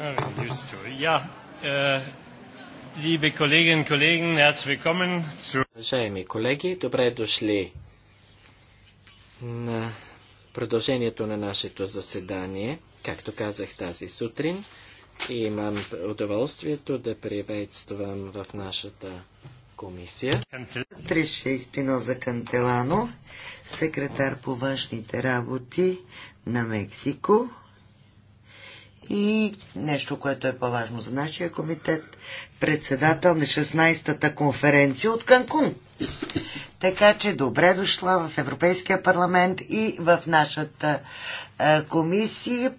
Äh, Уважаеми колеги, добре дошли на продължението на нашето заседание. Както казах тази сутрин, имам удоволствието да приветствам в нашата комисия. Триша Испиноза Кантелано, секретар по външните работи на Мексико и нещо, което е по-важно за нашия комитет, председател на 16-та конференция от Канкун. Така че добре дошла в Европейския парламент и в нашата а, е, комисия.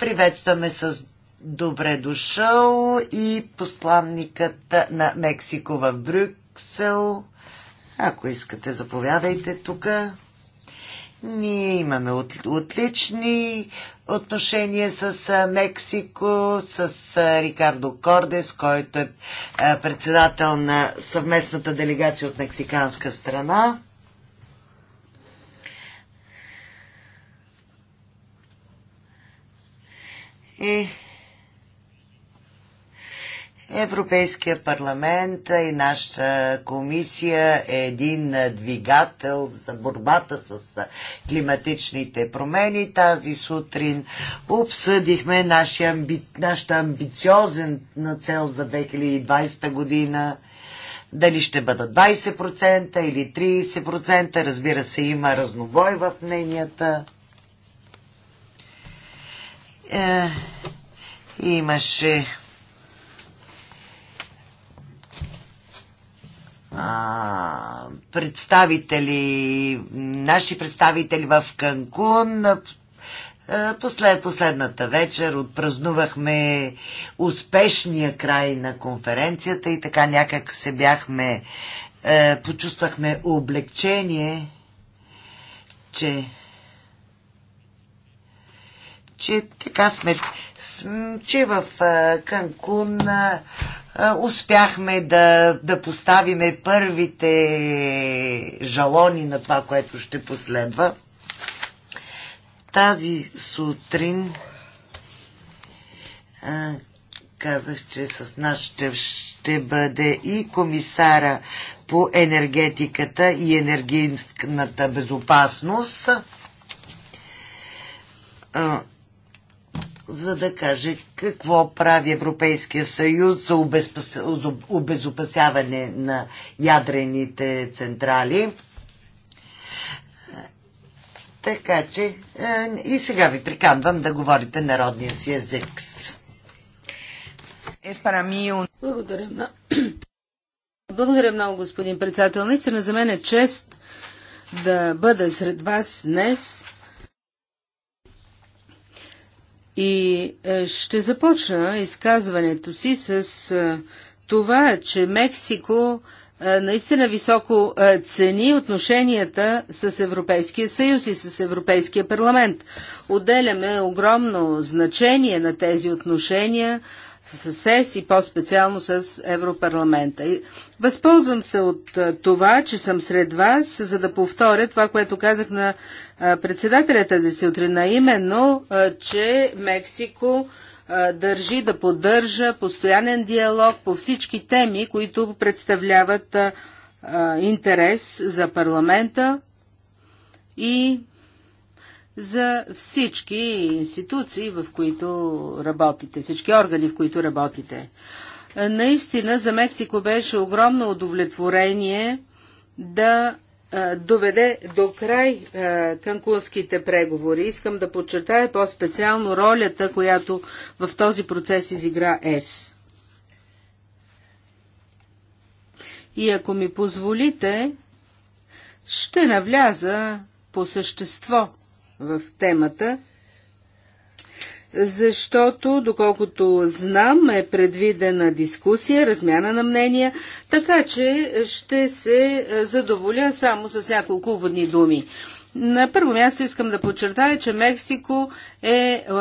Приветстваме с добре дошъл и посланникът на Мексико в Брюксел. Ако искате, заповядайте тук. Ние имаме от, отлични отношение с Мексико, с Рикардо Кордес, който е председател на съвместната делегация от мексиканска страна. И Европейския парламент и нашата комисия е един двигател за борбата с климатичните промени. Тази сутрин обсъдихме нашия, нашата амбициозен на цел за 2020 година. Дали ще бъдат 20% или 30%, разбира се, има разнобой в мненията. Е, имаше представители, наши представители в Канкун. Послед, последната вечер отпразнувахме успешния край на конференцията и така някак се бяхме, е, почувствахме облегчение, че че така сме, че в е, Канкун е, успяхме да, да поставиме първите жалони на това, което ще последва. Тази сутрин а, казах, че с нас ще, ще бъде и комисара по енергетиката и енергийната безопасност. А, за да каже какво прави Европейския съюз за обезопасяване на ядрените централи. Така че е, и сега ви приканвам да говорите народния си език. Е, Благодаря много. Благодаря много, господин председател. Наистина за мен е чест да бъда сред вас днес и е, ще започна изказването си с е, това, че Мексико е, наистина високо цени отношенията с Европейския съюз и с Европейския парламент. Отделяме огромно значение на тези отношения с СЕС и по-специално с Европарламента. Възползвам се от това, че съм сред вас, за да повторя това, което казах на председателя тази сутрин, именно, че Мексико държи да поддържа постоянен диалог по всички теми, които представляват интерес за парламента и за всички институции, в които работите, всички органи, в които работите. Е, наистина за Мексико беше огромно удовлетворение да е, доведе до край е, канкунските преговори. Искам да подчертая по-специално ролята, която в този процес изигра ЕС. И ако ми позволите, ще навляза по същество в темата, защото, доколкото знам, е предвидена дискусия, размяна на мнения, така че ще се е, задоволя само с няколко водни думи. На първо място искам да подчертая, че Мексико е, е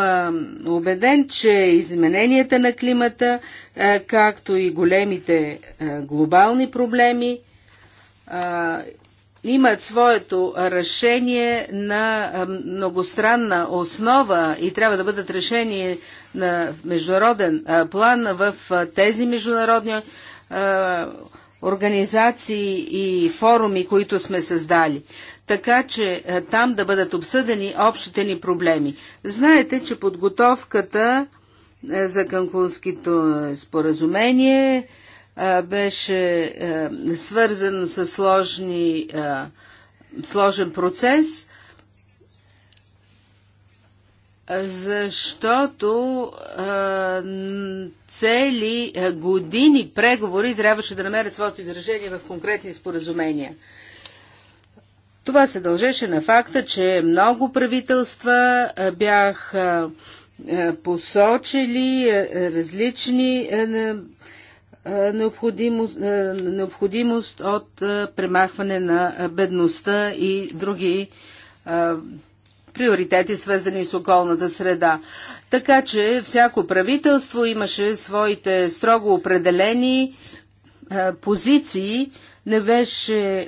убеден, че измененията на климата, е, както и големите глобални проблеми, имат своето решение на многостранна основа и трябва да бъдат решени на международен план в тези международни организации и форуми, които сме създали. Така че там да бъдат обсъдени общите ни проблеми. Знаете, че подготовката за Канкунското споразумение беше свързано с сложни, сложен процес, защото цели години преговори трябваше да намерят своето изражение в конкретни споразумения. Това се дължеше на факта, че много правителства бяха посочили различни е, необходимост, е, необходимост от е, премахване на бедността и други приоритети, свързани с околната среда. Така че всяко правителство имаше своите строго определени позиции, не беше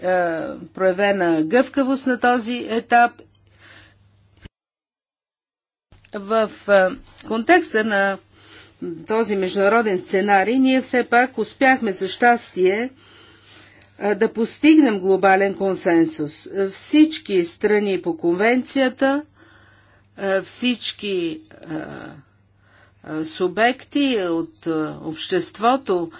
проявена гъвкавост на този етап. В контекста на този международен сценарий, ние все пак успяхме за щастие да постигнем глобален консенсус. Всички страни по конвенцията, всички субекти от обществото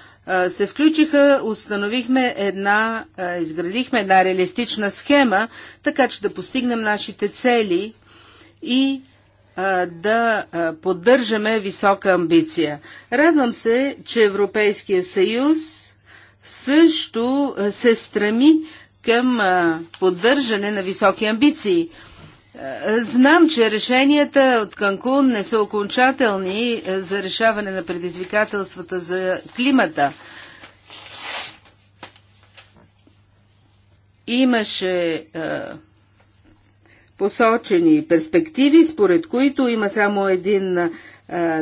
се включиха, установихме една, изградихме една реалистична схема, така че да постигнем нашите цели и да поддържаме висока амбиция. Радвам се, че Европейския съюз също се стреми към поддържане на високи амбиции. Знам, че решенията от Канкун не са окончателни за решаване на предизвикателствата за климата. Имаше посочени перспективи, според които има само един а,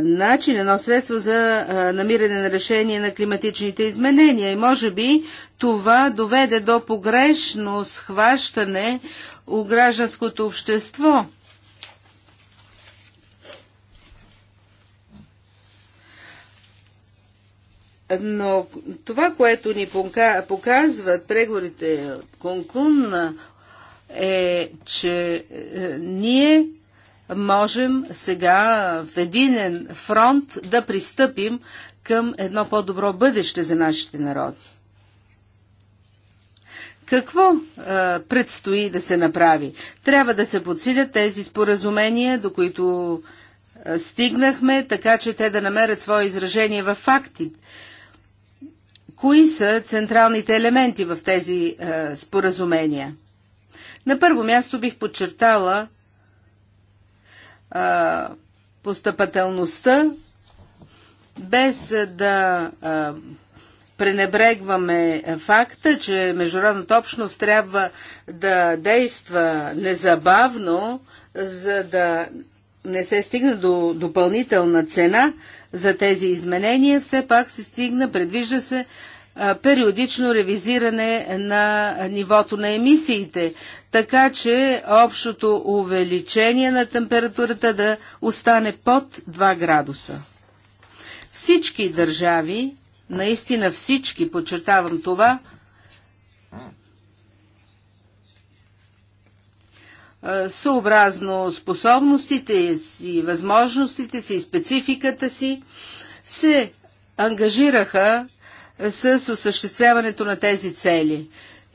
начин, едно средство за а, намиране на решение на климатичните изменения. И може би това доведе до погрешно схващане у гражданското общество. Но това, което ни показват преговорите от Конкун е, че е, ние можем сега в единен фронт да пристъпим към едно по-добро бъдеще за нашите народи. Какво е, предстои да се направи? Трябва да се подсилят тези споразумения, до които е, стигнахме, така че те да намерят свое изражение в факти. Кои са централните елементи в тези е, споразумения? На първо място бих подчертала а, постъпателността, без да а, пренебрегваме факта, че международната общност трябва да действа незабавно, за да не се стигне до допълнителна цена за тези изменения, все пак се стигна, предвижда се периодично ревизиране на нивото на емисиите, така че общото увеличение на температурата да остане под 2 градуса. Всички държави, наистина всички, подчертавам това, съобразно способностите си, възможностите си, спецификата си, се ангажираха с осъществяването на тези цели.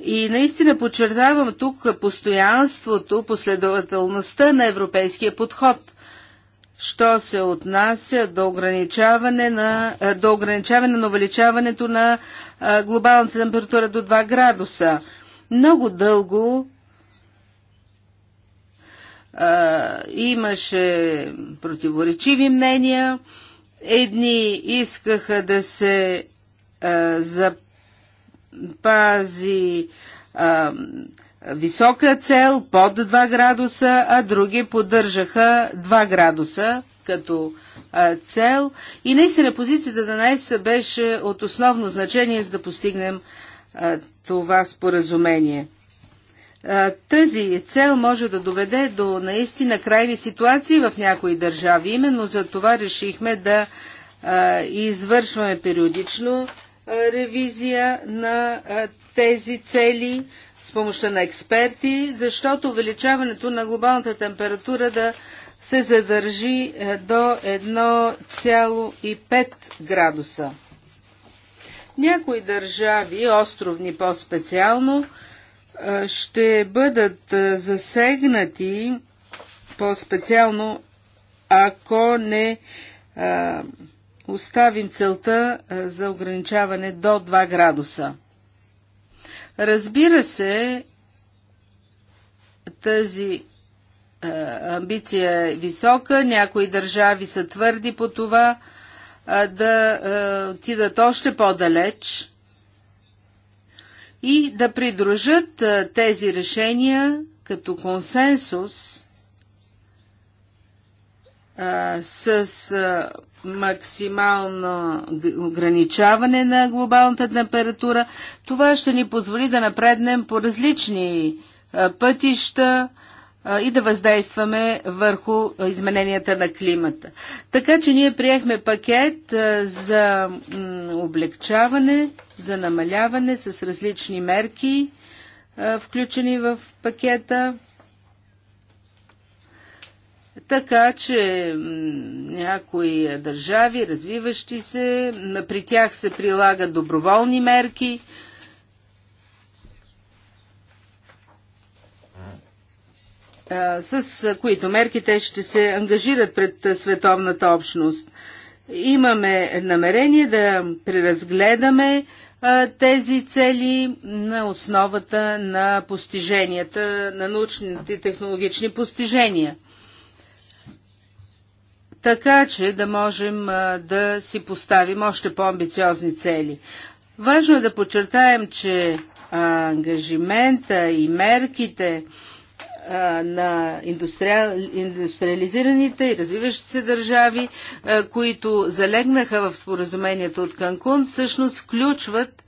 И наистина подчертавам тук постоянството, последователността на европейския подход, що се отнася до ограничаване на, до ограничаване на увеличаването на глобалната температура до 2 градуса. Много дълго а, имаше противоречиви мнения. Едни искаха да се е, запази е, висока цел под 2 градуса, а други поддържаха 2 градуса като е, цел. И наистина позицията на НАЕС беше от основно значение, за да постигнем това споразумение. Тази цел може да доведе до наистина крайни ситуации в някои държави. Именно за това решихме да извършваме периодично ревизия на тези цели с помощта на експерти, защото увеличаването на глобалната температура да се задържи е, до 1,5 градуса. Някои държави, островни по-специално, е, ще бъдат е, засегнати по-специално, ако не оставим целта е, за ограничаване до 2 градуса. Разбира се, тази е, амбиция е висока, някои държави са твърди по това е, да отидат още по-далеч и да придружат тези решения като консенсус с максимално ограничаване на глобалната температура. Това ще ни позволи да напреднем по различни пътища и да въздействаме върху измененията на климата. Така че ние приехме пакет за облегчаване, за намаляване с различни мерки, включени в пакета. Така че някои държави, развиващи се, при тях се прилагат доброволни мерки. с които мерки те ще се ангажират пред световната общност. Имаме намерение да преразгледаме тези цели на основата на постиженията, на научните и технологични постижения – така че да можем да си поставим още по-амбициозни цели. Важно е да подчертаем, че ангажимента и мерките на индустриализираните и развиващи се държави, които залегнаха в споразумението от Канкун, всъщност включват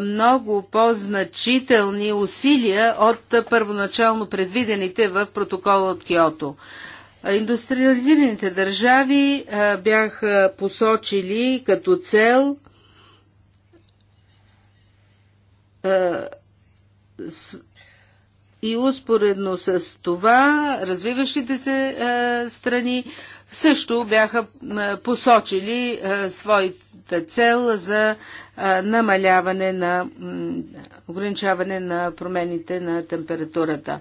много по-значителни усилия от първоначално предвидените в протокола от Киото. Индустриализираните държави бяха посочили като цел и успоредно с това развиващите се страни също бяха посочили своята цел за намаляване на ограничаване на промените на температурата.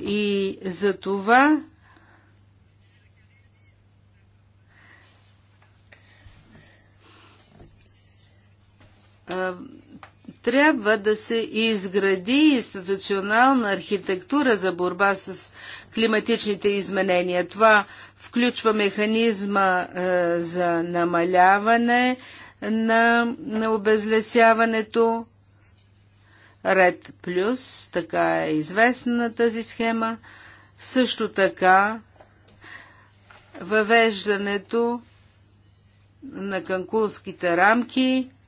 И за това трябва да се изгради институционална архитектура за борба с климатичните изменения. Това включва механизма за намаляване на, на обезлесяването. Ред плюс, така е известна тази схема. Също така въвеждането на канкулските рамки –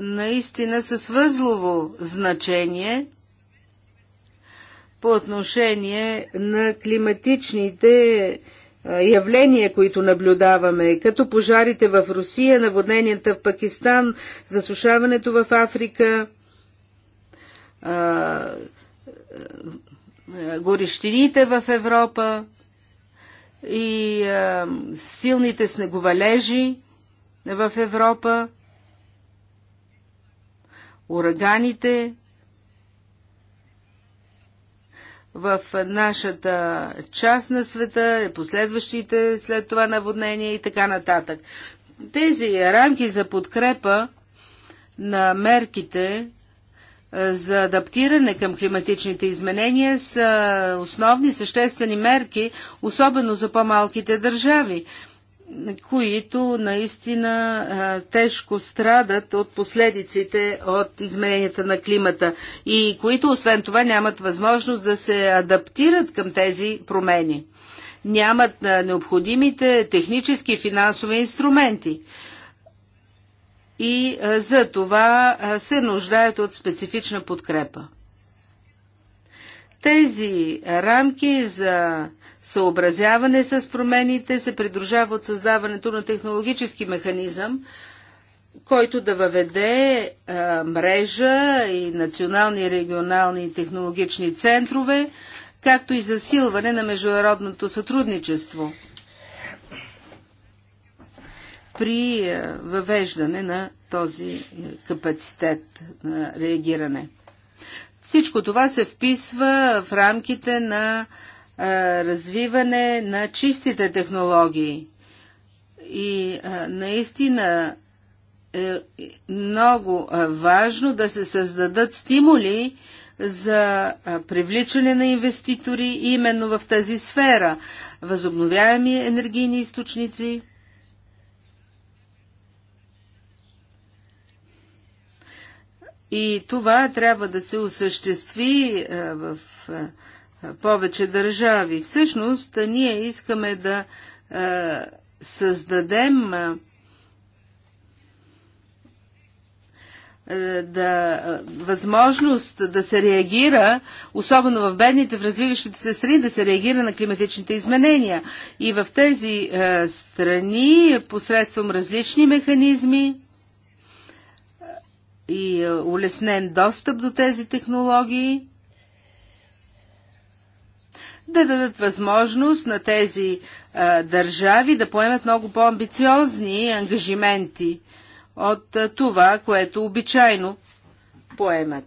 наистина с възлово значение по отношение на климатичните явления, които наблюдаваме, като пожарите в Русия, наводненията в Пакистан, засушаването в Африка, горещините в Европа и силните снеговалежи в Европа ураганите. В нашата част на света, последващите след това наводнения и така нататък. Тези рамки за подкрепа на мерките за адаптиране към климатичните изменения са основни съществени мерки, особено за по-малките държави които наистина тежко страдат от последиците от измененията на климата и които освен това нямат възможност да се адаптират към тези промени. Нямат необходимите технически и финансови инструменти. И за това се нуждаят от специфична подкрепа. Тези рамки за съобразяване с промените се придружава от създаването на технологически механизъм, който да въведе а, мрежа и национални и регионални технологични центрове, както и засилване на международното сътрудничество при въвеждане на този е, капацитет на реагиране. Всичко това се вписва в рамките на развиване на чистите технологии. И наистина е много важно да се създадат стимули за привличане на инвеститори именно в тази сфера. Възобновяеми енергийни източници. И това трябва да се осъществи в повече държави. Всъщност, ние искаме да е, създадем е, да, е, възможност да се реагира, особено в бедните, в развиващите се страни, да се реагира на климатичните изменения. И в тези е, страни, посредством различни механизми е, и е, улеснен достъп до тези технологии, да дадат възможност на тези а, държави да поемат много по-амбициозни ангажименти от а, това, което обичайно поемат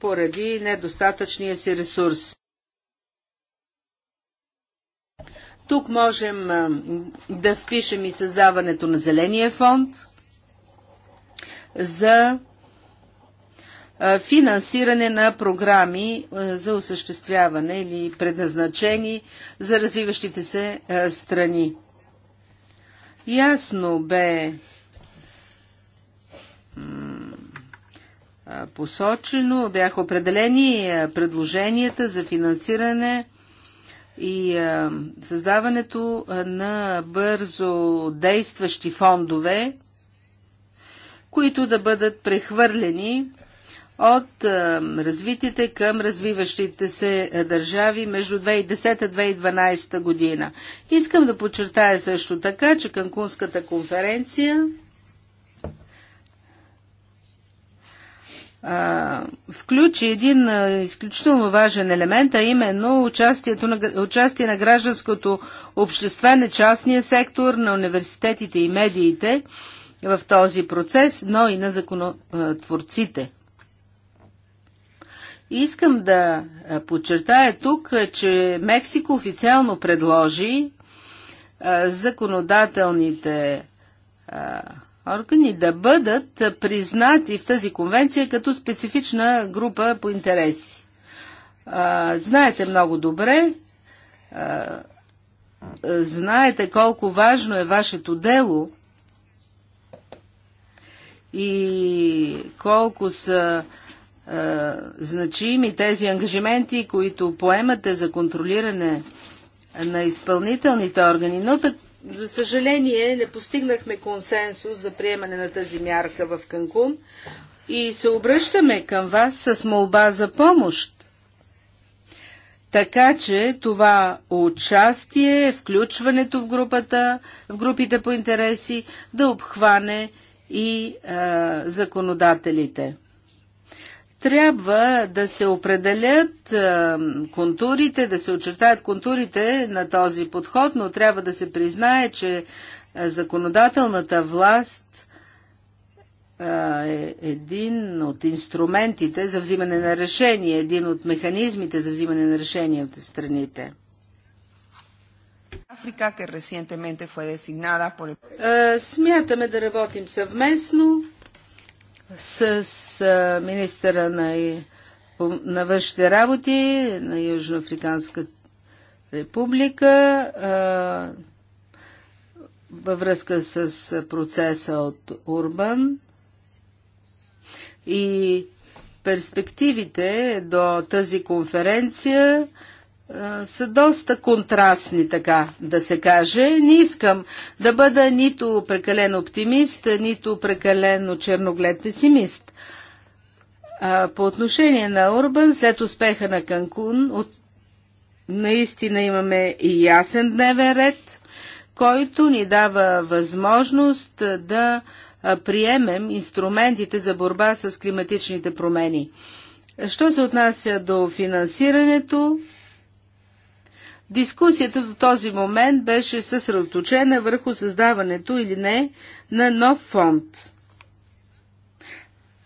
поради недостатъчния си ресурс. Тук можем а, да впишем и създаването на Зеления фонд за финансиране на програми за осъществяване или предназначени за развиващите се страни. Ясно бе посочено, бяха определени предложенията за финансиране и създаването на бързо действащи фондове, които да бъдат прехвърлени от е, развитите към развиващите се е, държави между 2010-2012 година. Искам да подчертая също така, че Канкунската конференция включи един е, изключително важен елемент, а именно участието на, участие на гражданското общество, на частния сектор, на университетите и медиите в този процес, но и на законотворците. Искам да подчертая тук, че Мексико официално предложи законодателните органи да бъдат признати в тази конвенция като специфична група по интереси. Знаете много добре, знаете колко важно е вашето дело и колко са е, значими тези ангажименти, които поемате за контролиране на изпълнителните органи, но так, за съжаление не постигнахме консенсус за приемане на тази мярка в Канкун и се обръщаме към вас с молба за помощ. Така че това участие, включването в групата, в групите по интереси да обхване и а, е, законодателите. Трябва да се определят е, контурите, да се очертаят контурите на този подход, но трябва да се признае, че е, законодателната власт е, е един от инструментите за взимане на решение, един от механизмите за взимане на решения в страните. Африка, que recientemente fue designada por... Смятаме да работим съвместно с министъра на, на външните работи на Южноафриканската република във връзка с процеса от Урбан и перспективите до тази конференция е, са доста контрастни, така да се каже. Не искам да бъда нито прекален оптимист, нито прекалено черноглед песимист. Е, по отношение на Урбан, след успеха на Канкун, от... наистина имаме и ясен дневен ред, който ни дава възможност да приемем инструментите за борба с климатичните промени. Що се отнася до финансирането, Дискусията до този момент беше съсредоточена върху създаването или не на нов фонд.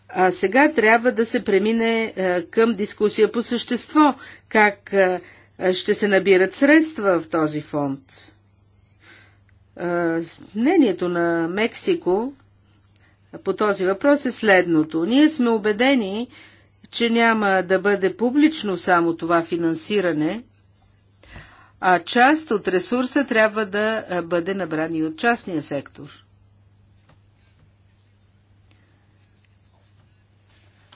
А сега трябва да се премине е, към дискусия по същество, как е, ще се набират средства в този фонд. Е, мнението на Мексико по този въпрос е следното. Ние сме убедени, че няма да бъде публично само това финансиране – а част от ресурса трябва да бъде набран и от частния сектор.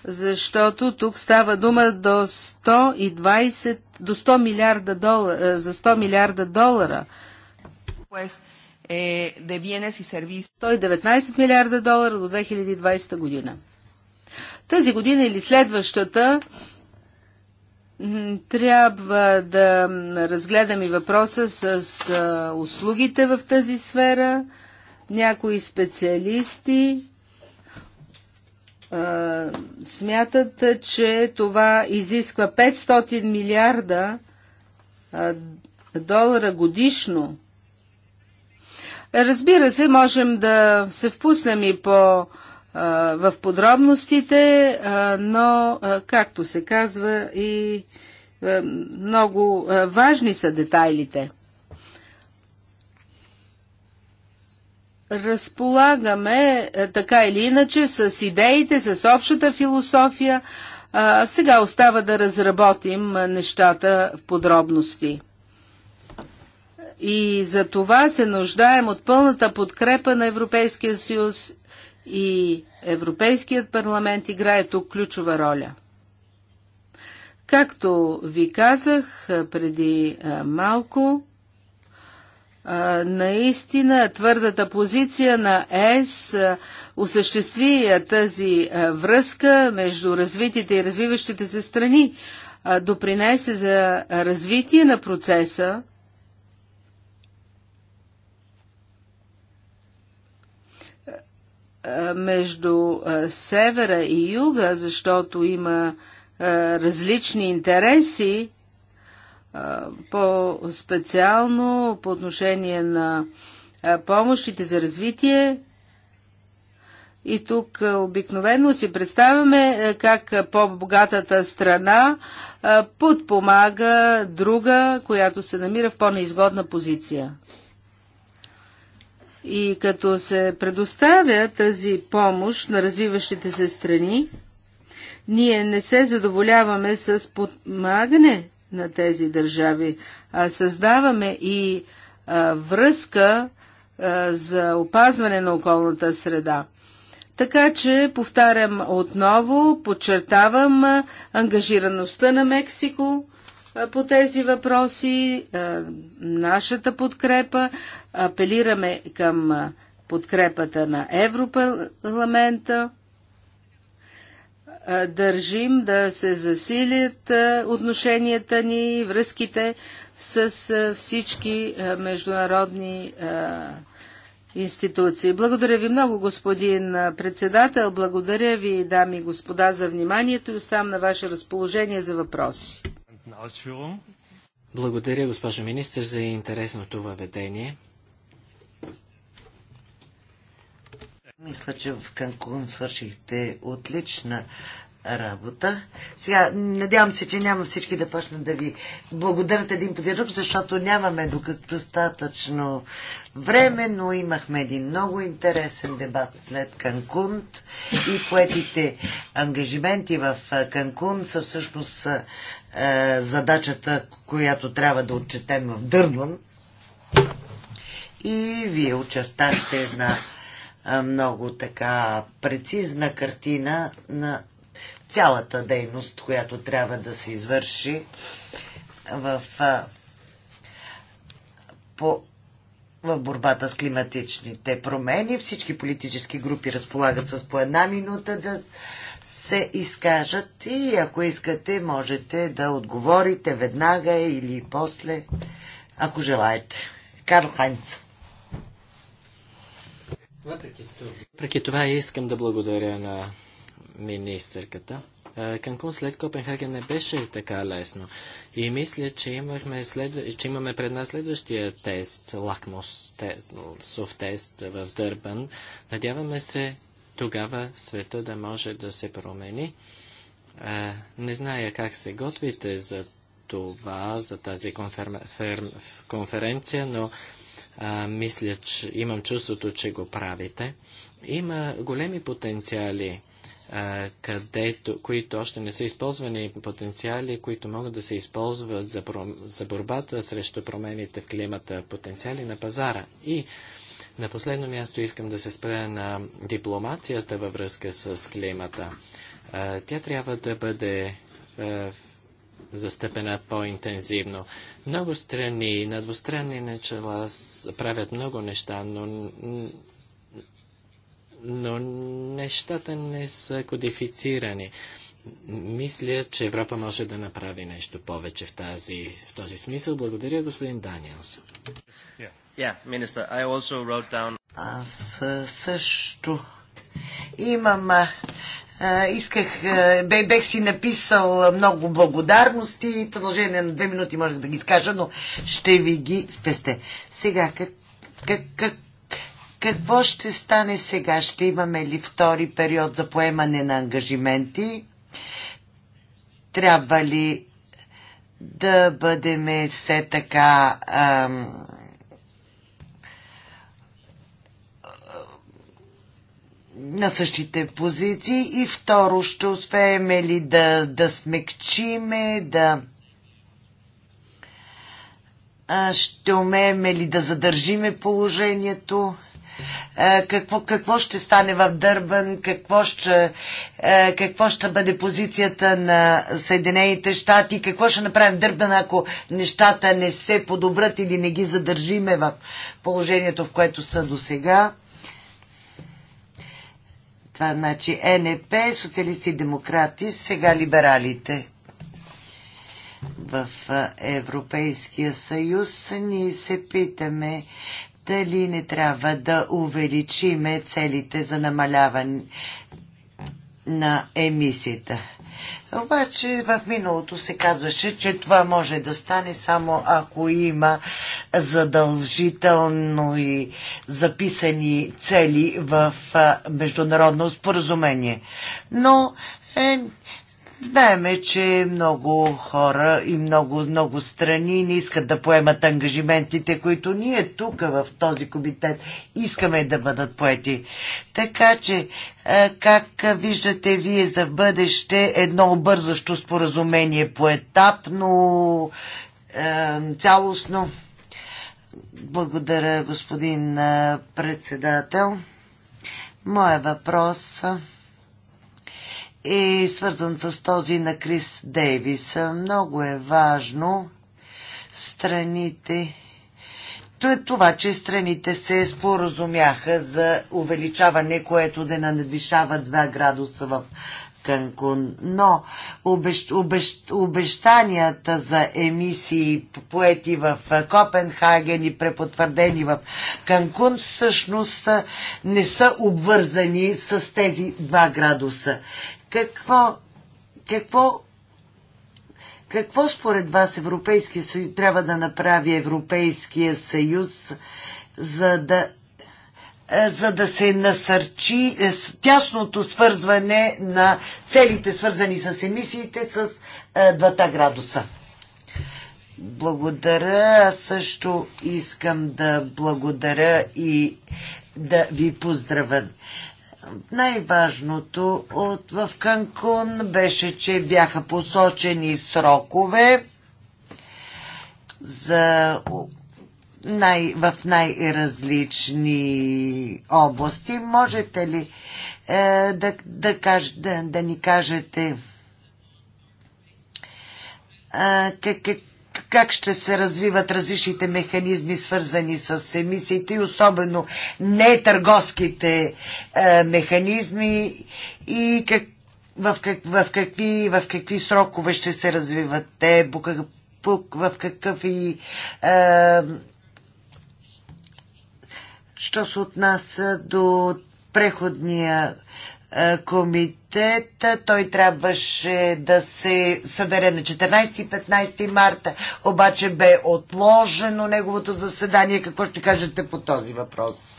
Защото тук става дума до 120, до 100 милиарда долара, за 100 милиарда долара. 119 милиарда долара до 2020 година. Тази година или следващата трябва да разгледам и въпроса с услугите в тази сфера. Някои специалисти смятат, че това изисква 500 милиарда долара годишно. Разбира се, можем да се впуснем и по в подробностите, но, както се казва, и много важни са детайлите. Разполагаме така или иначе с идеите, с общата философия. Сега остава да разработим нещата в подробности. И за това се нуждаем от пълната подкрепа на Европейския съюз и Европейският парламент играе тук ключова роля. Както ви казах преди малко, наистина твърдата позиция на ЕС осъществи тази връзка между развитите и развиващите се страни, допринесе за развитие на процеса Е, между е, севера и юга, защото има е, различни интереси, по-специално по отношение на помощите за развитие. И тук обикновено си представяме как по-богатата страна подпомага друга, която се намира в по-неизгодна позиция. И като се предоставя тази помощ на развиващите се страни, ние не се задоволяваме с подмагане на тези държави, а създаваме и а, връзка а, за опазване на околната среда. Така че, повтарям отново, подчертавам ангажираността на Мексико по тези въпроси, нашата подкрепа. Апелираме към подкрепата на Европарламента. Държим да се засилят отношенията ни, връзките с всички международни институции. Благодаря ви много, господин председател. Благодаря ви, дами и господа, за вниманието и оставам на ваше разположение за въпроси. Благодаря, госпожо министр, за интересното въведение. Мисля, че в Канкун свършихте отлична работа. Сега, надявам се, че няма всички да почнат да ви благодарят един по друг, защото нямаме достатъчно време, но имахме един много интересен дебат след Канкунт и поетите ангажименти в Канкун са всъщност е, задачата, която трябва да отчетем в Дърбан. И вие очертахте една много така прецизна картина на цялата дейност, която трябва да се извърши в, по, в борбата с климатичните промени. Всички политически групи разполагат с по една минута да се изкажат и ако искате, можете да отговорите веднага или после, ако желаете. Карл Хайнц. Въпреки това, искам да благодаря на министърката. Канкун след Копенхаген не беше така лесно. И мисля, че, имахме след... че имаме пред нас следващия тест, лакмус, те... тест в Дърбан. Надяваме се тогава света да може да се промени. не зная как се готвите за това, за тази конфер... фер... конференция, но а, мисля, че имам чувството, че го правите. Има големи потенциали където, които още не са използвани, потенциали, които могат да се използват за, за борбата срещу промените в климата, потенциали на пазара. И на последно място искам да се спра на дипломацията във връзка с климата. Тя трябва да бъде застъпена по-интензивно. Много страни на двустранни начала правят много неща, но но нещата не са кодифицирани. Мисля, че Европа може да направи нещо повече в, тази, в този смисъл. Благодаря, господин Даниелс. Yeah. Yeah, down... Аз също имам а, исках, а, бех си написал много благодарности и продължение на две минути може да ги изкажа, но ще ви ги спесте. Сега, как, как, как, какво ще стане сега? Ще имаме ли втори период за поемане на ангажименти? Трябва ли да бъдем все така ам, на същите позиции и второ, ще успеем ли да, да смекчиме, да а, ще умеем ли да задържиме положението? Е, какво, какво ще стане в Дърбан, какво ще, е, какво ще бъде позицията на Съединените щати, какво ще направим в Дърбан, ако нещата не се подобрат или не ги задържиме в положението, в което са до сега. Това значи е НП, социалисти и демократи, сега либералите в Европейския съюз, ние се питаме дали не трябва да увеличиме целите за намаляване на емисията. Обаче в миналото се казваше, че това може да стане само ако има задължително и записани цели в международно споразумение. Но е, Знаеме, че много хора и много, много страни не искат да поемат ангажиментите, които ние тук в този комитет искаме да бъдат поети. Така че, е, как виждате вие за бъдеще едно бързащо споразумение поетапно, е, цялостно? Благодаря, господин е, председател. Моя въпрос е свързан с този на Крис Дейвис. Много е важно страните то е това, че страните се споразумяха за увеличаване, което да надвишава 2 градуса в Канкун. Но обещ, обещ, обещанията за емисии, поети в Копенхаген и препотвърдени в Канкун, всъщност не са обвързани с тези 2 градуса. Какво, какво, какво според вас Европейския съюз трябва да направи Европейския съюз, за да е, за да се насърчи е, тясното свързване на целите, свързани с емисиите, с е, двата градуса. Благодаря. Аз също искам да благодаря и да ви поздравя най-важното от, в Канкун беше, че бяха посочени срокове за най, в най-различни области. Можете ли е, да, да, каж, да, да ни кажете е, как, как, как ще се развиват различните механизми, свързани с емисиите и особено не търговските е, механизми и как, в, как, в, какви, в какви срокове ще се развиват те, в какъв и. Е, що се отнася до преходния е, комитет. Той трябваше да се събере на 14 и 15 марта, обаче бе отложено неговото заседание. Какво ще кажете по този въпрос?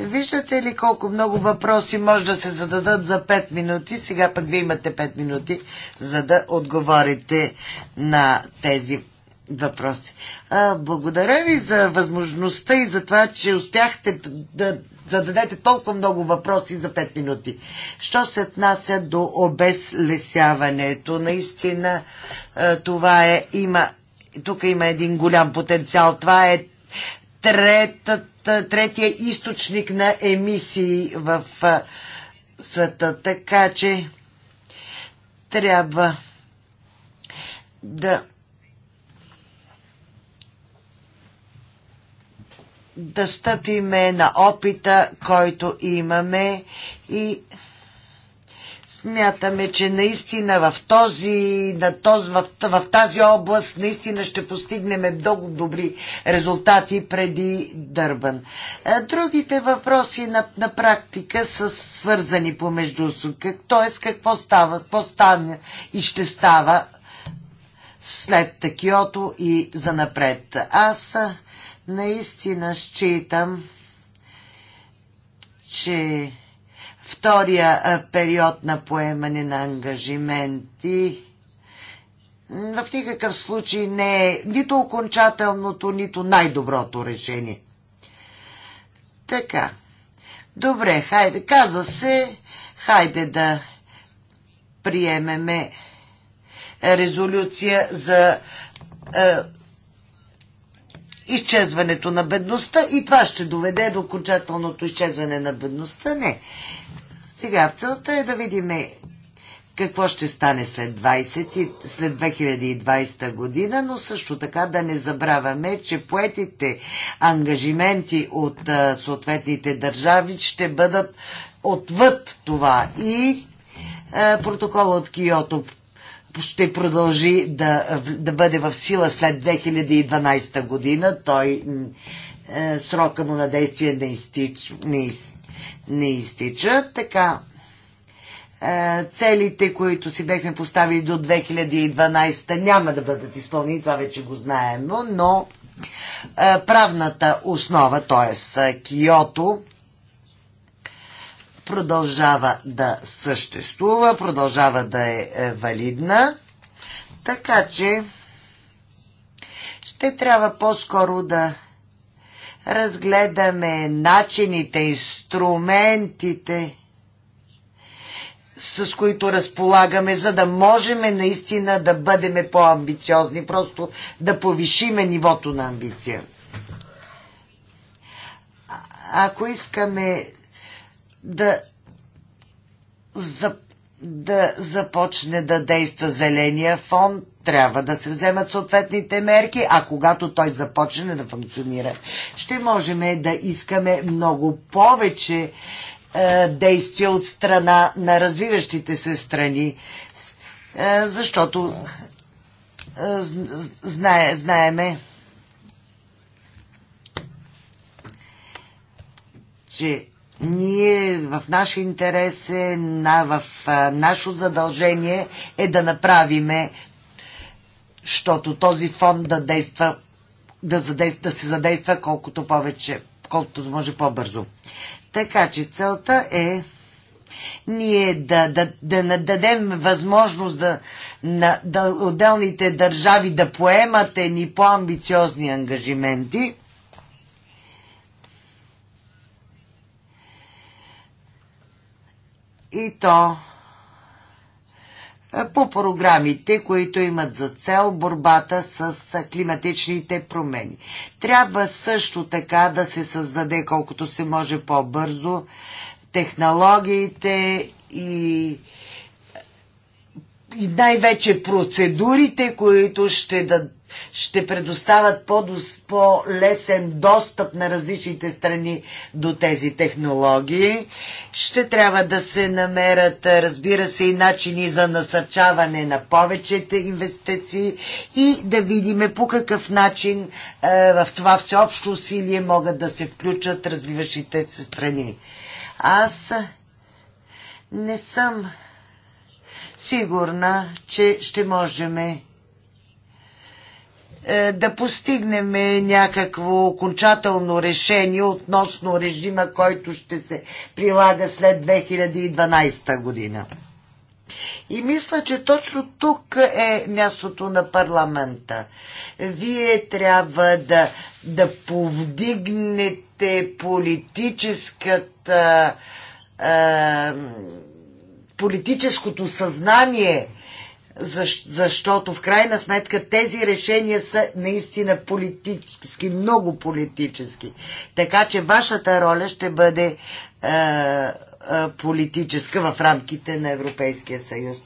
Виждате ли колко много въпроси може да се зададат за 5 минути? Сега пък ви имате 5 минути, за да отговорите на тези въпроси въпроси. А, благодаря ви за възможността и за това, че успяхте да зададете толкова много въпроси за 5 минути. Що се отнася до обезлесяването? Наистина това е, има, тук има един голям потенциал. Това е третата, третия източник на емисии в света. Така че трябва да да стъпиме на опита, който имаме и смятаме, че наистина в, този, на този, в, в тази област наистина ще постигнем много добри резултати преди Дърбан. Другите въпроси на, на практика са свързани помежду си. Т.е. какво става, какво стане и ще става след такиото и занапред. Аз Наистина считам, че втория период на поемане на ангажименти в никакъв случай не е нито окончателното, нито най-доброто решение. Така. Добре, хайде, каза се, хайде да приемеме резолюция за изчезването на бедността и това ще доведе до окончателното изчезване на бедността. Не. Сега целта е да видим какво ще стане след, 20, след 2020 година, но също така да не забравяме, че поетите ангажименти от а, съответните държави ще бъдат отвъд това и а, протокола от Киото ще продължи да, да бъде в сила след 2012 година. Той е, срока му на действие не, изтич, не, из, не изтича. Така, е, целите, които си бехме поставили до 2012, няма да бъдат изпълнени, това вече го знаем, но е, правната основа, т.е. Киото, продължава да съществува, продължава да е, е валидна. Така че ще трябва по-скоро да разгледаме начините, инструментите, с които разполагаме, за да можем наистина да бъдем по-амбициозни, просто да повишиме нивото на амбиция. Ако искаме да, за, да започне да действа зеления фонд, трябва да се вземат съответните мерки, а когато той започне да функционира, ще можем да искаме много повече е, действия от страна на развиващите се страни, е, защото е, знае, знаеме, че ние в наш интерес е, на, в а, наше задължение е да направиме, защото този фонд да действа, да, задейства, да се задейства колкото повече, колкото може по-бързо. Така че целта е ние да, да, да, да дадем възможност да, на да отделните държави да поемат ни по-амбициозни ангажименти – и то е, по програмите, които имат за цел борбата с е, климатичните промени. Трябва също така да се създаде колкото се може по-бързо технологиите и е, и най-вече процедурите, които ще, дадат ще предоставят по-лесен достъп на различните страни до тези технологии. Ще трябва да се намерят, разбира се, и начини за насърчаване на повечето инвестиции и да видиме по какъв начин е, в това всеобщо усилие могат да се включат развиващите се страни. Аз не съм сигурна, че ще можем е, да постигнем някакво окончателно решение относно режима, който ще се прилага след 2012 година. И мисля, че точно тук е мястото на парламента. Вие трябва да, да повдигнете политическата, е, политическото съзнание защото в крайна сметка тези решения са наистина политически, много политически. Така че вашата роля ще бъде а, е, а, е, политическа в рамките на Европейския съюз.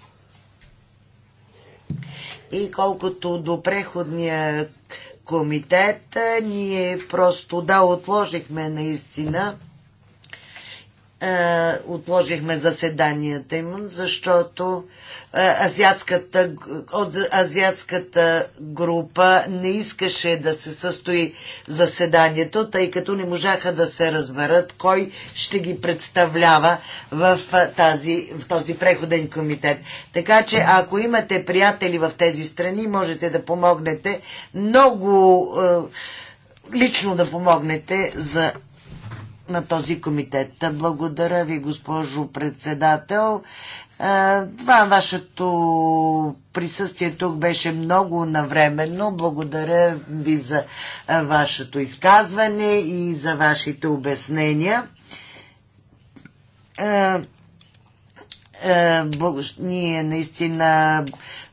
И колкото до преходния комитет, е, ние просто да отложихме наистина е, отложихме заседанията им, защото е, азиатската, от азиатската група не искаше да се състои заседанието, тъй като не можаха да се разберат кой ще ги представлява в, е, тази, в този преходен комитет. Така че, ако имате приятели в тези страни, можете да помогнете много лично да помогнете за на този комитет. Благодаря ви, госпожо председател. Това вашето присъствие тук беше много навременно. Благодаря ви за вашето изказване и за вашите обяснения. Ние наистина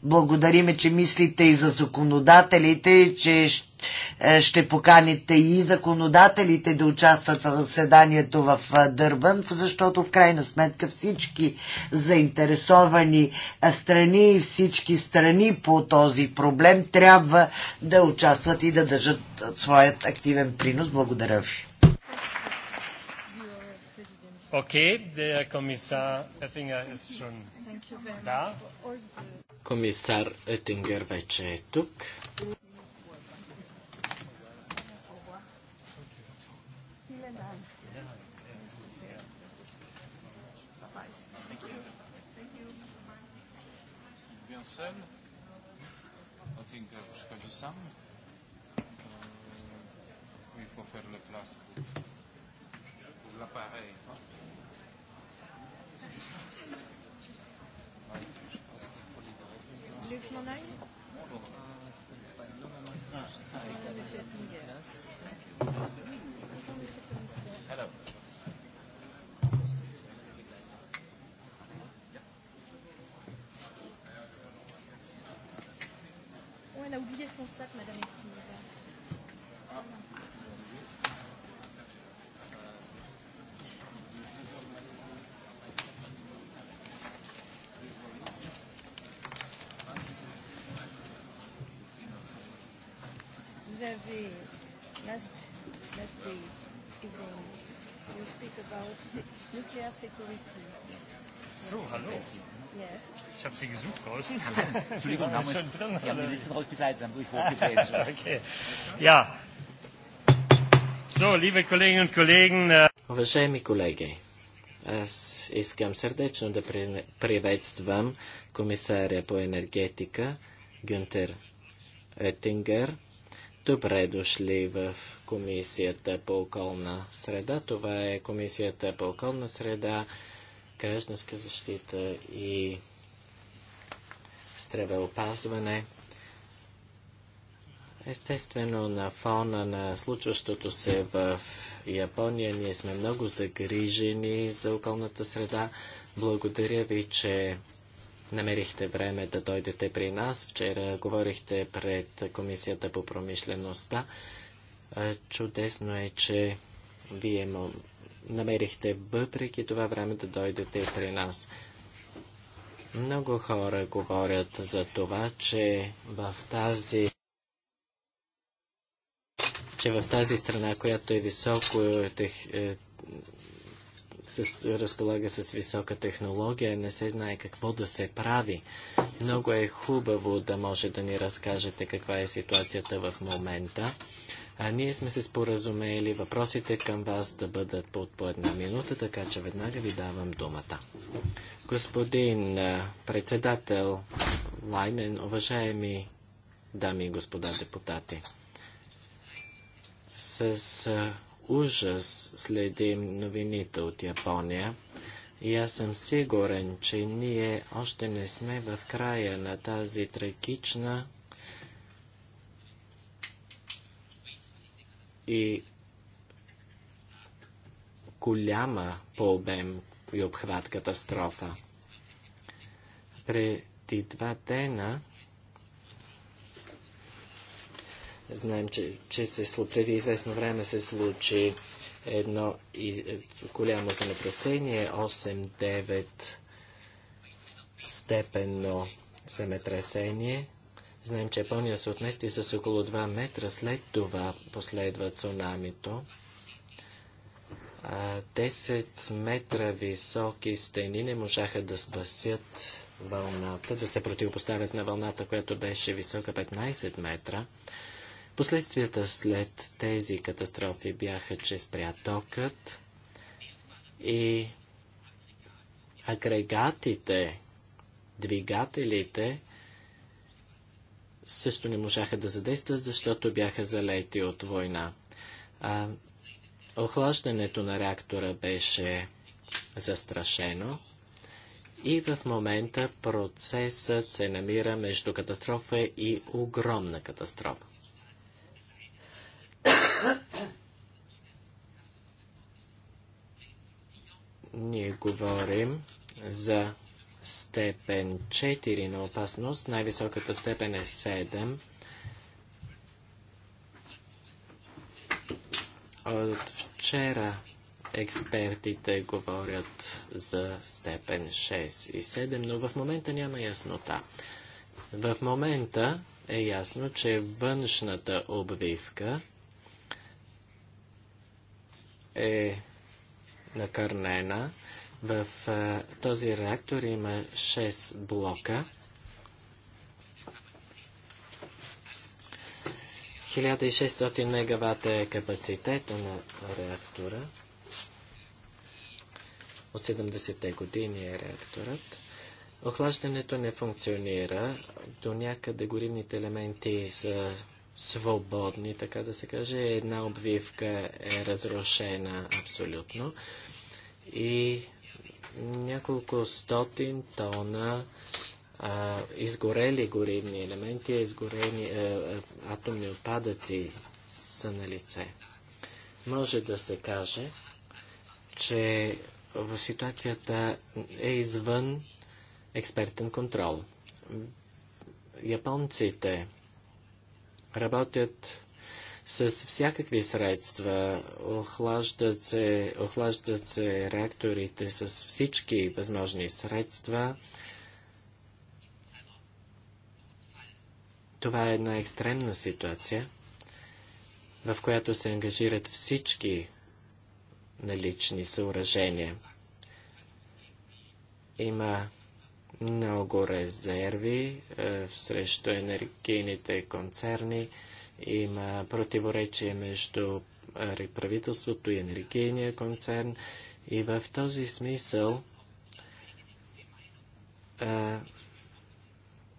благодариме, че мислите и за законодателите, че ще е, ще поканите и законодателите да участват в заседанието в е, Дърбан, защото в крайна сметка всички заинтересовани е, страни и всички страни по този проблем трябва да участват и да държат своят активен принос. Благодаря ви. Okay, der Kommissar Oettinger ist schon da. Kommissar Oettinger вече е тук. Vous avez last last day evening you speak about nuclear security. So, hallo. Ich habe sie gesucht draußen. Entschuldigung, haben schon drin, Sie haben die Liste rausgekleidet, haben durch hochgekleidet. okay. Ja. So, liebe Kolleginnen und Kollegen. Уважаеми колеги, аз искам сърдечно да приветствам комисаря по енергетика Гюнтер Оеттингер. Добре дошли в Комисията по околна среда. Това е Комисията по околна среда, гражданска защита и здравеопазване. Естествено, на фона на случващото се в Япония, ние сме много загрижени за околната среда. Благодаря ви, че намерихте време да дойдете при нас. Вчера говорихте пред Комисията по промишлеността. Чудесно е, че вие намерихте въпреки това време да дойдете при нас. Много хора говорят за това, че в тази че в тази страна, която е високо тех, е, с, разполага с висока технология, не се знае какво да се прави. Много е хубаво да може да ни разкажете каква е ситуацията в момента. А ние сме се споразумели въпросите към вас да бъдат под по една минута, така че веднага ви давам думата. Господин председател Лайнен, уважаеми дами и господа депутати, с ужас следим новините от Япония и аз съм сигурен, че ние още не сме в края на тази трагична и голяма по обем и обхват катастрофа. Преди два дена знаем, че, че се, преди известно време се случи едно из, голямо земетресение, 8-9 степенно земетресение – Знаем, че Япония се отмести с около 2 метра. След това последва цунамито. 10 метра високи стени не можаха да спасят вълната, да се противопоставят на вълната, която беше висока 15 метра. Последствията след тези катастрофи бяха, че спря токът и агрегатите, двигателите също не можаха да задействат, защото бяха залети от война. А, охлаждането на реактора беше застрашено и в момента процесът се намира между катастрофа и огромна катастрофа. Ние говорим за степен 4 на опасност, най-високата степен е 7. От вчера експертите говорят за степен 6 и 7, но в момента няма яснота. В момента е ясно, че външната обвивка е накърнена в този реактор има 6 блока. 1600 мегават е капацитета на реактора. От 70-те години е реакторът. Охлаждането не функционира. До някъде горивните елементи са свободни, така да се каже. Една обвивка е разрушена абсолютно. И няколко стотин тона а, изгорели горивни елементи, изгорени а, е, е, атомни отпадъци са на лице. Може да се каже, че в ситуацията е извън експертен контрол. Японците работят с всякакви средства. Охлаждат се, охлаждат се реакторите с всички възможни средства. Това е една екстремна ситуация, в която се ангажират всички налични съоръжения. Има много резерви е, срещу енергийните концерни. Е, има противоречие между правителството и енергийния концерн. И в този смисъл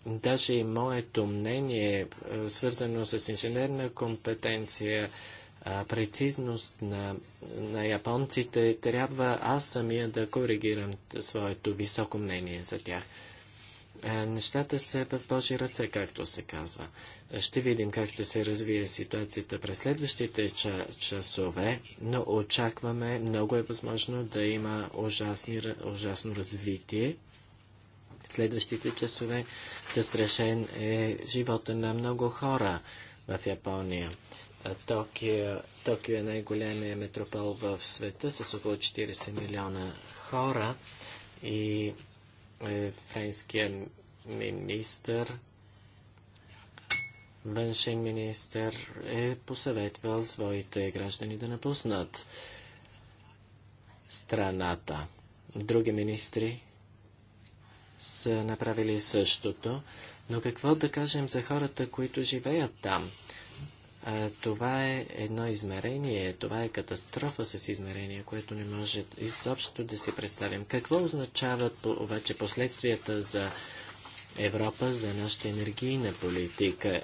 даже и моето мнение, свързано с инженерна компетенция, прецизност на, на японците, трябва аз самия да коригирам своето високо мнение за тях. Нещата са в Божи ръце, както се казва. Ще видим как ще се развие ситуацията през следващите ча часове, но очакваме, много е възможно да има ужасни, ужасно развитие. В следващите часове застрашен е живота на много хора в Япония. Токио, Токио е най-големия метропол в света с около 40 милиона хора и е френския министр, външен министр, е посъветвал своите граждани да напуснат страната. Други министри са направили същото, но какво да кажем за хората, които живеят там? това е едно измерение, това е катастрофа с измерение, което не може изобщо да си представим. Какво означават обаче последствията за Европа, за нашата енергийна политика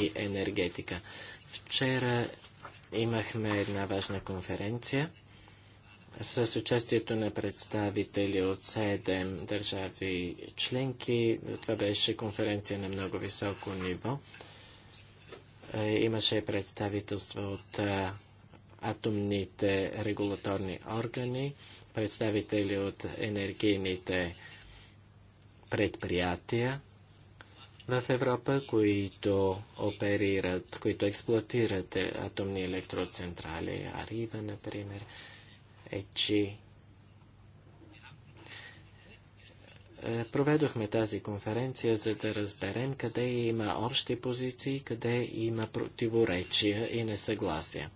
и енергетика? Вчера имахме една важна конференция с участието на представители от 7 държави членки. Това беше конференция на много високо ниво. Е, имаше представителства от е, атомните регулаторни органи, представители от енергийните предприятия в Европа, които оперират, които експлуатират е, атомни електроцентрали, Арива, например, ЕЧИ Е, проведохме тази конференция, за да разберем къде има общи позиции, къде има противоречия и несъгласия.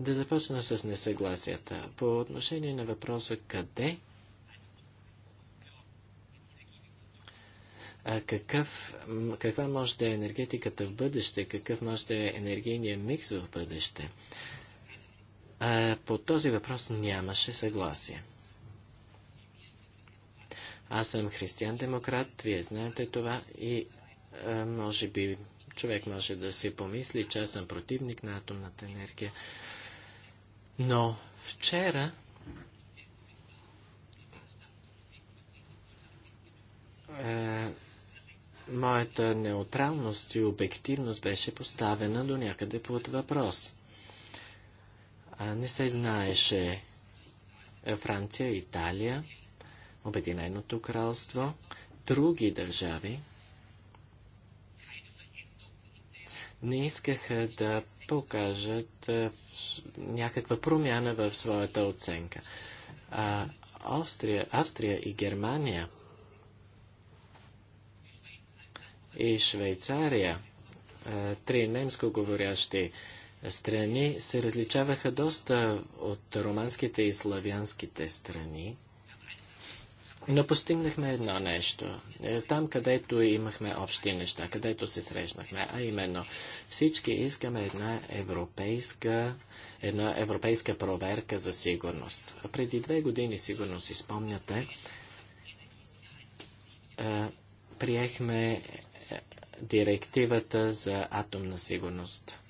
Да започна с несъгласията. По отношение на въпроса къде какъв, каква може да е енергетиката в бъдеще, какъв може да е енергийният микс в бъдеще. А, по този въпрос нямаше съгласие. Аз съм християн-демократ, вие знаете това и а, е, може би човек може да си помисли, че аз съм противник на атомната енергия. Но вчера а, е, моята неутралност и обективност беше поставена до някъде под въпрос. А не се знаеше Франция, Италия, Обединеното кралство, други държави не искаха да покажат някаква промяна в своята оценка. А Австрия, Австрия и Германия и Швейцария, три немско говорящи страни, се различаваха доста от романските и славянските страни. Но постигнахме едно нещо. Е, там, където имахме общи неща, където се срещнахме, а именно всички искаме една европейска, една европейска проверка за сигурност. Преди две години, сигурно си спомняте, е, приехме е, директивата за атомна сигурност.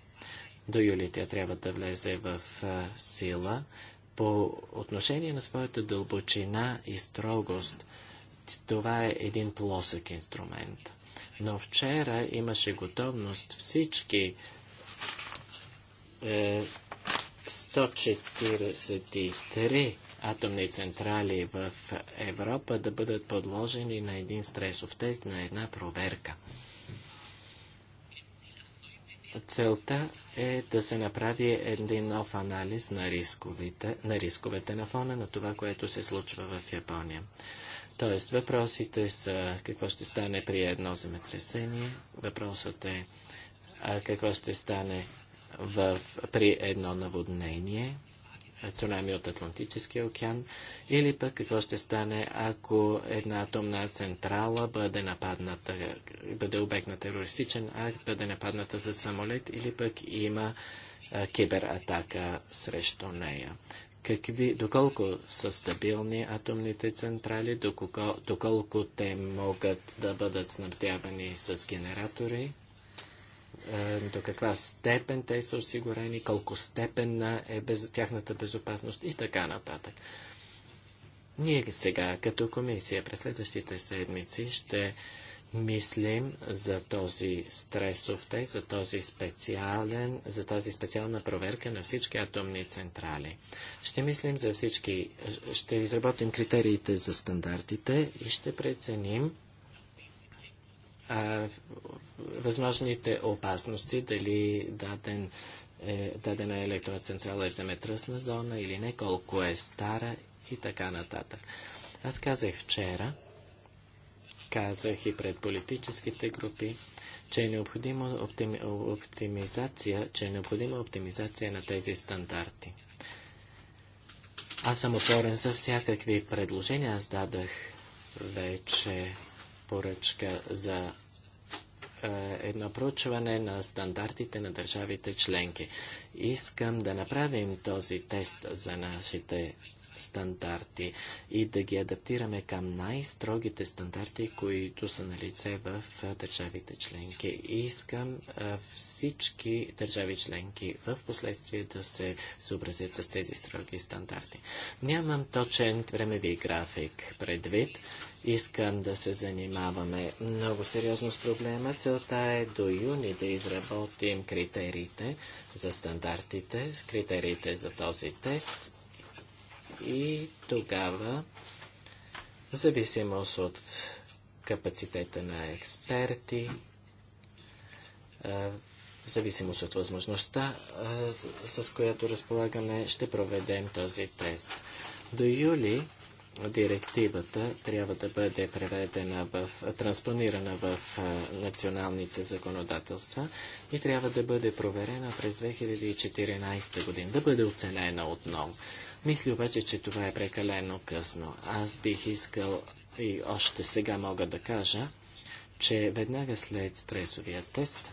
До юли тя трябва да влезе в сила. По отношение на своята дълбочина и строгост, това е един плосък инструмент. Но вчера имаше готовност всички е, 143 атомни централи в Европа да бъдат подложени на един стресов тест, на една проверка. Целта е да се направи един нов анализ на рисковете, на рисковете на фона на това, което се случва в Япония. Тоест, въпросите са какво ще стане при едно земетресение, въпросът е а, какво ще стане в, при едно наводнение, цунами от Атлантическия океан, или пък какво ще стане, ако една атомна централа бъде нападната, бъде обект на терористичен акт, бъде нападната за самолет, или пък има кибератака срещу нея. Какви, доколко са стабилни атомните централи, доколко, доколко те могат да бъдат снабдявани с генератори, е, до каква степен те са осигурени, колко степенна е без, тяхната безопасност и така нататък. Ние сега, като комисия, през следващите седмици ще мислим за този стресов тест, за, този специален, за тази специална проверка на всички атомни централи. Ще мислим за всички, ще изработим критериите за стандартите и ще преценим а, възможните опасности, дали даден, е, дадена електроцентрала е в земетръсна зона или не, колко е стара и така нататък. Аз казах вчера, казах и пред политическите групи, че е необходима оптимизация, че е необходима оптимизация на тези стандарти. Аз съм отворен за всякакви предложения. Аз дадах вече поръчка за е, едно проучване на стандартите на държавите членки. Искам да направим този тест за нашите стандарти и да ги адаптираме към най-строгите стандарти, които са на лице в е, държавите членки. Искам е, всички държави членки в последствие да се съобразят с тези строги стандарти. Нямам точен времеви график предвид искам да се занимаваме много сериозно с проблема. Целта е до юни да изработим критериите за стандартите, критериите за този тест и тогава, в зависимост от капацитета на експерти, в зависимост от възможността, с която разполагаме, ще проведем този тест. До юли директивата трябва да бъде преведена в, транспонирана в националните законодателства и трябва да бъде проверена през 2014 година, да бъде оценена отново. Мисля обаче, че това е прекалено късно. Аз бих искал и още сега мога да кажа, че веднага след стресовия тест,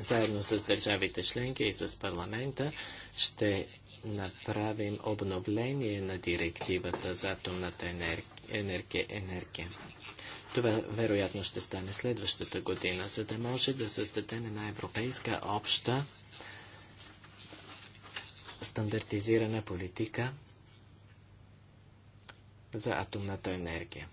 заедно с държавите членки и с парламента, ще направим обновление на директивата за атомната енергия. енергия, Това вероятно ще стане следващата година, за да може да създадем една европейска обща стандартизирана политика за атомната енергия.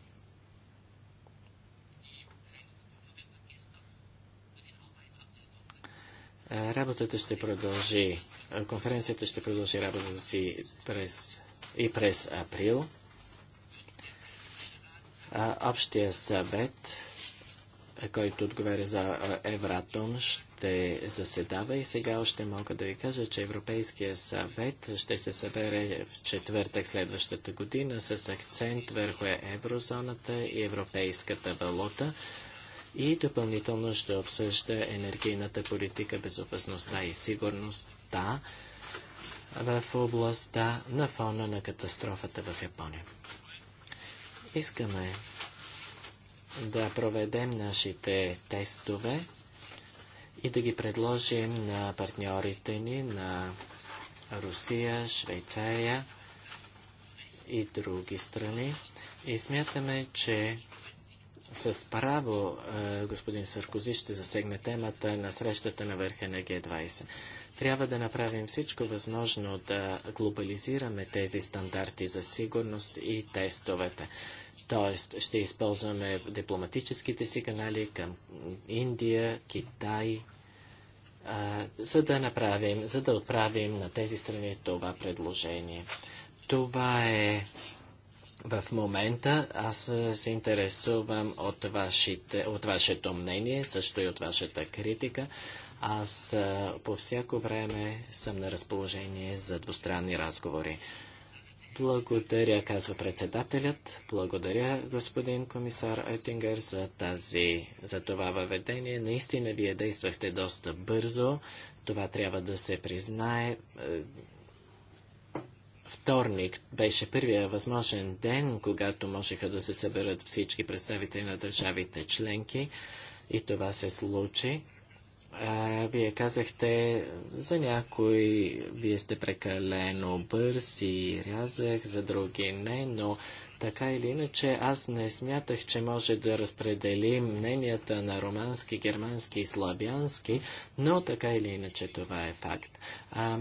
Е, работата ще продължи, е, конференцията ще продължи работата си през, и през април. общия съвет, е, който отговаря за Евратон, ще заседава и сега още мога да ви кажа, че Европейския съвет ще се събере в четвъртък следващата година с акцент върху еврозоната и европейската валута и допълнително ще обсъжда енергийната политика, безопасността и сигурността в областта на фона на катастрофата в Япония. Искаме да проведем нашите тестове и да ги предложим на партньорите ни, на Русия, Швейцария и други страни. И смятаме, че с право е, господин Саркози ще засегне темата на срещата на върха на Г-20. Трябва да направим всичко възможно да глобализираме тези стандарти за сигурност и тестовете. Тоест, ще използваме дипломатическите си канали към Индия, Китай, е, за да направим, за да отправим на тези страни това предложение. Това е в момента аз е, се интересувам от, вашите, от вашето мнение, също и от вашата критика. Аз е, по всяко време съм на разположение за двустранни разговори. Благодаря, казва председателят. Благодаря, господин комисар Ойтингер, за, тази, за това въведение. Наистина, вие действахте доста бързо. Това трябва да се признае. Е, Вторник беше първия възможен ден, когато можеха да се съберат всички представители на държавите членки и това се случи. А, вие казахте, за някой вие сте прекалено бърз и рязах, за други не, но така или иначе аз не смятах, че може да разпределим мненията на романски, германски и славянски, но така или иначе това е факт. А,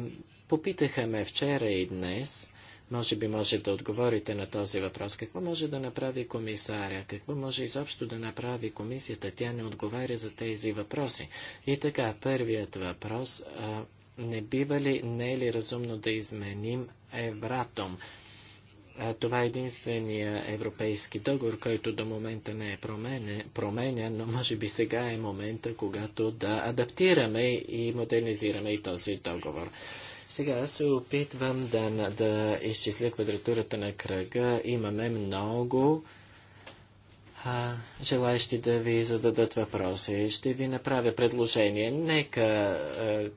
Попитаха ме вчера и днес, може би може да отговорите на този въпрос. Какво може да направи комисаря? Какво може изобщо да направи комисията? Тя не отговаря за тези въпроси. И така, първият въпрос. А, не бива ли, не е ли разумно да изменим Евратом? А, това е единствения европейски договор, който до момента не е променен, променен, но може би сега е момента, когато да адаптираме и модернизираме и този договор. Сега аз се опитвам да, да изчисля квадратурата на кръга. Имаме много а, желаящи да ви зададат въпроси. Ще ви направя предложение. Нека а,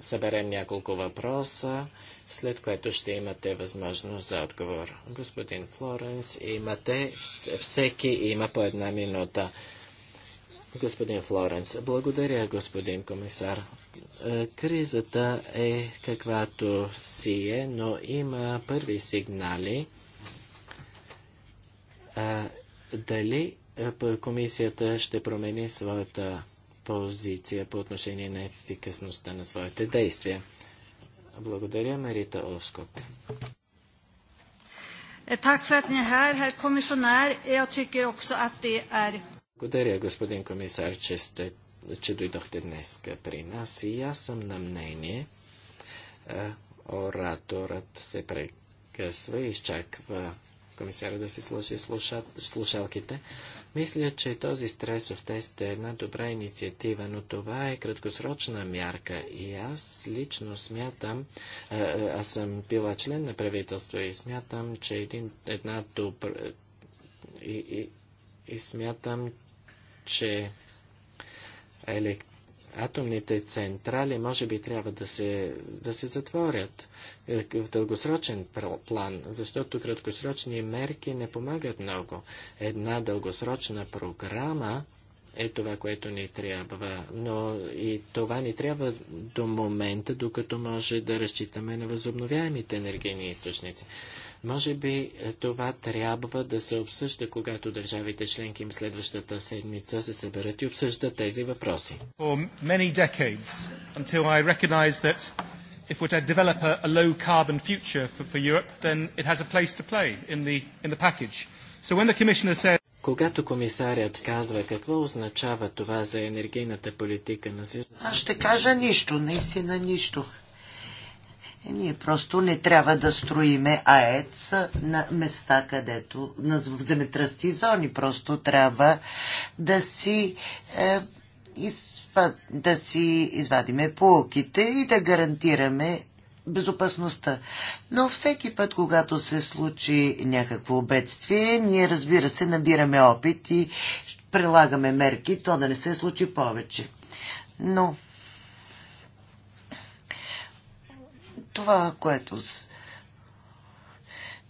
съберем няколко въпроса, след което ще имате възможност за отговор. Господин Флоренс, имате, всеки има по една минута. Господин Флоренц, благодаря, господин комисар. Е, кризата е каквато си е, но има първи сигнали. Е, дали е, комисията ще промени своята позиция по отношение на ефикасността на своите действия? Благодаря, Марита Оскок. Благодаря, господин комисар, че сте че дойдохте днес при нас и аз съм на мнение. Ораторът се прекъсва и изчаква комисаря да си сложи слушалките. Мисля, че този стресов тест е една добра инициатива, но това е краткосрочна мярка и аз лично смятам, аз съм била член на правителство и смятам, че един, една добра... И, и, и смятам, че електронни атомните централи може би трябва да се, да се затворят е, в дългосрочен план, защото краткосрочни мерки не помагат много. Една дългосрочна програма е това, което ни трябва, но и това ни трябва до момента, докато може да разчитаме на възобновяемите енергийни източници. Може би е, това трябва да се обсъжда, когато държавите членки им следващата седмица се съберат и обсъждат тези въпроси. If we're to develop a, a low carbon future for, for Europe, then it has a place to play in the, in the package. So when the commissioner said... Когато комисарят казва какво означава това за енергийната политика на Съюза... Аз ще кажа нищо, наистина нищо. Е, ние просто не трябва да строиме АЕЦ на места, където на земетръсти зони. Просто трябва да си, е, из, да си извадиме полуките и да гарантираме безопасността. Но всеки път, когато се случи някакво бедствие, ние разбира се набираме опит и прилагаме мерки, то да не се случи повече. Но това, което...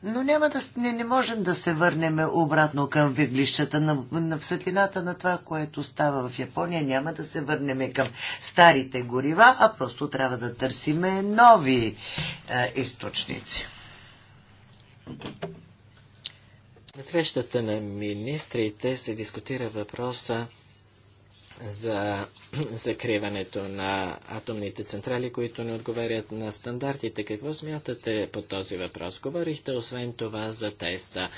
Но няма да, не, не можем да се върнем обратно към виглищата На, на светлината на това, което става в Япония, няма да се върнем към старите горива, а просто трябва да търсиме нови е, източници. На срещата на министрите се дискутира въпроса за закриването на атомните централи, които не отговарят на стандартите. Какво смятате по този въпрос? Говорихте освен това за теста.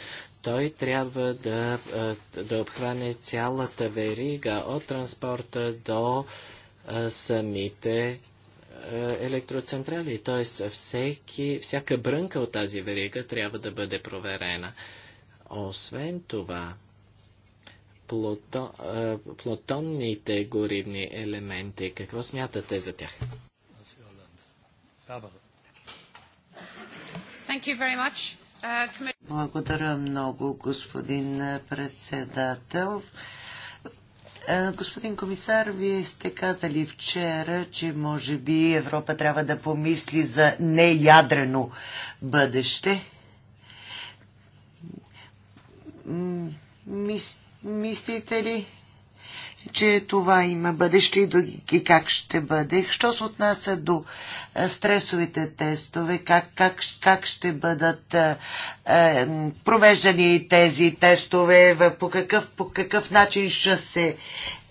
Той трябва да, да обхване цялата верига от транспорта до самите електроцентрали. Т.е. всеки, всяка брънка от тази верига трябва да бъде проверена. Освен това, плутонните горивни елементи. Какво смятате за тях? Uh, Благодаря много, господин председател. Е, господин комисар, вие сте казали вчера, че може би Европа трябва да помисли за неядрено бъдеще. Мисля, Мислите ли, че това има бъдеще и как ще бъде? Що се отнася до стресовите тестове? Как, как, как ще бъдат е, провеждани тези тестове? По какъв, по какъв начин ще се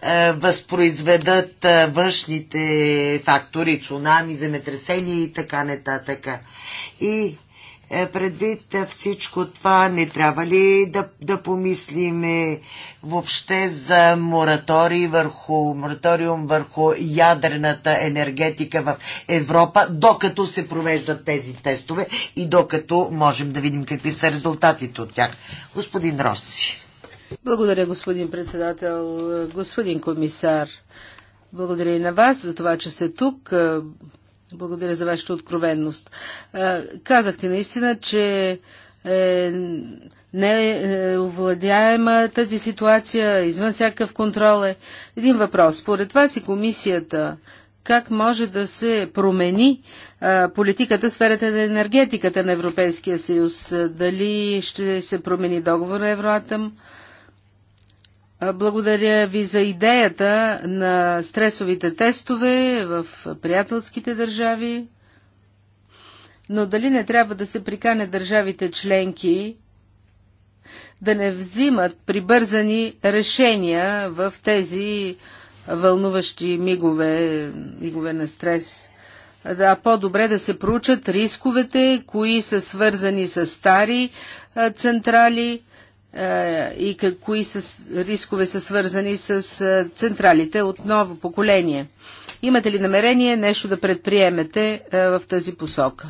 е, възпроизведат е, външните фактори, цунами, земетресения и така нататък? И е, предвид е, всичко това, не трябва ли да, да помислим въобще за моратори върху, мораториум върху ядрената енергетика в Европа, докато се провеждат тези тестове и докато можем да видим какви са резултатите от тях. Господин Роси. Благодаря, господин председател. Господин комисар, благодаря и на вас за това, че сте тук. Благодаря за вашата откровенност. Казахте наистина, че е не е, е овладяема тази ситуация, извън всякакъв контрол е. Един въпрос. Според вас и комисията как може да се промени а, политиката, сферата на енергетиката на Европейския съюз? Дали ще се промени договор на Евроатъм? Благодаря ви за идеята на стресовите тестове в приятелските държави. Но дали не трябва да се прикане държавите членки да не взимат прибързани решения в тези вълнуващи мигове, мигове на стрес? а по-добре да се проучат рисковете, кои са свързани с стари централи, и какви рискове са свързани с централите от ново поколение. Имате ли намерение нещо да предприемете в тази посока?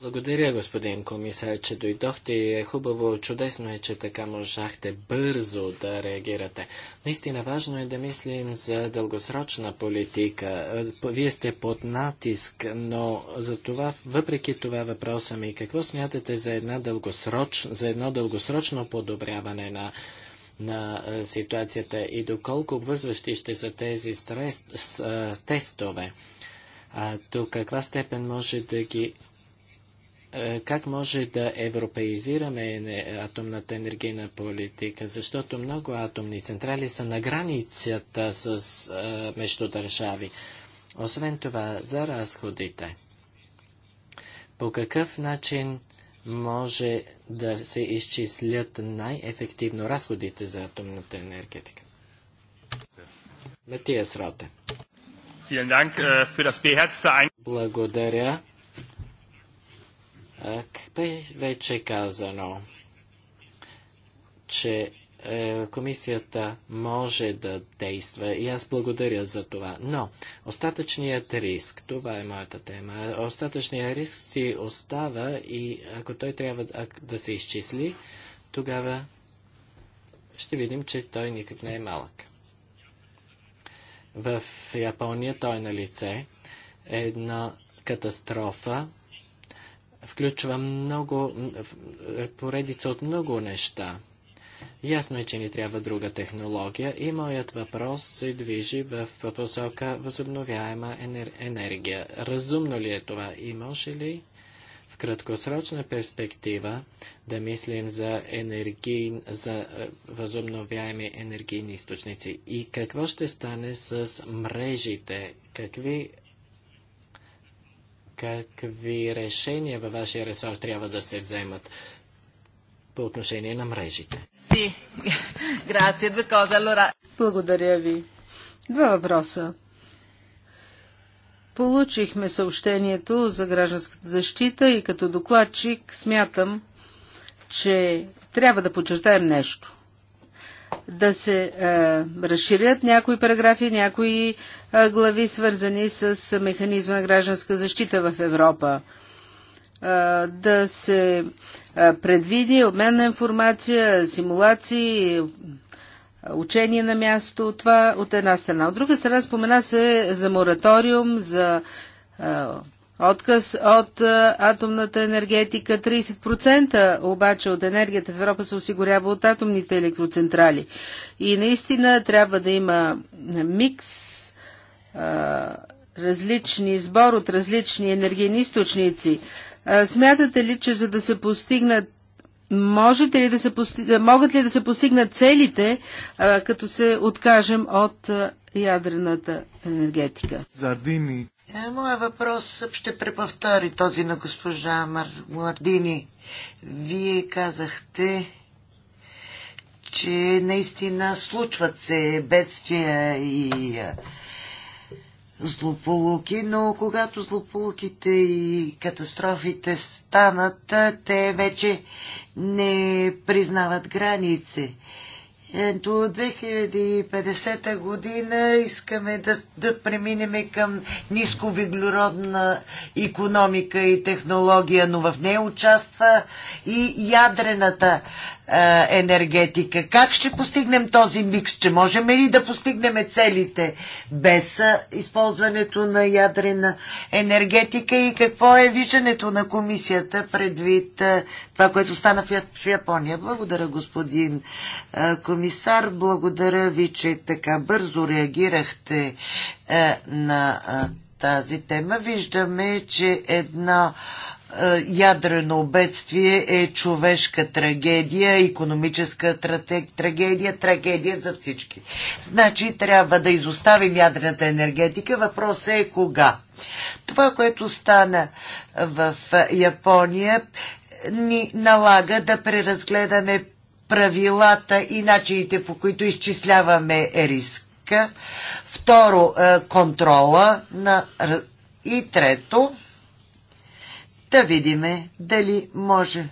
Благодаря, господин комисар, че дойдохте и е хубаво, чудесно е, че така можахте бързо да реагирате. Наистина важно е да мислим за дългосрочна политика. Е, вие сте под натиск, но за това, въпреки това въпроса ми, какво смятате за, една дългосроч, за едно дългосрочно подобряване на на е, ситуацията и доколко обвързващи ще са тези стрес, с, а, е, тестове. А, до каква степен може да ги е, как може да европеизираме атомната енергийна политика, защото много атомни централи са на границата с, е, между държави. Освен това, за разходите. По какъв начин може да се изчислят най-ефективно разходите за атомната енергетика? Матия Сроте. Äh, Благодаря бе вече казано, че е, комисията може да действа и аз благодаря за това. Но остатъчният риск, това е моята тема, остатъчният риск си остава и ако той трябва да, да се изчисли, тогава ще видим, че той никак не е малък. В Япония той е на лице една катастрофа, включва много, е поредица от много неща. Ясно е, че ни трябва друга технология и моят въпрос се движи в посока възобновяема енер... енергия. Разумно ли е това и може ли в краткосрочна перспектива да мислим за, енергий... за е, възобновяеми енергийни източници? И какво ще стане с мрежите? Какви какви решения във вашия ресор трябва да се вземат по отношение на мрежите? Си, грация, коза, Лора. Благодаря ви. Два въпроса. Получихме съобщението за гражданската защита и като докладчик смятам, че трябва да подчертаем нещо да се е, разширят някои параграфи, някои е, глави, свързани с механизма на гражданска защита в Европа. Е, да се е, предвиди обмен на информация, симулации, е, учение на място, това от една страна. От друга страна спомена се за мораториум, за е, отказ от е, атомната енергетика. 30% обаче от енергията в Европа се осигурява от атомните електроцентрали. И наистина трябва да има микс, е, различни сбор от различни енергийни източници. Е, смятате ли, че за да се постигнат Можете ли да се постиг... могат ли да се постигнат целите, като се откажем от ядрената енергетика? Зардини. Е, моя въпрос ще преповтори този на госпожа Мар... Мардини. Вие казахте, че наистина случват се бедствия и злополуки, но когато злополуките и катастрофите станат, те вече не признават граници. Е, до 2050 година искаме да, да преминем към нисковиглеродна економика и технология, но в нея участва и ядрената е, енергетика. Как ще постигнем този микс? Ще можем ли да постигнем целите без е, използването на ядрена енергетика? И какво е виждането на комисията предвид е, това, което стана в Япония? Благодаря, господин комисар. Благодаря ви, че така бързо реагирахте на тази тема. Виждаме, че една е, ядрено бедствие е човешка трагедия, економическа трагедия, трагедия за всички. Значи трябва да изоставим ядрената енергетика. Въпросът е кога. Това, което стана в Япония, ни налага да преразгледаме правилата и начините по които изчисляваме риска. Второ, е, контрола на... и трето, да видиме дали може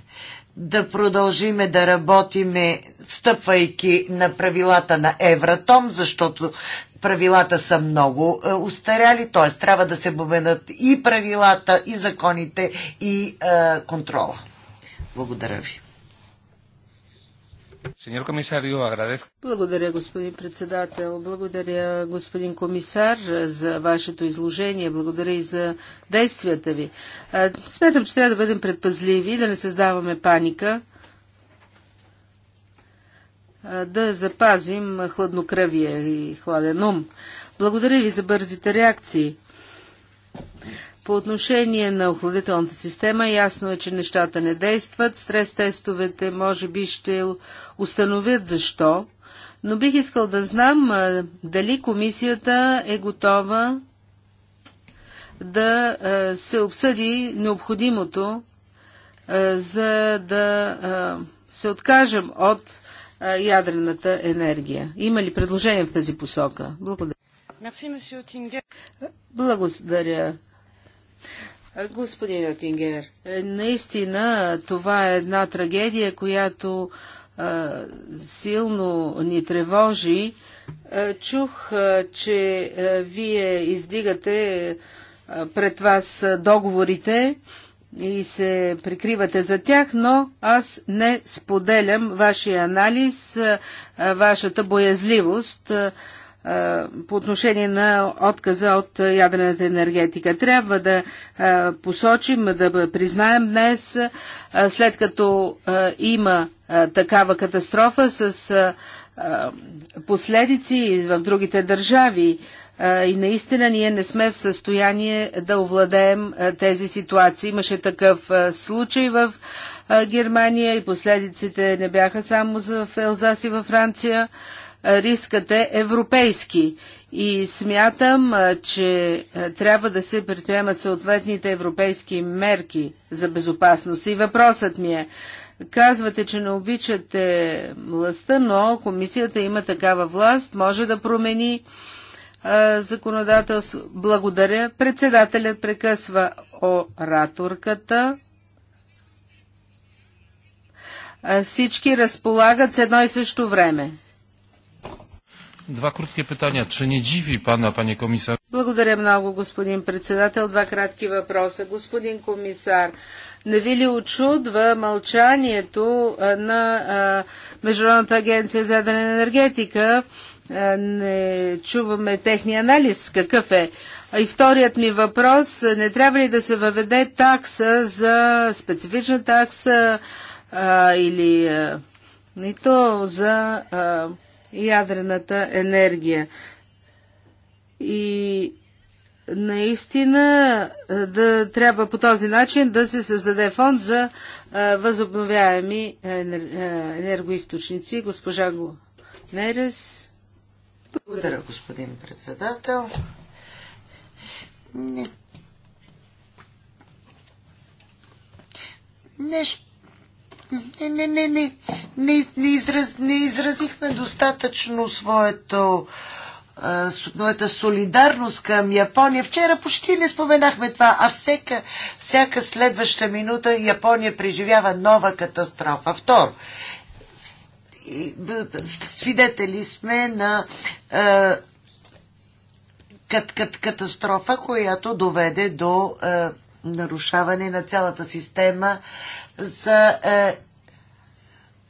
да продължиме да работиме, стъпвайки на правилата на Евратом, защото правилата са много е, устаряли, т.е. трябва да се поменят и правилата, и законите, и е, контрола. Благодаря ви. Благодаря, господин председател. Благодаря, господин комисар, за вашето изложение. Благодаря и за действията ви. Смятам, че трябва да бъдем предпазливи, да не създаваме паника, да запазим хладнокръвие и хладен ум. Благодаря ви за бързите реакции. По отношение на охладителната система, ясно е, че нещата не действат. Стрес-тестовете може би ще установят защо, но бих искал да знам дали комисията е готова да се обсъди необходимото, за да се откажем от ядрената енергия. Има ли предложение в тази посока? Благодаря. Благодаря, Господин Отингер, е, наистина това е една трагедия, която а, силно ни тревожи. А, чух, а, че а, вие издигате а, пред вас договорите и се прикривате за тях, но аз не споделям вашия анализ, а, вашата боязливост. А, по отношение на отказа от ядрената енергетика. Трябва да посочим, да признаем днес, след като има такава катастрофа с последици в другите държави. И наистина ние не сме в състояние да овладеем тези ситуации. Имаше такъв случай в Германия и последиците не бяха само за Елзас и във Франция рискът е европейски и смятам, че трябва да се предприемат съответните европейски мерки за безопасност. И въпросът ми е, казвате, че не обичате властта, но комисията има такава власт, може да промени законодателство. Благодаря. Председателят прекъсва ораторката всички разполагат с едно и също време. Два кратки питания. Че не dziwi пана, пане комисар? Благодаря много, господин председател. Два кратки въпроса. Господин комисар, не ви ли очудва мълчанието на Международната агенция за ядрена енергетика? Не чуваме техния анализ. Какъв е? И вторият ми въпрос, не трябва ли да се въведе такса за специфична такса а, или а, нито за а, ядрената енергия. И наистина е, да трябва по този начин да се създаде фонд за е, възобновяеми е, енергоисточници. Госпожа Го Мерес. Благодаря, господин председател. Не... Нещо не, не, не, не, не, не, израз, не изразихме достатъчно своето своята солидарност към Япония. Вчера почти не споменахме това, а всека, всяка следваща минута Япония преживява нова катастрофа. Второ, свидетели сме на е, кат, кат, катастрофа, която доведе до е, нарушаване на цялата система за е,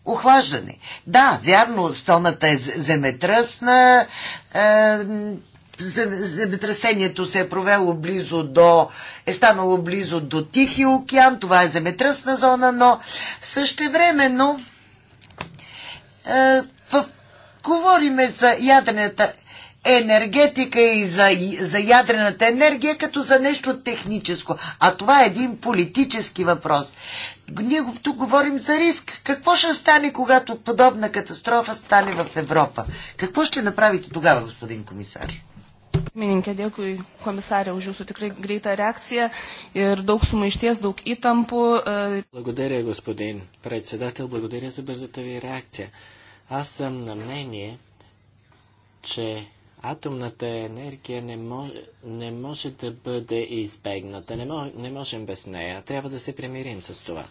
охлаждане. Да, вярно, зоната е земетръсна, е, земетресението се е провело близо до, е станало близо до Тихи океан, това е земетръсна зона, но времено е, в, говориме за ядрената енергетика и за, за ядрената енергия като за нещо техническо. А това е един политически въпрос. Ние тук говорим за риск. Какво ще стане, когато подобна катастрофа стане в Европа? Какво ще направите тогава, господин комисар? Pirmininkė, dėkui komisarė už реакция tikrai greitą reakciją ir daug sumaišties, daug įtampų. Благодаря, господин председател, благодаря за бързата ви реакция. Аз съм на мнение, че атомната енергия не може, не може да бъде избегната. Не, мож, не можем без нея. Трябва да се примирим с това.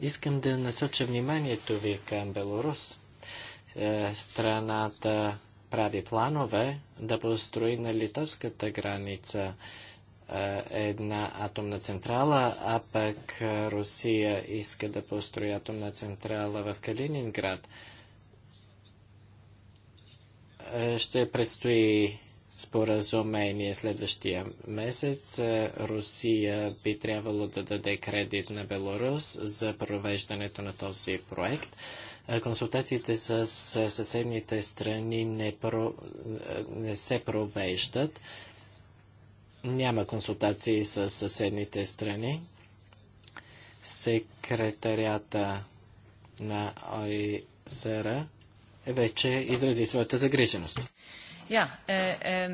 Искам да насоча вниманието ви към Беларус. Е, страната прави планове да построи на литовската граница е, една атомна централа, а пък Русия иска да построи атомна централа в Калининград. Е, ще предстои споразумение следващия месец. Е, Русия би трябвало да даде кредит на Беларус за провеждането на този проект. Е, консултациите с съседните страни не, про... не се провеждат. Няма консултации с съседните страни. Секретарията на ОИСР вече изрази своята загриженост. Е, е,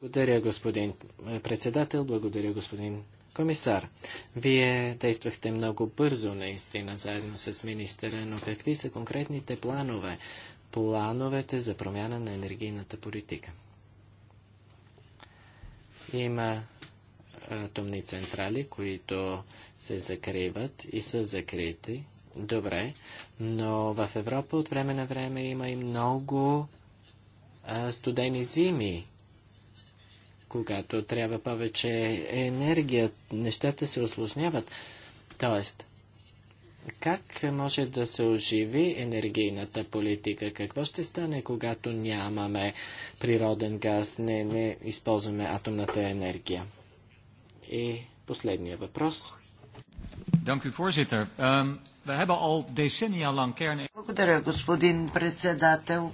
благодаря, господин е, председател, благодаря, господин комисар. Вие действахте много бързо, наистина, заедно с министъра, но какви са конкретните планове? Плановете за промяна на енергийната политика. Има атомни централи, които се закриват и са закрити. Добре, но в Европа от време на време има и много а, студени зими, когато трябва повече енергия, нещата се осложняват. Тоест, как може да се оживи енергийната политика? Какво ще стане, когато нямаме природен газ, не, не използваме атомната енергия? И последния въпрос. Dank u, voorzitter. Um, We hebben al decennia lang Благодаря, господин председател.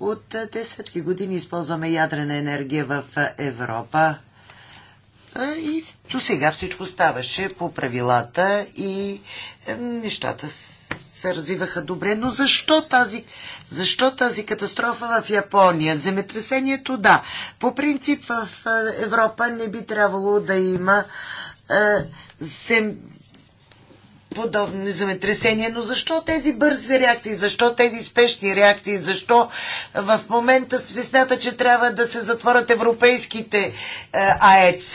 От е, десетки години използваме ядрена енергия в е, Европа. Е, и до сега всичко ставаше по правилата и нещата се развиваха добре. Но защо тази, защо тази катастрофа в Япония? Земетресението, да. По принцип в Европа не би трябвало да има е, подобни земетресения, но защо тези бързи реакции, защо тези спешни реакции, защо в момента се смята, че трябва да се затворят европейските е, АЕЦ.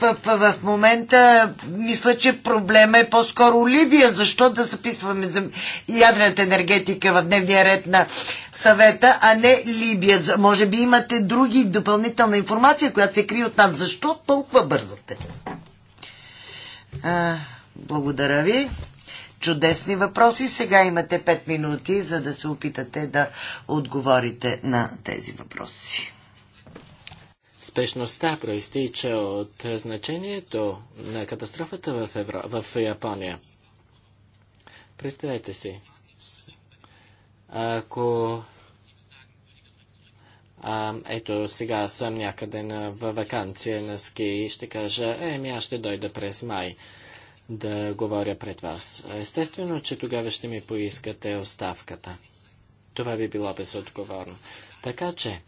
В, в, в момента мисля, че проблема е по-скоро Либия. Защо да записваме зем... ядрената енергетика в дневния ред на съвета, а не Либия? Може би имате други допълнителна информация, която се крие от нас. Защо толкова бързате? Благодаря ви. Чудесни въпроси. Сега имате 5 минути, за да се опитате да отговорите на тези въпроси. Спешността проистича от значението на катастрофата в, Евро... в Япония. Представете си, ако а, ето сега съм някъде на, в вакансия на ски и ще кажа, еми аз ще дойда през май да говоря пред вас. Естествено, че тогава ще ми поискате оставката. Това би било безотговорно. Така че,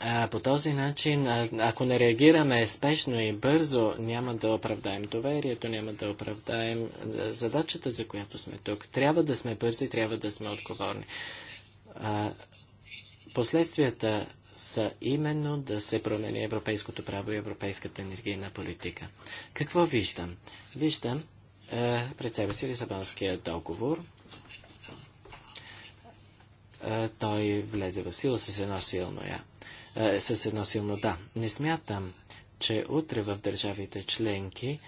а, по този начин, а, ако не реагираме спешно и бързо, няма да оправдаем доверието, няма да оправдаем задачата, за която сме тук. Трябва да сме бързи, трябва да сме отговорни. А, последствията са именно да се промени европейското право и европейската енергийна политика. Какво виждам? Виждам е, пред себе си Лисабонския договор. Е, той влезе в сила с едно силно я. Е, с едно силно да. Не смятам, че утре в държавите членки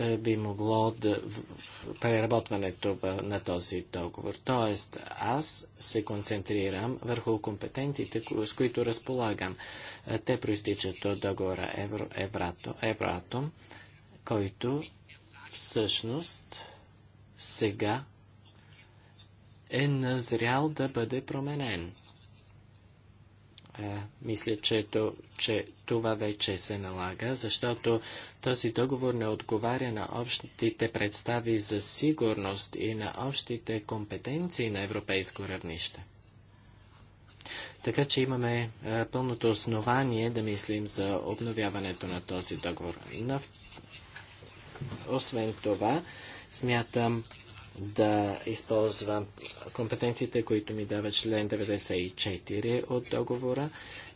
е, би могло да преработването на този договор. Тоест, аз се концентрирам върху компетенциите, с които разполагам. Е, те проистичат от договора Евро, Евроатом, който всъщност сега е назрял да бъде променен. Е, мисля, че, то, че това вече се налага, защото този договор не отговаря на общите представи за сигурност и на общите компетенции на европейско равнище. Така че имаме а, е, пълното основание да мислим за обновяването на този договор. Но, Освен това, смятам, да използвам компетенциите, които ми дава член 94 от договора.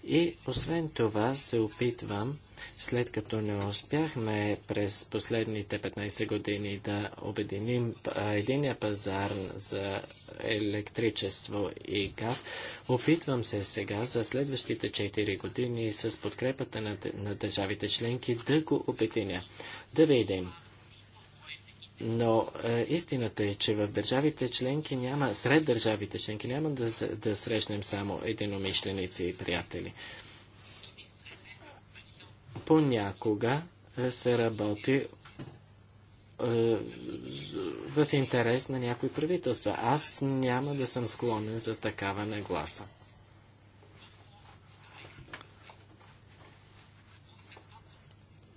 И освен това се опитвам, след като не успяхме през последните 15 години да обединим единия пазар за електричество и газ, опитвам се сега за следващите 4 години с подкрепата на, на държавите членки да го обединя. Да видим но е, истината е, че в държавите членки няма, сред държавите членки няма да, да срещнем само единомишленици и приятели. Понякога е, се работи е, в интерес на някои правителства. Аз няма да съм склонен за такава нагласа.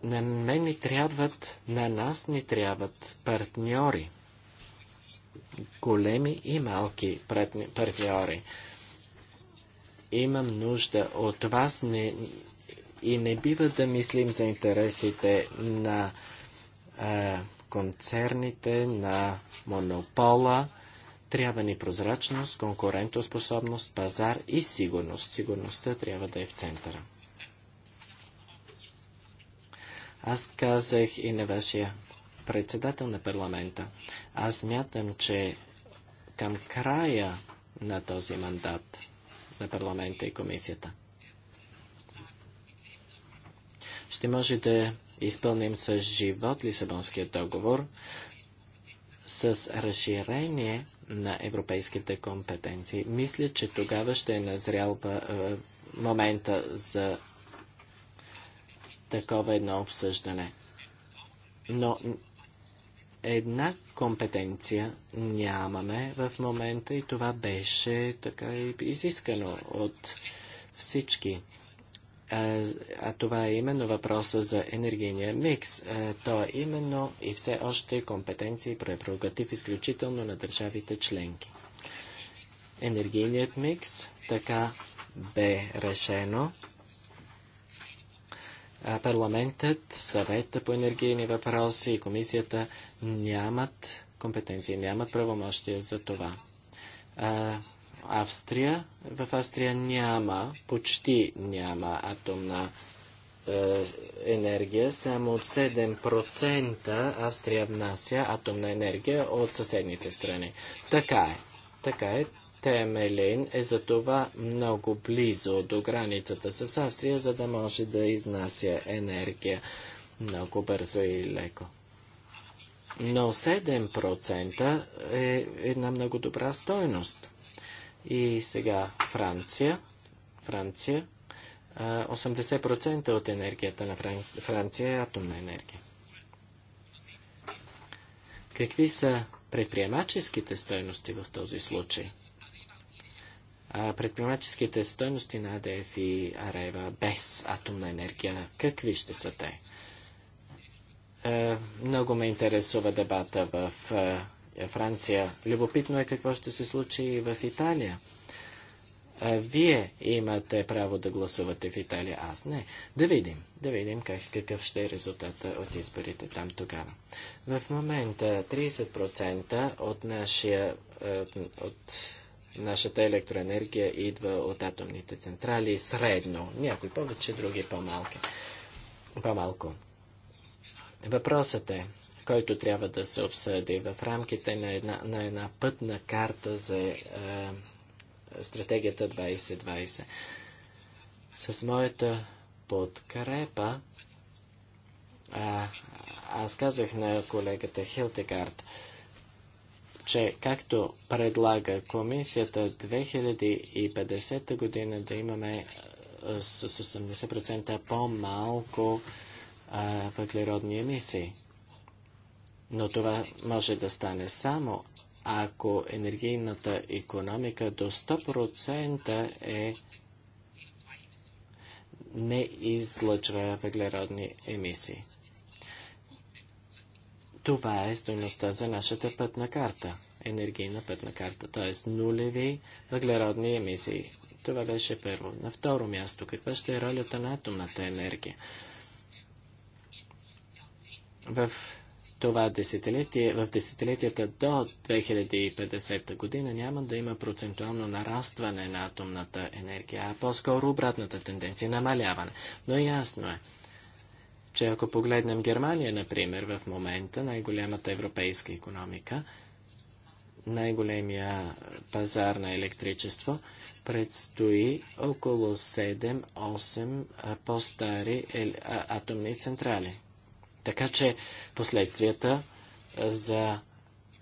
на мен ни трябват, на нас ни трябват партньори. Големи и малки партньори. Имам нужда от вас не, и не бива да мислим за интересите на е, концерните, на монопола. Трябва ни прозрачност, конкурентоспособност, пазар и сигурност. Сигурността трябва да е в центъра. Аз казах и на вашия председател на парламента. Аз мятам, че към края на този мандат на парламента и комисията ще може да изпълним с живот Лисабонския договор, с разширение на европейските компетенции. Мисля, че тогава ще е назрял е, момента за такова едно обсъждане. Но една компетенция нямаме в момента и това беше така изискано от всички. А, а това е именно въпроса за енергийния микс. А, то е именно и все още компетенции и прерогатив изключително на държавите членки. Енергийният микс така бе решено парламентът, съвета по енергийни въпроси и комисията нямат компетенции, нямат правомощия за това. А, Австрия, в Австрия няма, почти няма атомна е, енергия, само от 7% Австрия внася атомна енергия от съседните страни. Така е. Така е. Темелин е за това много близо до границата с Австрия, за да може да изнася енергия много бързо и леко. Но 7% е една много добра стойност. И сега Франция. Франция. 80% от енергията на Франция е атомна енергия. Какви са предприемаческите стойности в този случай? предприемаческите стойности на АДФ и Арева без атомна енергия, какви ще са те? Много ме интересува дебата в Франция. Любопитно е какво ще се случи и в Италия. Вие имате право да гласувате в Италия, аз не. Да видим, да видим как, какъв ще е резултата от изборите там тогава. В момента 30% от нашия, от Нашата електроенергия идва от атомните централи средно, някои повече, други по-малки. По-малко. Въпросът е, който трябва да се обсъди в рамките на една, на една пътна карта за е, стратегията 2020. С моята подкрепа а, е, аз казах на колегата Хилтегард, че както предлага комисията 2050 година да имаме с 80% по-малко въглеродни емисии. Но това може да стане само ако енергийната економика до 100% е не излъчва въглеродни емисии. Това е стоеността за нашата пътна карта, енергийна пътна карта, т.е. нулеви въглеродни емисии. Това беше първо. На второ място, каква ще е ролята на атомната енергия? В това десетилетие, в десетилетията до 2050 година няма да има процентуално нарастване на атомната енергия, а по-скоро обратната тенденция намаляване. Но ясно е, че ако погледнем Германия, например, в момента, най-голямата европейска економика, най-големия пазар на електричество, предстои около 7-8 по-стари атомни централи. Така че последствията за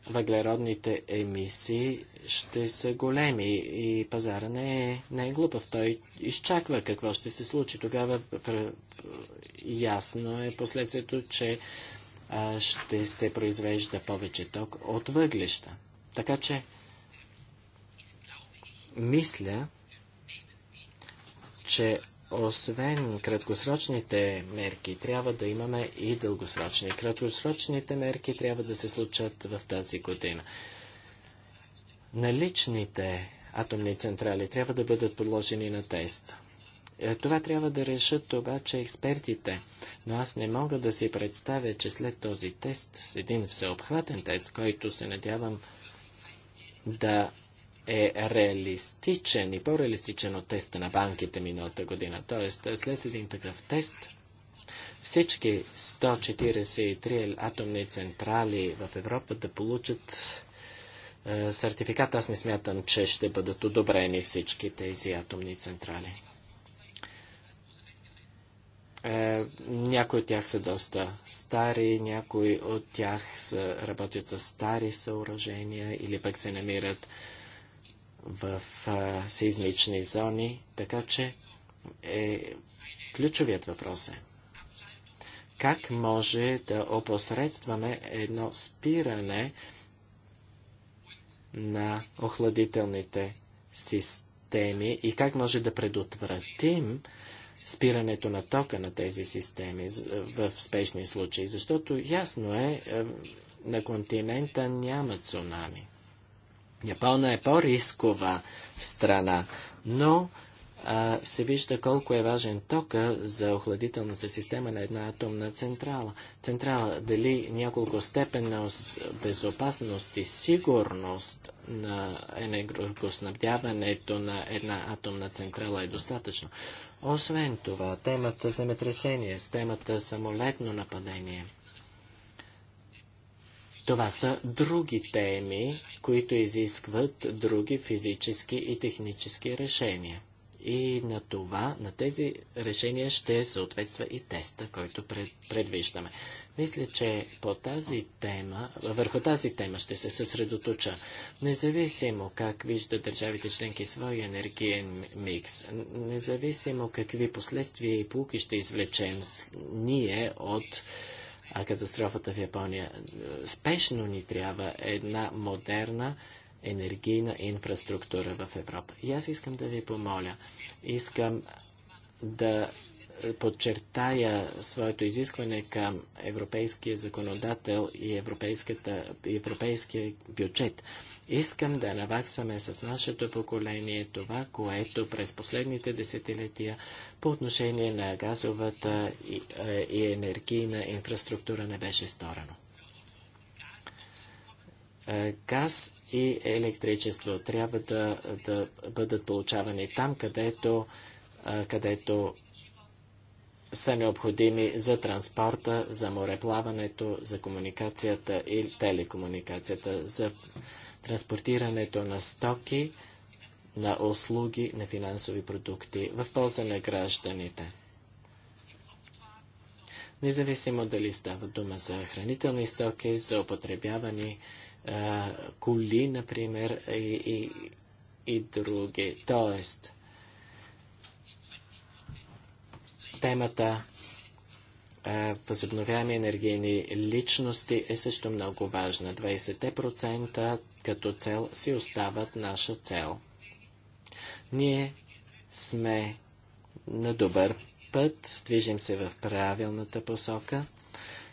въглеродните емисии ще са големи и пазара не е, не е глупав. Той изчаква какво ще се случи. Тогава ясно е последствието, че а, ще се произвежда повече ток от въглища. Така че, мисля, че освен краткосрочните мерки, трябва да имаме и дългосрочни. Краткосрочните мерки трябва да се случат в тази година. Наличните атомни централи трябва да бъдат подложени на тест. Е, това трябва да решат обаче експертите, но аз не мога да си представя, че след този тест, с един всеобхватен тест, който се надявам да е реалистичен и по-реалистичен от теста на банките миналата година. Тоест, след един такъв тест, всички 143 атомни централи в Европа да получат е, сертификат. Аз не смятам, че ще бъдат одобрени всички тези атомни централи. Е, някои от тях са доста стари, някои от тях са, работят с стари съоръжения или пък се намират в а, сейзмични зони, така че е, ключовият въпрос е как може да опосредстваме едно спиране на охладителните системи и как може да предотвратим спирането на тока на тези системи в спешни случаи, защото ясно е, е, на континента няма цунами. Япония е по-рискова страна, но а, се вижда колко е важен тока за охладителната система на една атомна централа. Централа дали няколко степен на безопасност и сигурност на енергоснабдяването на една атомна централа е достатъчно. Освен това, темата земетресение, с темата самолетно нападение. Това са други теми, които изискват други физически и технически решения и на това, на тези решения ще съответства и теста, който пред, предвиждаме. Мисля, че по тази тема, върху тази тема ще се съсредоточа. Независимо как виждат държавите членки своя енергиен микс, независимо какви последствия и полки ще извлечем ние от катастрофата в Япония, спешно ни трябва една модерна енергийна инфраструктура в Европа. И аз искам да ви помоля, искам да подчертая своето изискване към европейския законодател и европейския бюджет. Искам да наваксаме с нашето поколение това, което през последните десетилетия по отношение на газовата и, е, енергийна инфраструктура не беше сторено. Е, газ и електричество трябва да, да бъдат получавани там, където, където са необходими за транспорта, за мореплаването, за комуникацията и телекомуникацията, за транспортирането на стоки, на услуги, на финансови продукти в полза на гражданите. Независимо дали става дума за хранителни стоки, за употребявани а, коли, например, и, и, и други. Тоест, темата възобновяеми енергийни личности е също много важна. 20% като цел си остават наша цел. Ние сме на добър път, движим се в правилната посока.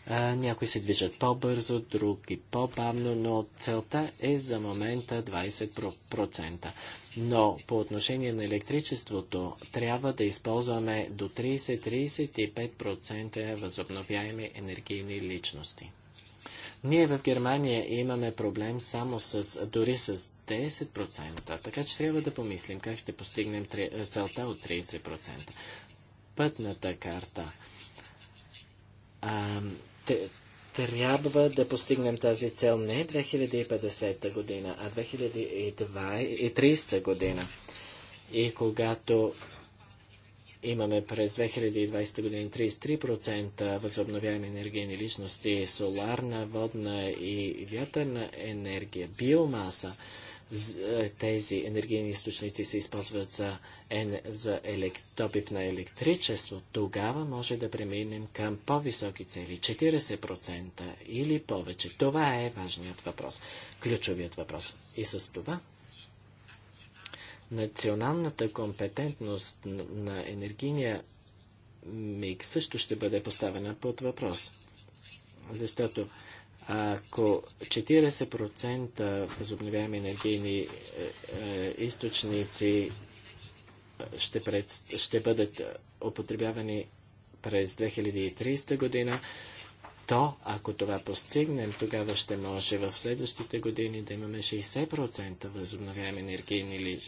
Някои се движат по-бързо, други по-бавно, но целта е за момента 20%. Но по отношение на електричеството трябва да използваме до 30-35% възобновяеми енергийни личности. Ние в Германия имаме проблем само с, дори с 10%, така че трябва да помислим как ще постигнем целта от 30%. Пътната карта. Е, трябва да постигнем тази цел не 2050 година, а 2030 година. И когато имаме през 2020 година 33% възобновяеми енергийни личности, соларна, водна и вятърна енергия, биомаса, е, тези енергийни източници се използват за, е, за елек, добив на електричество, тогава може да преминем към по-високи цели 40% или повече. Това е важният въпрос, ключовият въпрос. И с това националната компетентност на енергийния миг също ще бъде поставена под въпрос. Защото ако 40% възобновяеми енергийни е, е, източници е, ще, пред, ще бъдат употребявани през 2030 година, то, ако това постигнем, тогава ще може в следващите години да имаме 60% възобновяеми енергийни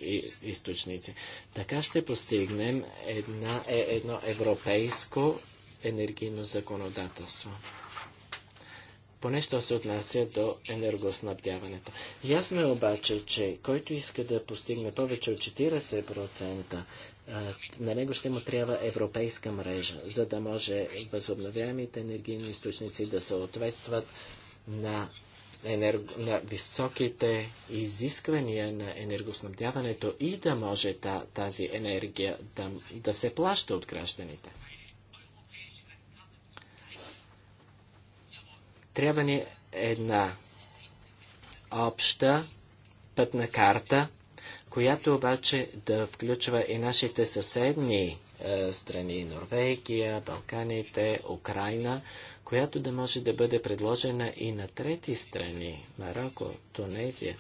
източници. Така ще постигнем една, едно европейско енергийно законодателство поне що се отнася до енергоснабдяването. Ясно е обаче, че който иска да постигне повече от 40%, на него ще му трябва европейска мрежа, за да може възобновяемите енергийни източници да съответстват на, енерго, на високите изисквания на енергоснабдяването и да може та, тази енергия да, да се плаща от гражданите. Трябва ни една обща пътна карта, която обаче да включва и нашите съседни е, страни Норвегия, Балканите, Украина, която да може да бъде предложена и на трети страни Марокко, Тунезия.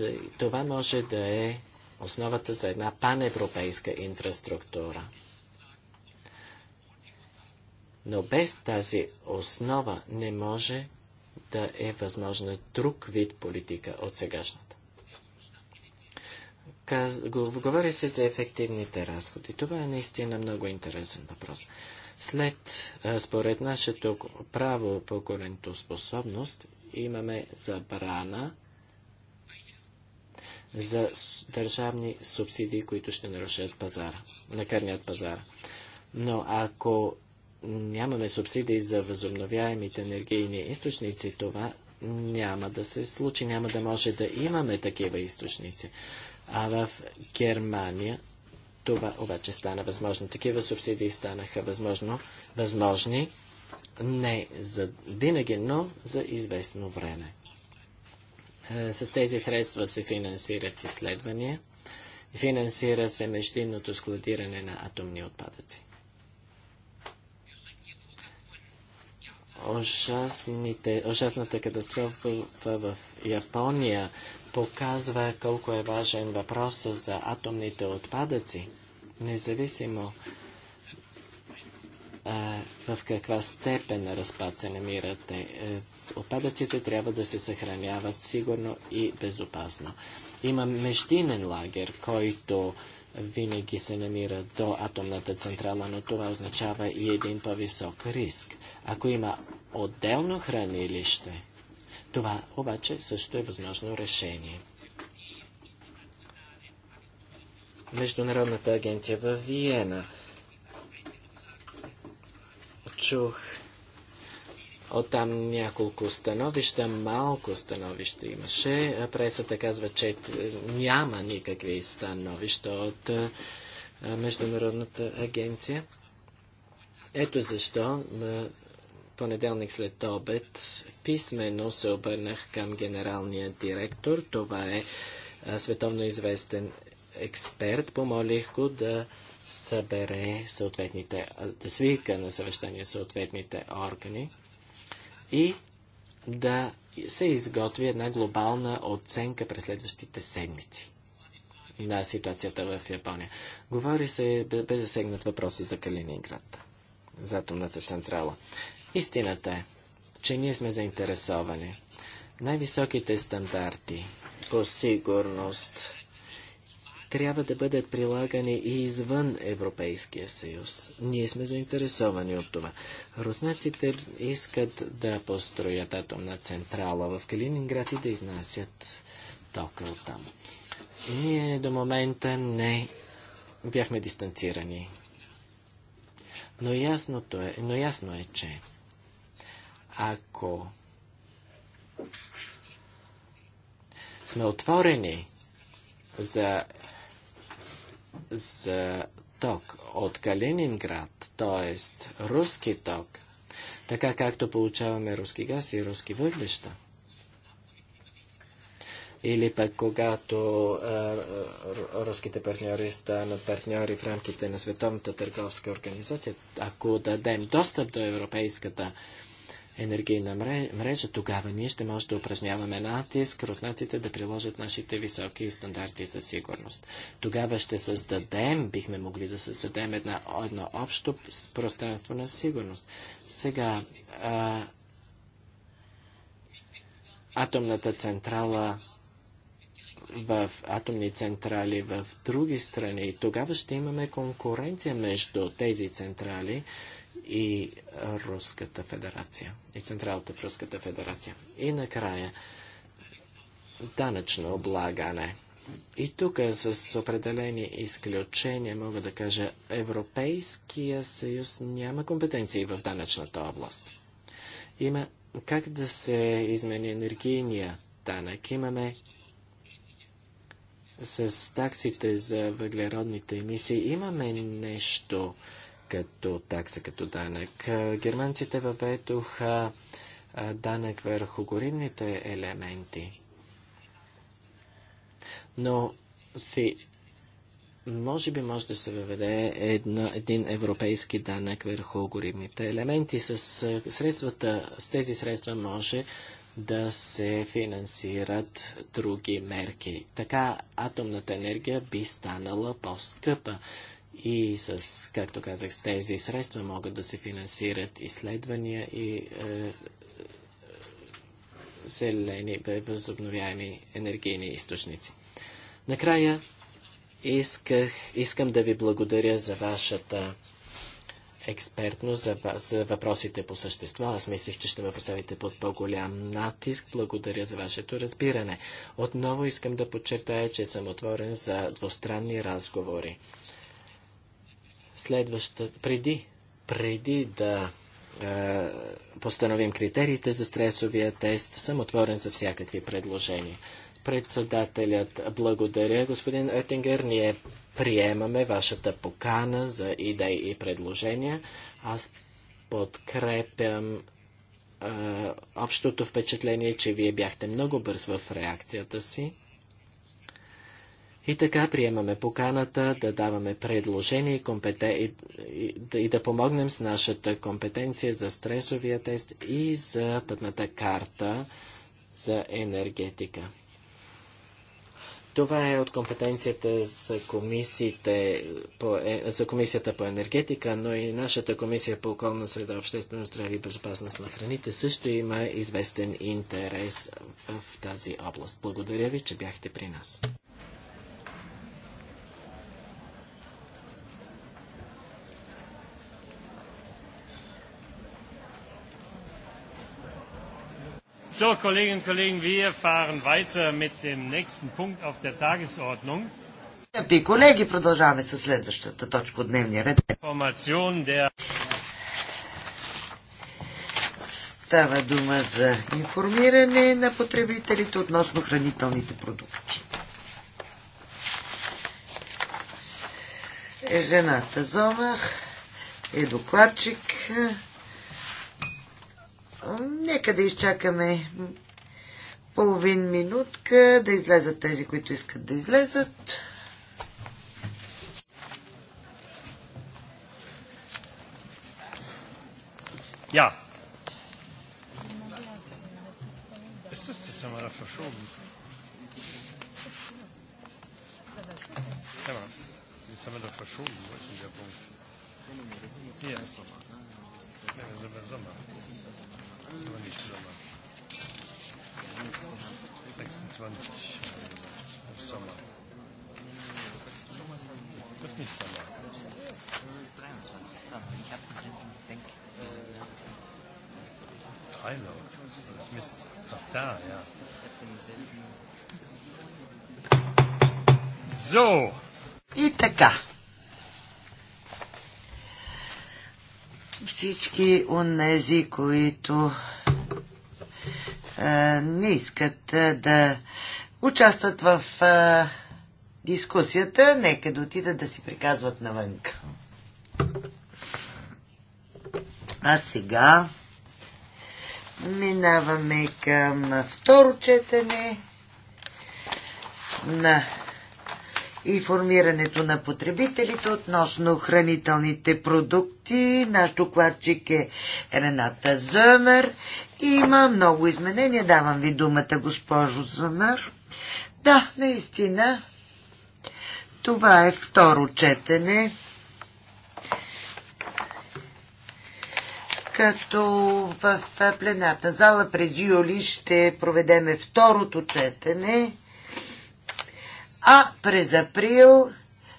Е, това може да е основата за една паневропейска инфраструктура. Но без тази основа не може да е възможна друг вид политика от сегашната. Каз... Говори се за ефективните разходи. Това е наистина много интересен въпрос. След, според нашето право по способност, имаме забрана за държавни субсидии, които ще нарушат пазара, накърнят пазара. Но ако нямаме субсидии за възобновяемите енергийни източници, това няма да се случи, няма да може да имаме такива източници. А в Германия това обаче стана възможно. Такива субсидии станаха възможно, възможни не за винаги, но за известно време. Е, с тези средства се финансират изследвания, финансира се междинното складиране на атомни отпадъци. ужасните, ужасната катастрофа в Япония показва колко е важен въпрос за атомните отпадъци, независимо а, в каква степен на разпад се намирате. Е, отпадъците трябва да се съхраняват сигурно и безопасно. Има междинен лагер, който винаги се намира до атомната централа, но това означава и един по-висок риск. Ако има отделно хранилище, това обаче също е възможно решение. Международната агенция в Виена. Чух Оттам няколко становища, малко становища имаше. Пресата казва, че няма никакви становища от Международната агенция. Ето защо на понеделник след обед писменно се обърнах към генералния директор. Това е световно известен експерт. Помолих го да събере съответните, да свика на съвещание съответните органи и да се изготви една глобална оценка през следващите седмици на ситуацията в Япония. Говори се, бе засегнат въпроса за Калининград, за атомната централа. Истината е, че ние сме заинтересовани. Най-високите стандарти по сигурност трябва да бъдат прилагани и извън Европейския съюз. Ние сме заинтересовани от това. Руснаците искат да построят атомна централа в Калининград и да изнасят тока от там. Ние до момента не бяхме дистанцирани. Но, ясното е, но ясно е, че ако сме отворени за за ток от Калининград, т.е. руски ток, така както получаваме руски газ и руски въглища. Или пък когато а, руските партньори станат партньори в рамките на Световната търговска организация, ако дадем достъп до европейската енергийна мрежа, тогава ние ще може да упражняваме натиск, руснаците да приложат нашите високи стандарти за сигурност. Тогава ще създадем, бихме могли да създадем една, едно общо пространство на сигурност. Сега, а, атомната централа в атомни централи в други страни, тогава ще имаме конкуренция между тези централи, и Руската федерация, и Централната в Руската федерация. И накрая, данъчно облагане. И тук е с определени изключения мога да кажа, Европейския съюз няма компетенции в данъчната област. Има как да се измени енергийния данък. Имаме с таксите за въглеродните емисии. Имаме нещо, като такса, като данък. Германците въведоха данък върху горивните елементи. Но фи, може би може да се въведе една, един европейски данък върху горивните елементи. С средствата, с тези средства може да се финансират други мерки. Така атомната енергия би станала по-скъпа и с, както казах, с тези средства могат да се финансират изследвания и е, зелени, възобновяеми енергийни източници. Накрая исках, искам да ви благодаря за вашата експертност за, за въпросите по същество. Аз мислих, че ще ме поставите под по-голям натиск. Благодаря за вашето разбиране. Отново искам да подчертая, че съм отворен за двустранни разговори. Следваща, преди, преди да е, постановим критериите за стресовия тест, съм отворен за всякакви предложения. Председателят, благодаря, господин Етингер. Ние приемаме вашата покана за идеи и предложения. Аз подкрепям е, общото впечатление, че вие бяхте много бърз в реакцията си. И така приемаме поканата да даваме предложения и, компетен... и, и, и да помогнем с нашата компетенция за стресовия тест и за пътната карта за енергетика. Това е от компетенцията за, комисиите по, е, за Комисията по енергетика, но и нашата Комисия по околна среда, обществено здраве и безопасност на храните също има известен интерес в тази област. Благодаря ви, че бяхте при нас. So, Kolleginnen und Kollegen, wir fahren weiter mit dem nächsten Punkt auf der Tagesordnung. Скъпи колеги, продължаваме с следващата точка от дневния ред. Става дума за информиране на потребителите относно хранителните продукти. Е, жената Зомах е докладчик. Нека да изчакаме половин минутка да излезат тези, които искат да излезат. Ja. Ist das das haben wir da verschoben? Ja, das haben wir da verschoben, wo ist denn der Punkt? Hier. Ja, das ist Sommer. Das Sommer. 26 im Sommer. Das ist nicht Sommer. 23. Ich habe gesehen, ich denke. Treilaut. Das Mist. Ach, da, ja. So. И всички онези, които не искат да участват в дискусията, нека да отидат да си приказват навън. А сега минаваме към второ четене на информирането на потребителите относно хранителните продукти. Наш докладчик е Рената Зъмер. Има много изменения. Давам ви думата, госпожо Зъмер. Да, наистина. Това е второ четене. като в пленарна зала през юли ще проведеме второто четене а през април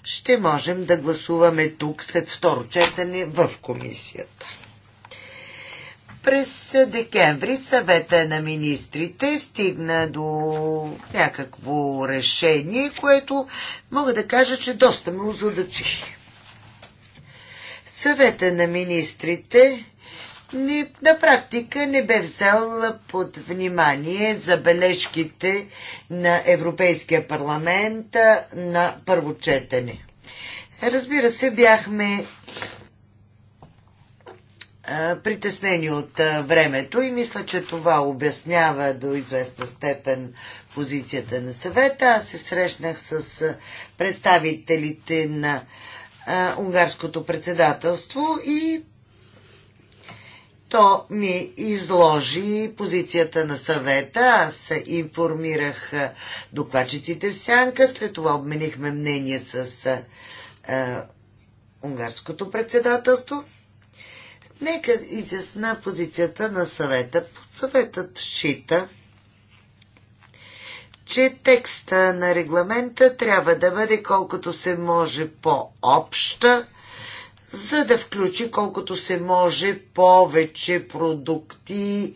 ще можем да гласуваме тук след второ четене в комисията. През декември съвета на министрите стигна до някакво решение, което мога да кажа, че доста ме озадачи. Съвета на министрите не, на практика не бе взел под внимание забележките на Европейския парламент на първо четене. Разбира се, бяхме притеснени от времето и мисля, че това обяснява до известна степен позицията на съвета. Аз се срещнах с представителите на унгарското председателство и то ми изложи позицията на съвета. Аз информирах докладчиците в сянка. След това обменихме мнение с е, унгарското председателство. Нека изясна позицията на съвета. Съветът счита, че текста на регламента трябва да бъде колкото се може по-обща, за да включи колкото се може повече продукти,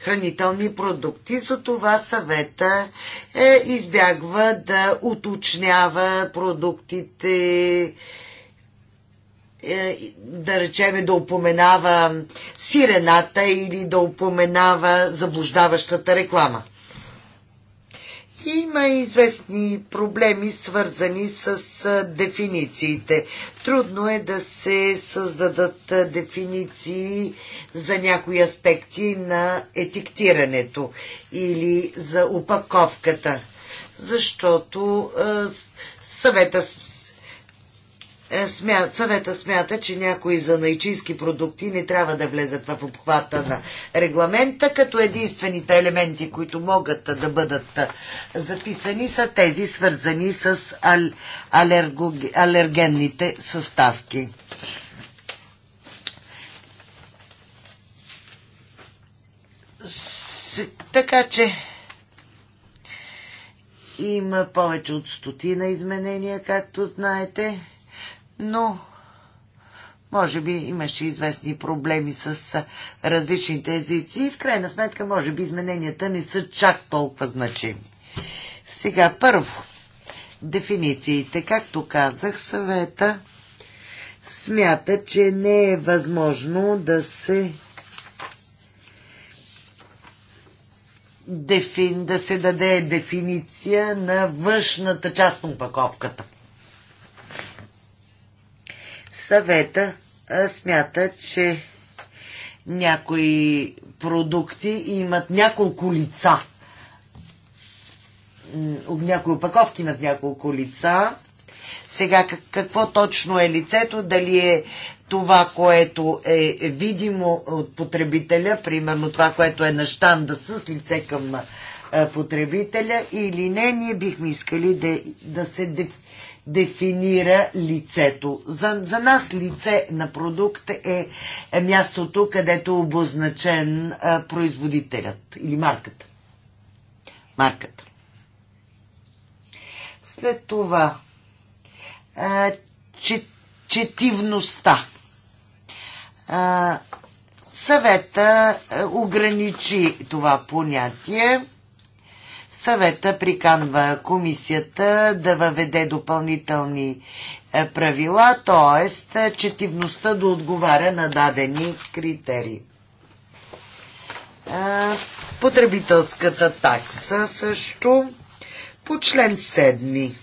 хранителни продукти. За това съвета е, избягва да уточнява продуктите, е, да речеме да упоменава сирената или да упоменава заблуждаващата реклама. Има известни проблеми, свързани с дефинициите. Трудно е да се създадат дефиниции за някои аспекти на етиктирането или за упаковката, защото съвета е, смят, съвета смята, че някои занайчийски продукти не трябва да влезат в обхвата на регламента, като единствените елементи, които могат да бъдат е, записани, са тези свързани с ал, алерго, алергенните съставки. С, така че има повече от стотина изменения, както знаете но може би имаше известни проблеми с различните езици и в крайна сметка може би измененията не са чак толкова значими. Сега първо, дефинициите. Както казах, съвета смята, че не е възможно да се дефин, да се даде дефиниция на външната част на упаковката – Съвета смята, че някои продукти имат няколко лица. Някои опаковки имат няколко лица. Сега какво точно е лицето, дали е това, което е видимо от потребителя, примерно това, което е на штанда с лице към потребителя или не, ние бихме искали да, да се дефинираме дефинира лицето. За, за нас лице на продукт е, е мястото, където е обозначен а, производителят или марката. Марката. След това а, че, четивността. А, съвета ограничи това понятие Съвета приканва комисията да въведе допълнителни е, правила, т.е. четивността да отговаря на дадени критерии. Е, потребителската такса също по член 7.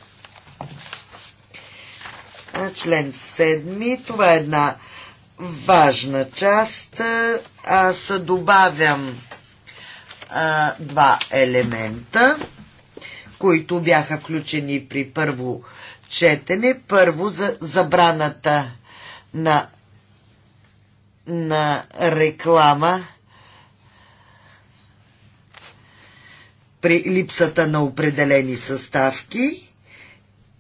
Е, член 7, това е една важна част. Аз добавям а, два елемента, които бяха включени при първо четене. Първо за забраната на, на реклама при липсата на определени съставки,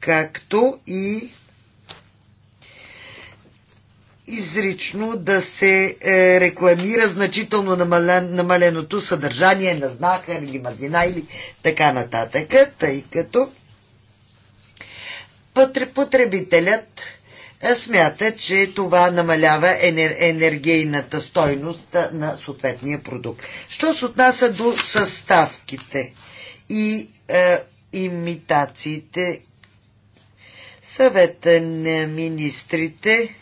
както и изрично да се е, рекламира значително намаля, намаленото съдържание на знахар или мазина или така нататък, тъй като потребителят е, смята, че това намалява енер, енергийната стойност на съответния продукт. Що се отнася до съставките и е, имитациите, съвета на министрите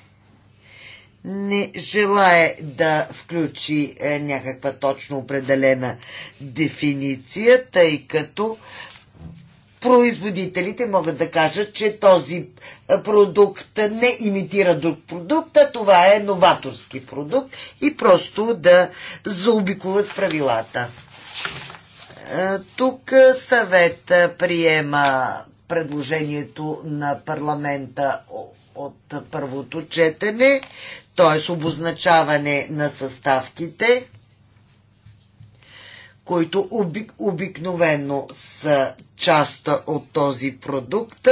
не желая да включи е, някаква точно определена дефиниция, тъй като производителите могат да кажат, че този е, продукт не имитира друг продукт, а това е новаторски продукт и просто да заобикуват правилата. Е, тук съвет е, приема предложението на парламента от първото четене, т.е. обозначаване на съставките, които обик, обикновено са част от този продукт.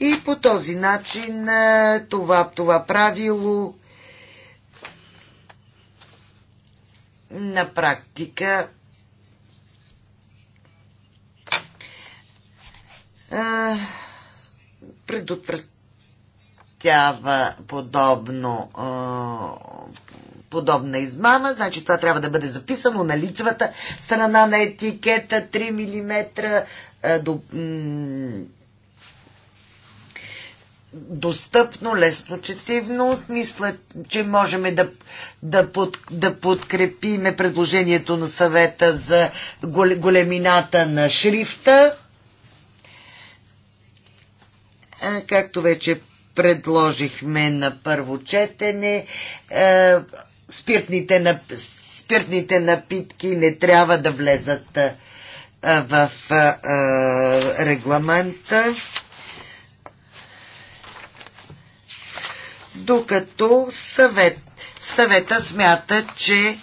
И по този начин това, това правило на практика предотвръща допустява подобно, подобна измама. Значи това трябва да бъде записано на лицевата страна на етикета 3 мм до, достъпно, лесно четивно. Мисля, че можем да, да, под, да подкрепиме предложението на съвета за големината на шрифта. Както вече предложихме на първо четене. Е, спиртните, спиртните напитки не трябва да влезат е, в е, регламента. Докато съвет, съвета смята, че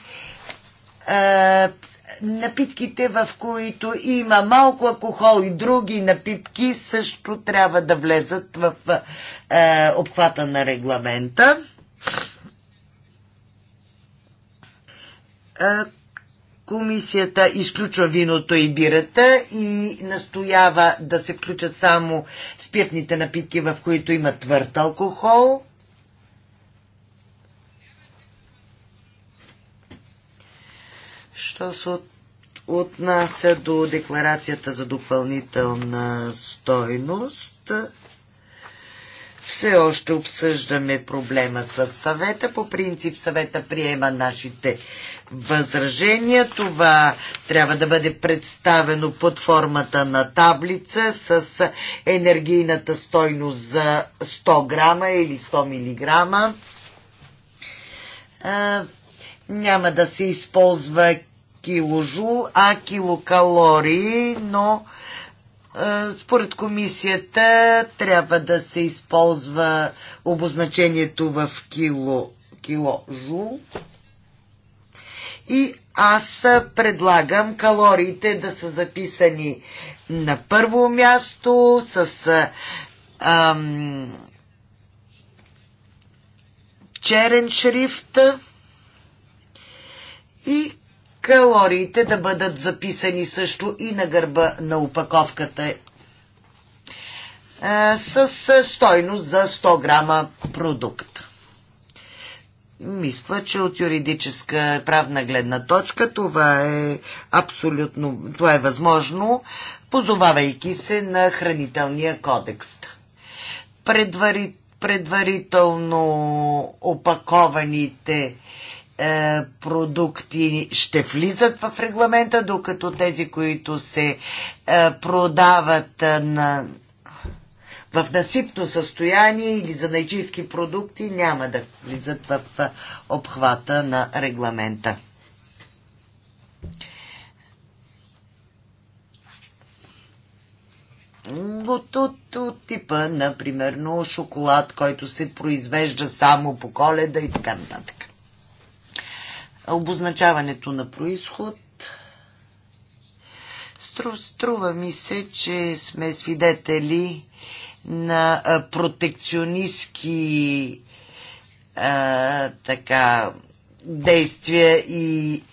напитките, в които има малко алкохол и други напитки, също трябва да влезат в е, обхвата на регламента. Е, комисията изключва виното и бирата и настоява да се включат само спиртните напитки, в които има твърд алкохол Що се от, отнася до декларацията за допълнителна стойност, все още обсъждаме проблема с съвета. По принцип съвета приема нашите възражения. Това трябва да бъде представено под формата на таблица с енергийната стойност за 100 грама или 100 милиграма. Няма да се използва киложул, а килокалории, но е, според комисията трябва да се използва обозначението в кило, киложул. И аз предлагам калориите да са записани на първо място с ам, черен шрифт и калориите да бъдат записани също и на гърба на упаковката е, с е, стойност за 100 грама продукт. Мисля, че от юридическа правна гледна точка това е абсолютно, това е възможно, позовавайки се на хранителния кодекс. предварително опакованите е, продукти ще влизат в регламента, докато тези, които се е, продават е, на, в насипно състояние или за найчийски продукти, няма да влизат в обхвата на регламента. от, от, от типа, например, шоколад, който се произвежда само по коледа и така нататък обозначаването на происход. струва ми се, че сме свидетели на протекционистки а, така, действия и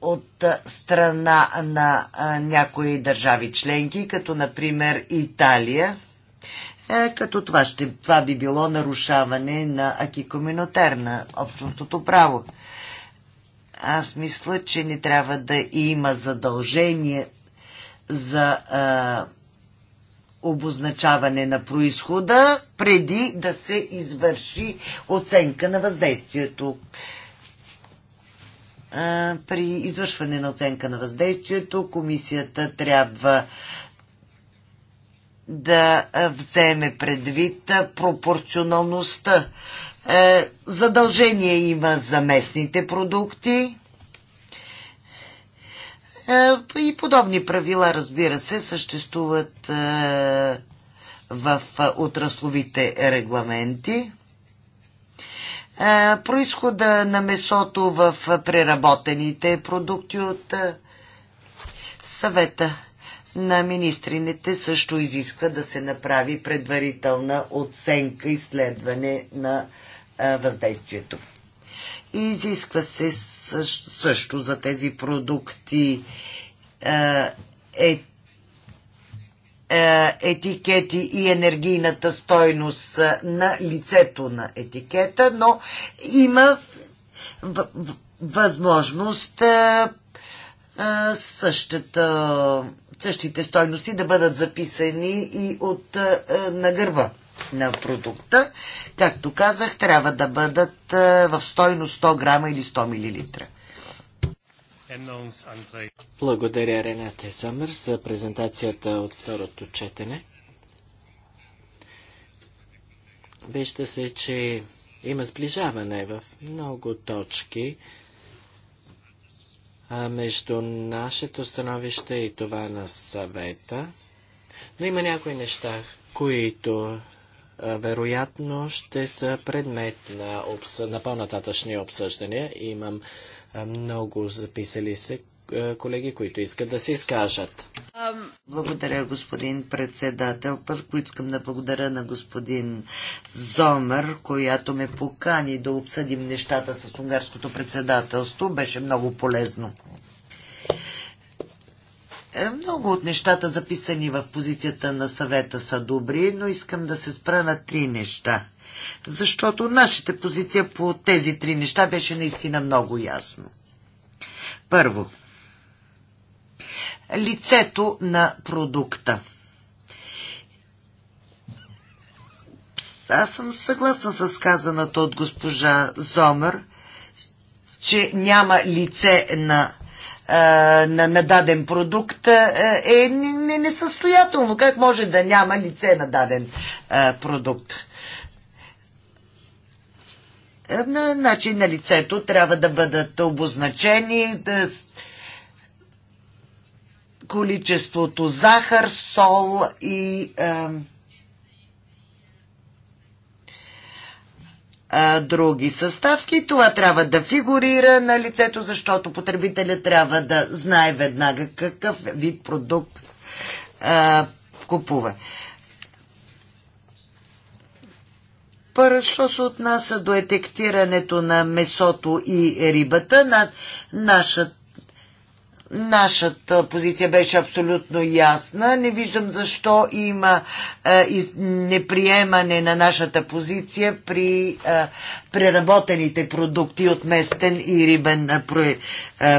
от страна на някои държави членки, като например Италия е, като това, ще, това би било нарушаване на акикоминотер, на общностното право. Аз мисля, че не трябва да има задължение за е, обозначаване на происхода, преди да се извърши оценка на въздействието е, при извършване на оценка на въздействието комисията трябва да вземе предвид пропорционалността. Е, задължение има за местните продукти е, и подобни правила, разбира се, съществуват е, в отрасловите регламенти. Произхода на месото в преработените продукти от съвета на министрините също изисква да се направи предварителна оценка, изследване на въздействието. Изисква се също, също за тези продукти е, е, етикети и енергийната стойност на лицето на етикета, но има възможност е, същата същите стойности да бъдат записани и от е, е, на гърба на продукта. Както казах, трябва да бъдат е, в стойност 100 грама или 100 милилитра. Благодаря, Ренате Съмър за презентацията от второто четене. Вижда се, че има сближаване в много точки а, между нашето становище и това на съвета. Но има някои неща, които а, вероятно ще са предмет на, обс... на по-нататъчни обсъждания. Имам а, много записали се е, колеги, които искат да се изкажат. Благодаря, господин председател. Първо искам да благодаря на господин Зомер, която ме покани да обсъдим нещата с унгарското председателство. Беше много полезно. Е, много от нещата, записани в позицията на съвета, са добри, но искам да се спра на три неща. Защото нашата позиция по тези три неща беше наистина много ясно. Първо, лицето на продукта. Аз съм съгласна с казаната от госпожа Зомер, че няма лице на на, на даден продукт е несъстоятелно. Как може да няма лице на даден продукт? Е, значи на лицето трябва да бъдат обозначени да, количеството захар, сол и а, е, а, е, други съставки. Това трябва да фигурира на лицето, защото потребителя трябва да знае веднага какъв вид продукт а, е, купува. Първо, що се отнася до етектирането на месото и рибата, на нашата Нашата позиция беше абсолютно ясна. Не виждам защо има е, из, неприемане на нашата позиция при е, преработените продукти от местен и рибен е, про,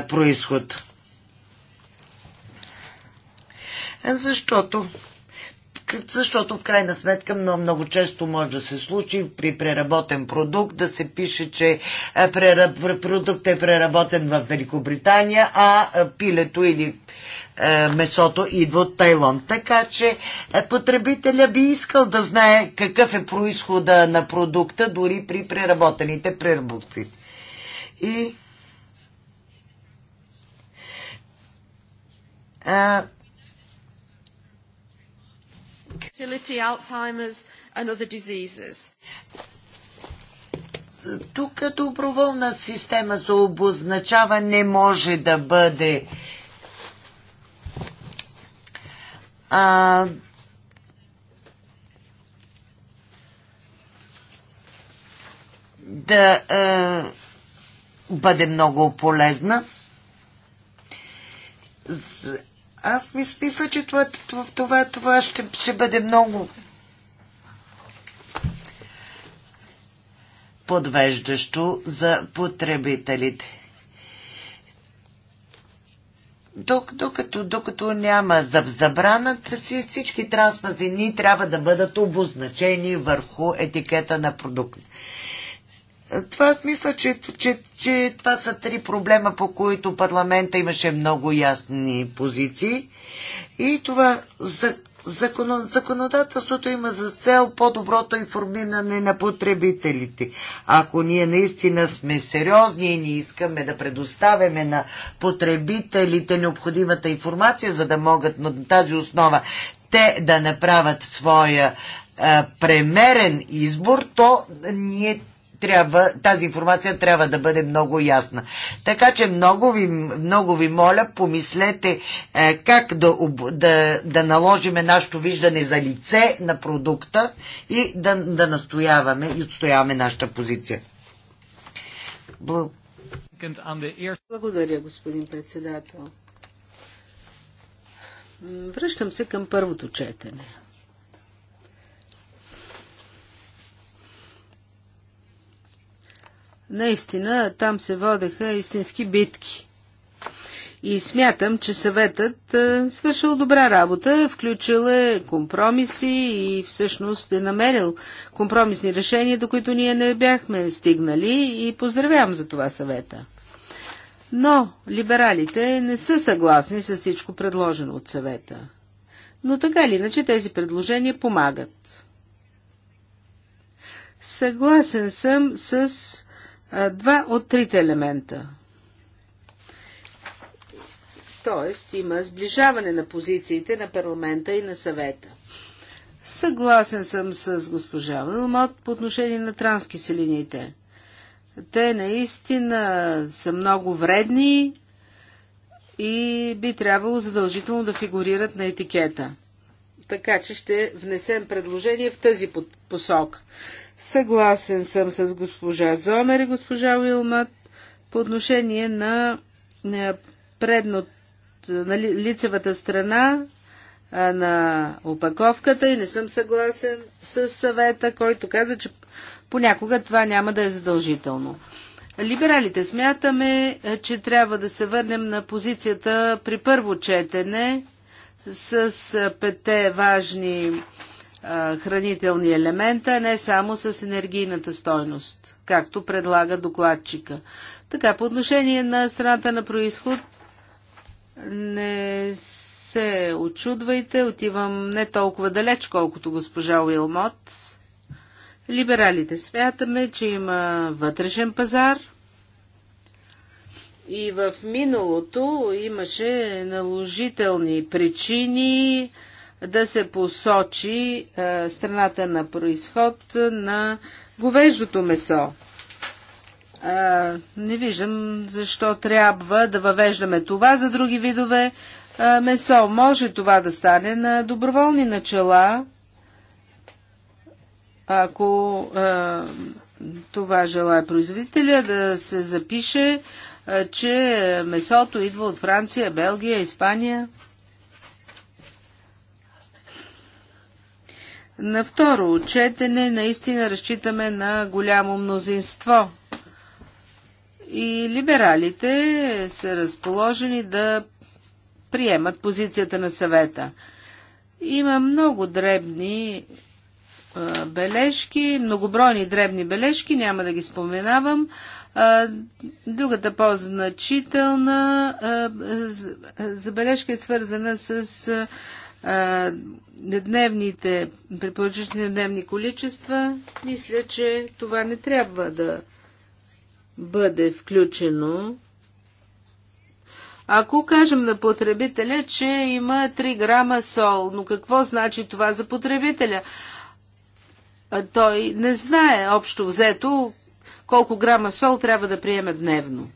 происход. Защото защото в крайна сметка много, много често може да се случи при преработен продукт да се пише, че продукт е преработен в Великобритания, а пилето или месото идва от Тайлон. Така че потребителя би искал да знае какъв е происхода на продукта дори при преработените преработки. И а, infertility, Alzheimer's and other diseases. Тук доброволна система за обозначава не може да бъде а, да а, бъде много полезна аз ми смисля, че това, това, това ще, ще бъде много подвеждащо за потребителите. Докато, докато няма забрана, всички транспазини трябва да бъдат обозначени върху етикета на продукта. Това мисля, че, че, че това са три проблема, по които парламента имаше много ясни позиции. И това за, закон, законодателството има за цел по-доброто информиране на потребителите. Ако ние наистина сме сериозни и не искаме да предоставяме на потребителите необходимата информация, за да могат на тази основа те да направят своя премерен избор, то ние трябва, тази информация трябва да бъде много ясна. Така че много ви, много ви моля, помислете е, как да, да, да наложиме нашето виждане за лице на продукта и да, да настояваме и отстояваме нашата позиция. Благодаря, господин председател. Връщам се към първото четене. Наистина, там се водеха истински битки. И смятам, че съветът е свършил добра работа, включил е компромиси и всъщност е намерил компромисни решения, до които ние не бяхме стигнали и поздравявам за това съвета. Но либералите не са съгласни с всичко предложено от съвета. Но така или иначе тези предложения помагат. Съгласен съм с два от трите елемента. Тоест има сближаване на позициите на парламента и на съвета. Съгласен съм с госпожа Вилмот по отношение на транскиселините. Те наистина са много вредни и би трябвало задължително да фигурират на етикета. Така че ще внесем предложение в тази посока. Съгласен съм с госпожа Зомер и госпожа Уилмат по отношение на предното, на лицевата страна на опаковката и не съм съгласен с съвета, който каза, че понякога това няма да е задължително. Либералите смятаме, че трябва да се върнем на позицията при първо четене с пете важни хранителни елемента, не само с енергийната стойност, както предлага докладчика. Така, по отношение на страната на происход, не се очудвайте, отивам не толкова далеч, колкото госпожа Уилмот. Либералите смятаме, че има вътрешен пазар и в миналото имаше наложителни причини, да се посочи а, е, страната на происход на говеждото месо. А, е, не виждам защо трябва да въвеждаме това за други видове а, е, месо. Може това да стане на доброволни начала, ако това желая производителя да се запише, че месото идва от Франция, Белгия, Испания. На второ четене наистина разчитаме на голямо мнозинство. И либералите са разположени да приемат позицията на съвета. Има много дребни бележки, многобройни дребни бележки, няма да ги споменавам. другата по-значителна забележка е свързана с дневните, при дневни количества, мисля, че това не трябва да бъде включено. Ако кажем на потребителя, че има 3 грама сол, но какво значи това за потребителя? Той не знае общо взето колко грама сол трябва да приеме дневно.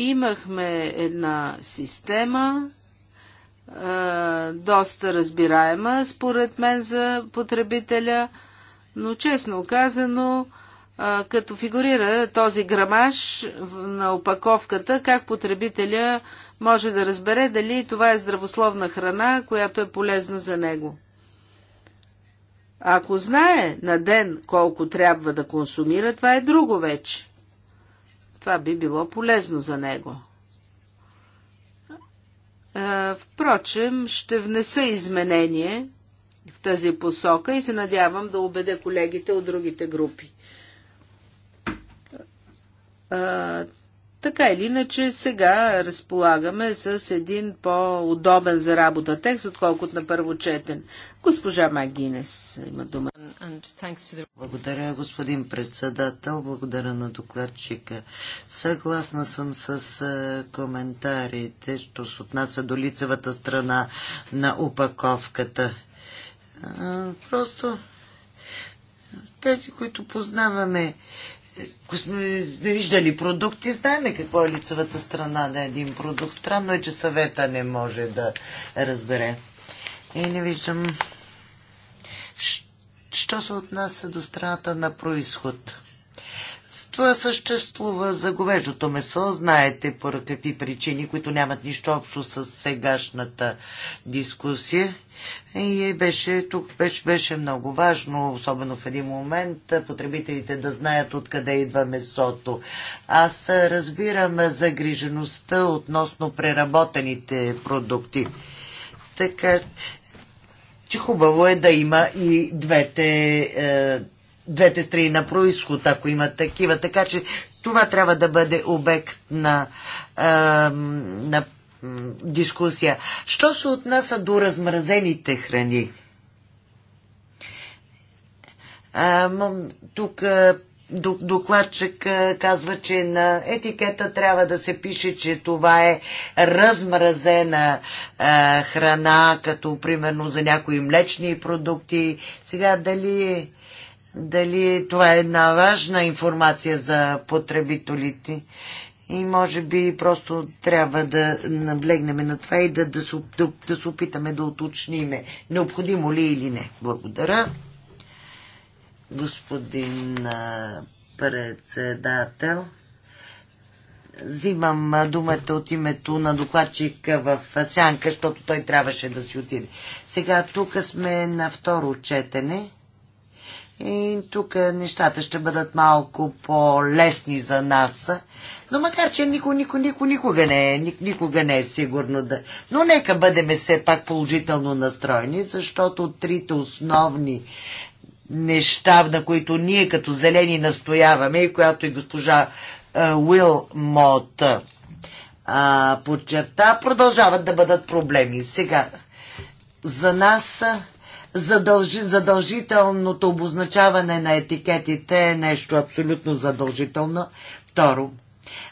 Имахме една система, доста разбираема, според мен, за потребителя, но честно казано, като фигурира този грамаж на опаковката, как потребителя може да разбере дали това е здравословна храна, която е полезна за него. Ако знае на ден колко трябва да консумира, това е друго вече. Това би било полезно за него. Впрочем, ще внеса изменение в тази посока и се надявам да убедя колегите от другите групи. Така или иначе, сега разполагаме с един по-удобен за работа текст, отколкото на първо четен. Госпожа Магинес има дума. Благодаря, господин председател. Благодаря на докладчика. Съгласна съм с е, коментарите, що се отнася до лицевата страна на упаковката. Е, просто тези, които познаваме ако сме виждали продукти, знаеме какво е лицевата страна на един продукт. Странно е, че съвета не може да разбере. И не виждам. Що се отнася до страната на происход? Това съществува за говеждото месо. Знаете по какви причини, които нямат нищо общо с сегашната дискусия. И е, беше, тук беше, беше много важно, особено в един момент, потребителите да знаят откъде идва месото. Аз разбирам загрижеността относно преработените продукти. Така че хубаво е да има и двете е, двете страни на происход, ако има такива. Така че това трябва да бъде обект на, а, на дискусия. Що се отнася до размразените храни? А, тук докладчик казва, че на етикета трябва да се пише, че това е размразена храна, като примерно за някои млечни продукти. Сега дали дали това е една важна информация за потребителите. И може би просто трябва да наблегнем на това и да, да, да, да се опитаме да уточниме необходимо ли е или не. Благодаря. Господин председател, взимам думата от името на докладчика в Сянка, защото той трябваше да си отиде. Сега тук сме на второ четене и тук нещата ще бъдат малко по-лесни за нас. Но макар, че никой, нико, нико, никога, не е, никога не е сигурно да... Но нека бъдем все пак положително настроени, защото трите основни неща, на които ние като зелени настояваме, и която и госпожа е, Уил Мот е, подчерта, продължават да бъдат проблеми. Сега, за нас е, задължи, задължителното обозначаване на етикетите е нещо абсолютно задължително. Второ,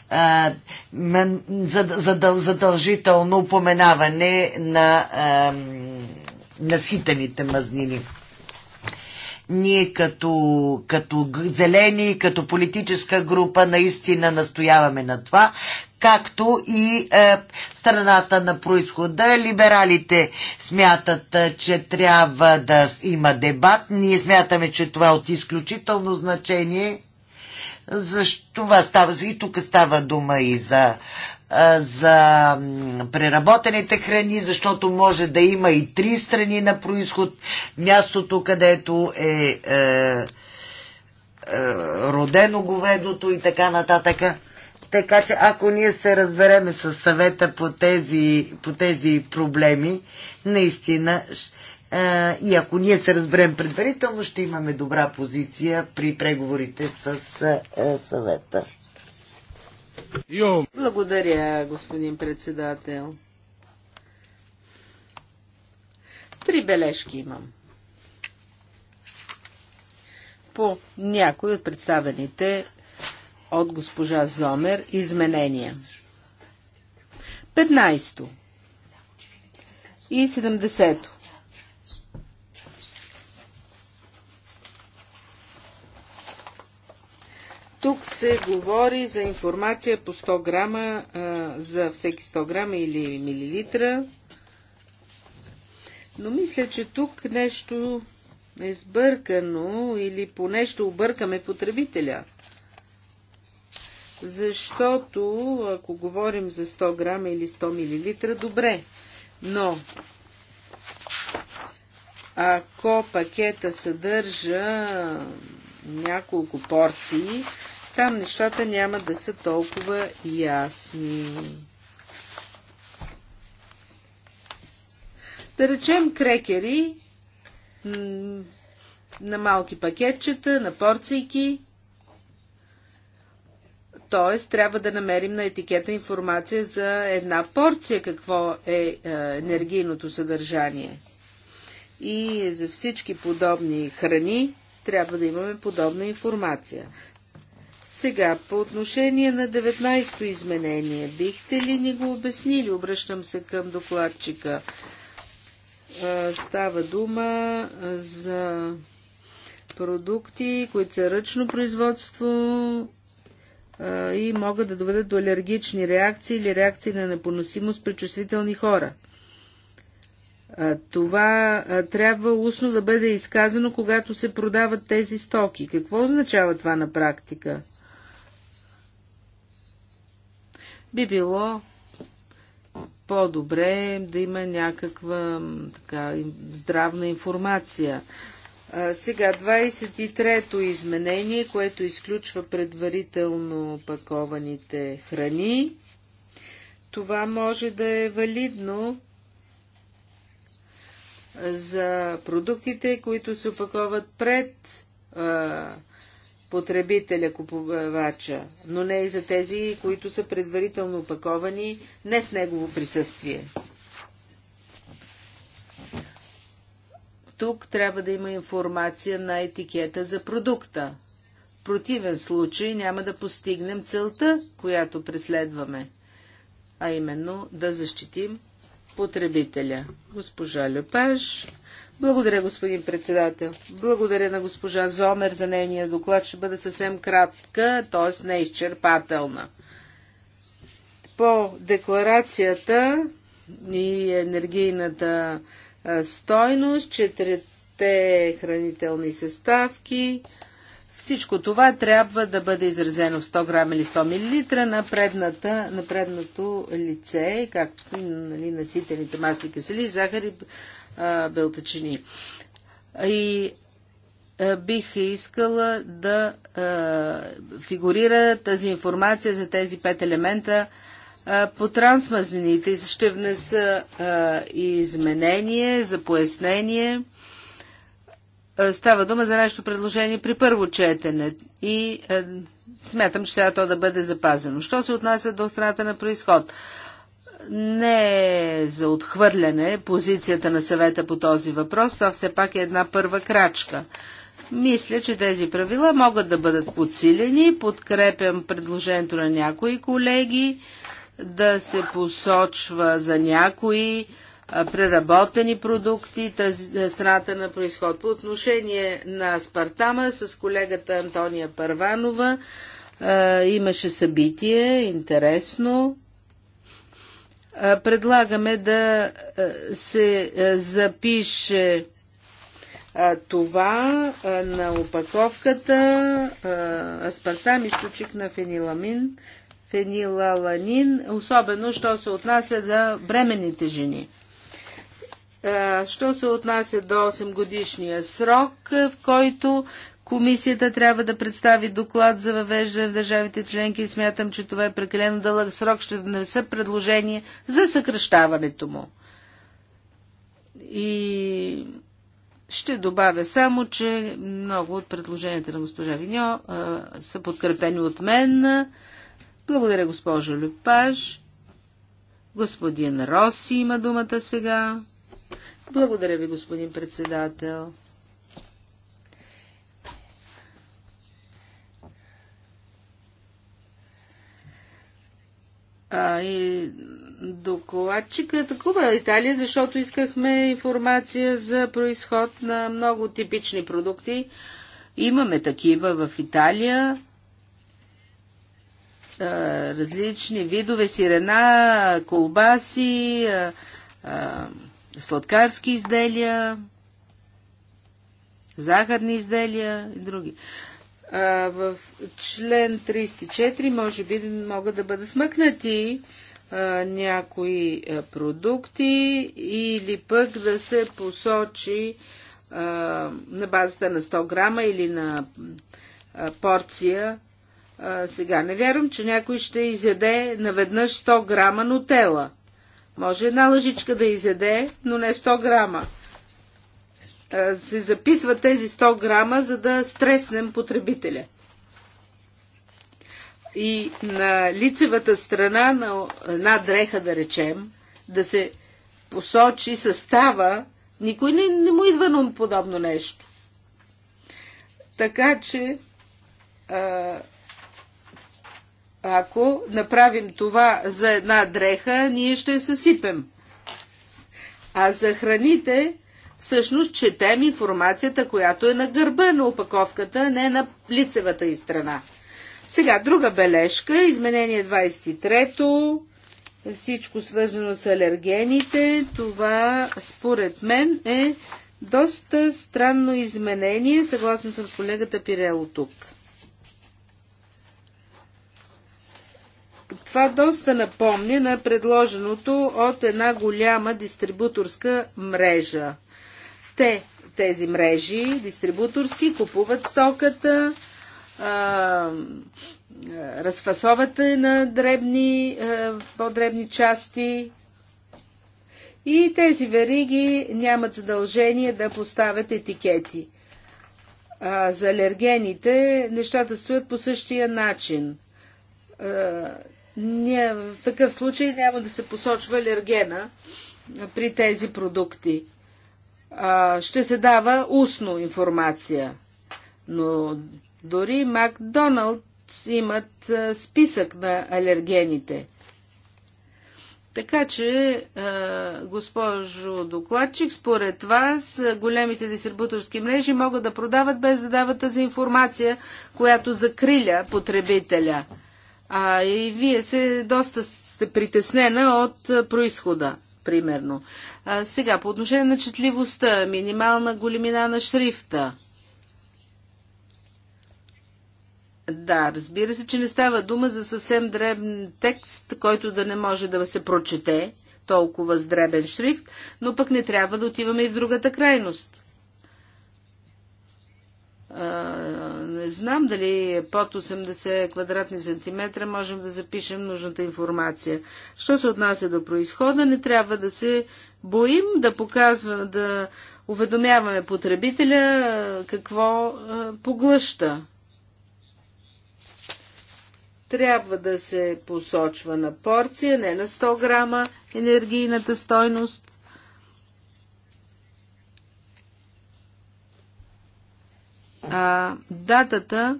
а, задъл, задължително упоменаване на а, наситените мазнини ние като, като зелени, като политическа група наистина настояваме на това, както и е, страната на происхода. Либералите смятат, е, че трябва да има дебат. Ние смятаме, че това е от изключително значение. Защо става? И тук става дума и за е, за преработените храни, защото може да има и три страни на происход. Мястото, където е, е, е родено говедото и така нататък. Така че ако ние се разбереме с съвета по тези, по тези проблеми, наистина е, и ако ние се разберем предварително, ще имаме добра позиция при преговорите с е, съвета. Благодаря, господин председател. Три бележки имам. По някои от представените от госпожа Зомер изменения. 15 и 70 Тук се говори за информация по 100 грама, а, за всеки 100 грама или милилитра. Но мисля, че тук нещо е сбъркано или по нещо объркаме потребителя – защото ако говорим за 100 грама или 100 мл, добре, но ако пакета съдържа няколко порции, там нещата няма да са толкова ясни. Да речем крекери на малки пакетчета, на порцийки т.е. трябва да намерим на етикета информация за една порция какво е, е енергийното съдържание. И за всички подобни храни трябва да имаме подобна информация. Сега, по отношение на 19-то изменение, бихте ли ни го обяснили? Обръщам се към докладчика. Е, става дума е, за продукти, които са ръчно производство, и могат да доведат до алергични реакции или реакции на непоносимост при чувствителни хора. Това трябва устно да бъде изказано, когато се продават тези стоки. Какво означава това на практика? Би било по-добре да има някаква така, здравна информация сега 23-то изменение, което изключва предварително пакованите храни. Това може да е валидно за продуктите, които се опаковат пред потребителя, купувача, но не и за тези, които са предварително опаковани не в негово присъствие. тук трябва да има информация на етикета за продукта. В противен случай няма да постигнем целта, която преследваме, а именно да защитим потребителя. Госпожа Лепаш. Благодаря, господин председател. Благодаря на госпожа Зомер за нейния доклад. Ще бъде съвсем кратка, т.е. неизчерпателна. По декларацията и енергийната стойност, четирите хранителни съставки. Всичко това трябва да бъде изразено в 100 грама или 100 мл на, предната, на предното лице, както и нали, наситените масли кисели, захари, белтачини. И бих искала да а, фигурира тази информация за тези пет елемента по трансмазнините ще внеса изменение за пояснение. Става дума за нашето предложение при първо четене и смятам, че трябва то да бъде запазено. Що се отнася до страната на происход? не е за отхвърляне позицията на съвета по този въпрос, това все пак е една първа крачка. Мисля, че тези правила могат да бъдат подсилени. Подкрепям предложението на някои колеги да се посочва за някои преработени продукти, тази е, страната на происход. По отношение на Спартама с колегата Антония Първанова имаше събитие, интересно. предлагаме да се запише това на опаковката аспартам, източник на фениламин, фенилаланин, особено, що се отнася за бременните жени. Що се отнася до 8 годишния срок, в който комисията трябва да представи доклад за въвеждане в държавите членки и смятам, че това е прекалено дълъг срок, ще внеса предложение за съкръщаването му. И ще добавя само, че много от предложенията на госпожа Виньо а, са подкрепени от мен. Благодаря, госпожо Люпаж. Господин Роси има думата сега. Благодаря ви, господин председател. А, и докладчика такова Италия, защото искахме информация за происход на много типични продукти. Имаме такива в Италия различни видове сирена, колбаси, сладкарски изделия, захарни изделия и други. В член 34 може би могат да бъдат вмъкнати някои продукти или пък да се посочи на базата на 100 грама или на порция а, сега, не вярвам, че някой ще изяде наведнъж 100 грама нотела. Може една лъжичка да изяде, но не 100 грама. А, се записват тези 100 грама, за да стреснем потребителя. И на лицевата страна на една дреха, да речем, да се посочи състава, никой не, не му идва на подобно нещо. Така че а, ако направим това за една дреха, ние ще съсипем. А за храните, всъщност, четем информацията, която е на гърба на опаковката, не на лицевата и страна. Сега, друга бележка, изменение 23-то, всичко свързано с алергените, това според мен е доста странно изменение, съгласен съм с колегата Пирело тук. Това доста напомня на предложеното от една голяма дистрибуторска мрежа. Те, тези мрежи, дистрибуторски, купуват стоката, а, разфасовате на дребни, по-дребни части и тези вериги нямат задължение да поставят етикети. А, за алергените нещата стоят по същия начин. Ня, в такъв случай няма да се посочва алергена при тези продукти. А, ще се дава устно информация. Но дори Макдоналдс имат а, списък на алергените. Така че, госпожо докладчик, според вас големите дистрибуторски мрежи могат да продават без да дават тази информация, която закриля потребителя. А и вие се доста сте притеснена от происхода, примерно. А, сега, по отношение на четливостта, минимална големина на шрифта. Да, разбира се, че не става дума за съвсем дребен текст, който да не може да се прочете толкова с дребен шрифт, но пък не трябва да отиваме и в другата крайност. Не знам дали под 80 квадратни сантиметра можем да запишем нужната информация. Що се отнася до происхода, не трябва да се боим да показва, да уведомяваме потребителя какво поглъща. Трябва да се посочва на порция, не на 100 грама енергийната стойност. а, датата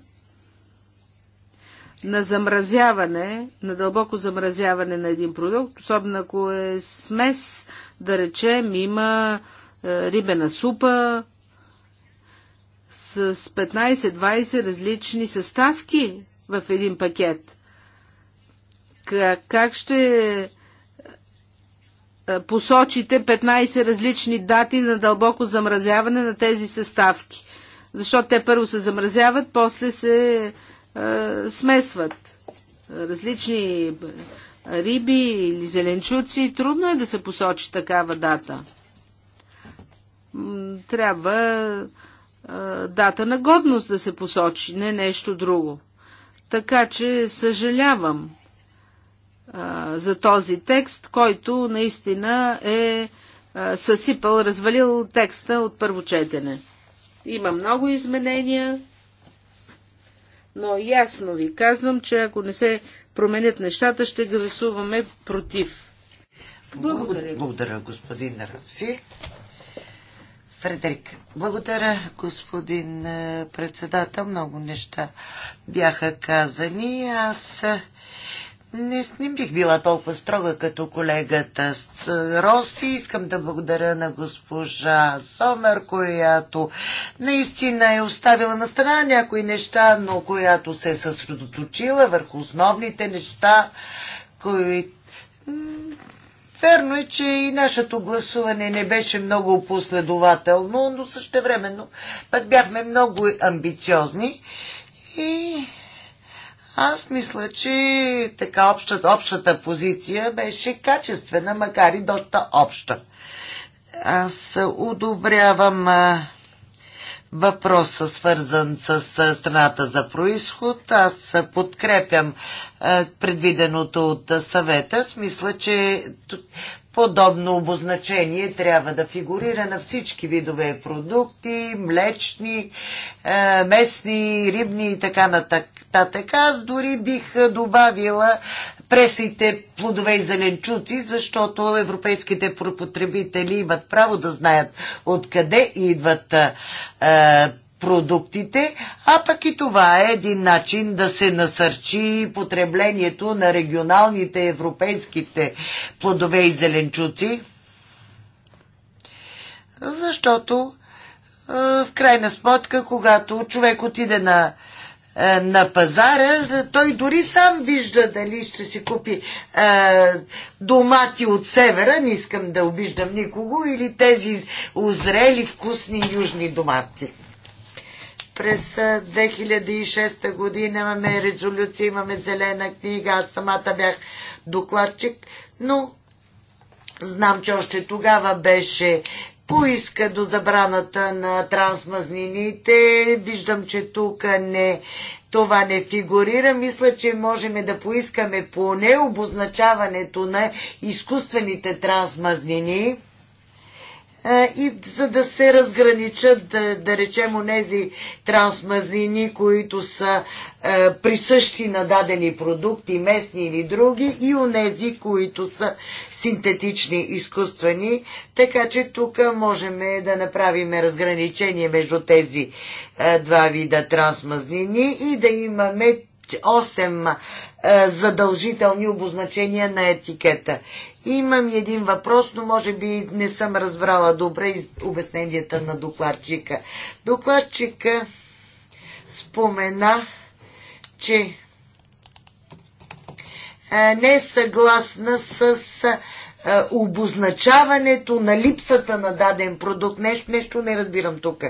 на замразяване, на дълбоко замразяване на един продукт, особено ако е смес, да речем, има е, рибена супа с 15-20 различни съставки в един пакет. Как, как ще е, посочите 15 различни дати на дълбоко замразяване на тези съставки? защото те първо се замразяват, после се а, смесват. Различни риби или зеленчуци, трудно е да се посочи такава дата. Трябва а, дата на годност да се посочи, не нещо друго. Така че съжалявам а, за този текст, който наистина е съсипал, развалил текста от първо четене. Има много изменения, но ясно ви казвам, че ако не се променят нещата, ще гласуваме против. Благодаря. Благодаря, господин Раси. Фредерик, благодаря, господин е, председател. Много неща бяха казани. Аз не, не бих била толкова строга като колегата е, Роси. Искам да благодаря на госпожа Сомер, която наистина е оставила на страна някои неща, но която се е съсредоточила върху основните неща, които Верно е, че и нашето гласуване не беше много последователно, но същевременно пък бяхме много амбициозни и аз мисля, че така общата, общата позиция беше качествена, макар и доста обща. Аз одобрявам а, въпроса, свързан с страната за происход. Аз подкрепям предвиденото от съвета. Смисля, че подобно обозначение трябва да фигурира на всички видове продукти, млечни, местни, рибни и така нататък. Аз дори бих добавила пресните плодове и зеленчуци, защото европейските потребители имат право да знаят откъде идват а, продуктите, а пък и това е един начин да се насърчи потреблението на регионалните европейските плодове и зеленчуци, защото в крайна сметка, когато човек отиде на е, на пазара, той дори сам вижда дали ще си купи а, е, домати от севера, не искам да обиждам никого, или тези озрели вкусни южни домати. През 2006 е, година имаме резолюция, имаме зелена книга, аз самата бях докладчик, но Знам, че още тогава беше поиска до забраната на трансмазнините. Виждам, че тук не, това не фигурира. Мисля, че можем да поискаме поне обозначаването на изкуствените трансмазнини и за да се разграничат, да, да речем, онези трансмазнини, които са а, присъщи на дадени продукти, местни или други, и онези, които са синтетични, изкуствени. Така че тук можем да направим разграничение между тези а, два вида трансмазнини и да имаме 8 задължителни обозначения на етикета. Имам един въпрос, но може би не съм разбрала добре обясненията на докладчика. Докладчика спомена, че не е съгласна с е, обозначаването на липсата на даден продукт. Нещо, нещо не разбирам тук.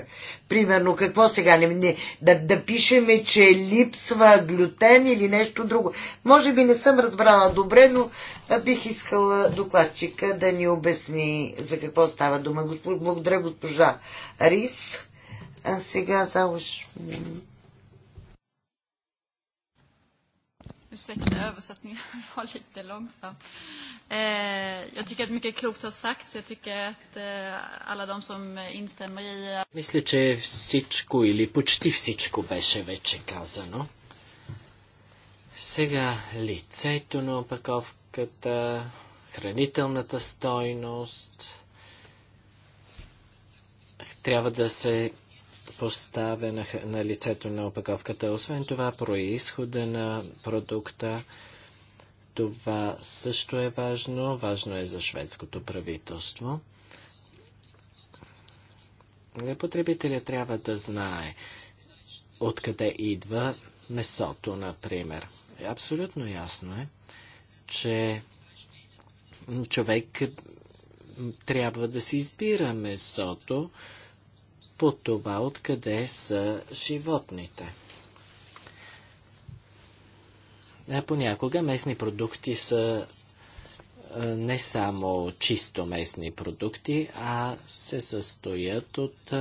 Примерно, какво сега? Не, не, да, да пишеме, че липсва глютен или нещо друго. Може би не съм разбрала добре, но бих искала докладчика да ни обясни за какво става дума. Госп... Благодаря, госпожа Рис. А сега още. Ursäkta, översättningen var lite långsam. Eh, jag tycker att mycket klokt har sagts. Jag tycker att eh, alla de som instämmer i... Мисля, че всичко или почти всичко беше вече казано. Сега лицето на опаковката, хранителната стойност, трябва да се поставя на, на лицето на опаковката. Освен това, происхода на продукта, това също е важно. Важно е за шведското правителство. Е, Потребителя трябва да знае откъде идва месото, например. Е, абсолютно ясно е, че човек трябва да си избира месото, по това откъде са животните. А понякога местни продукти са не само чисто местни продукти, а се състоят от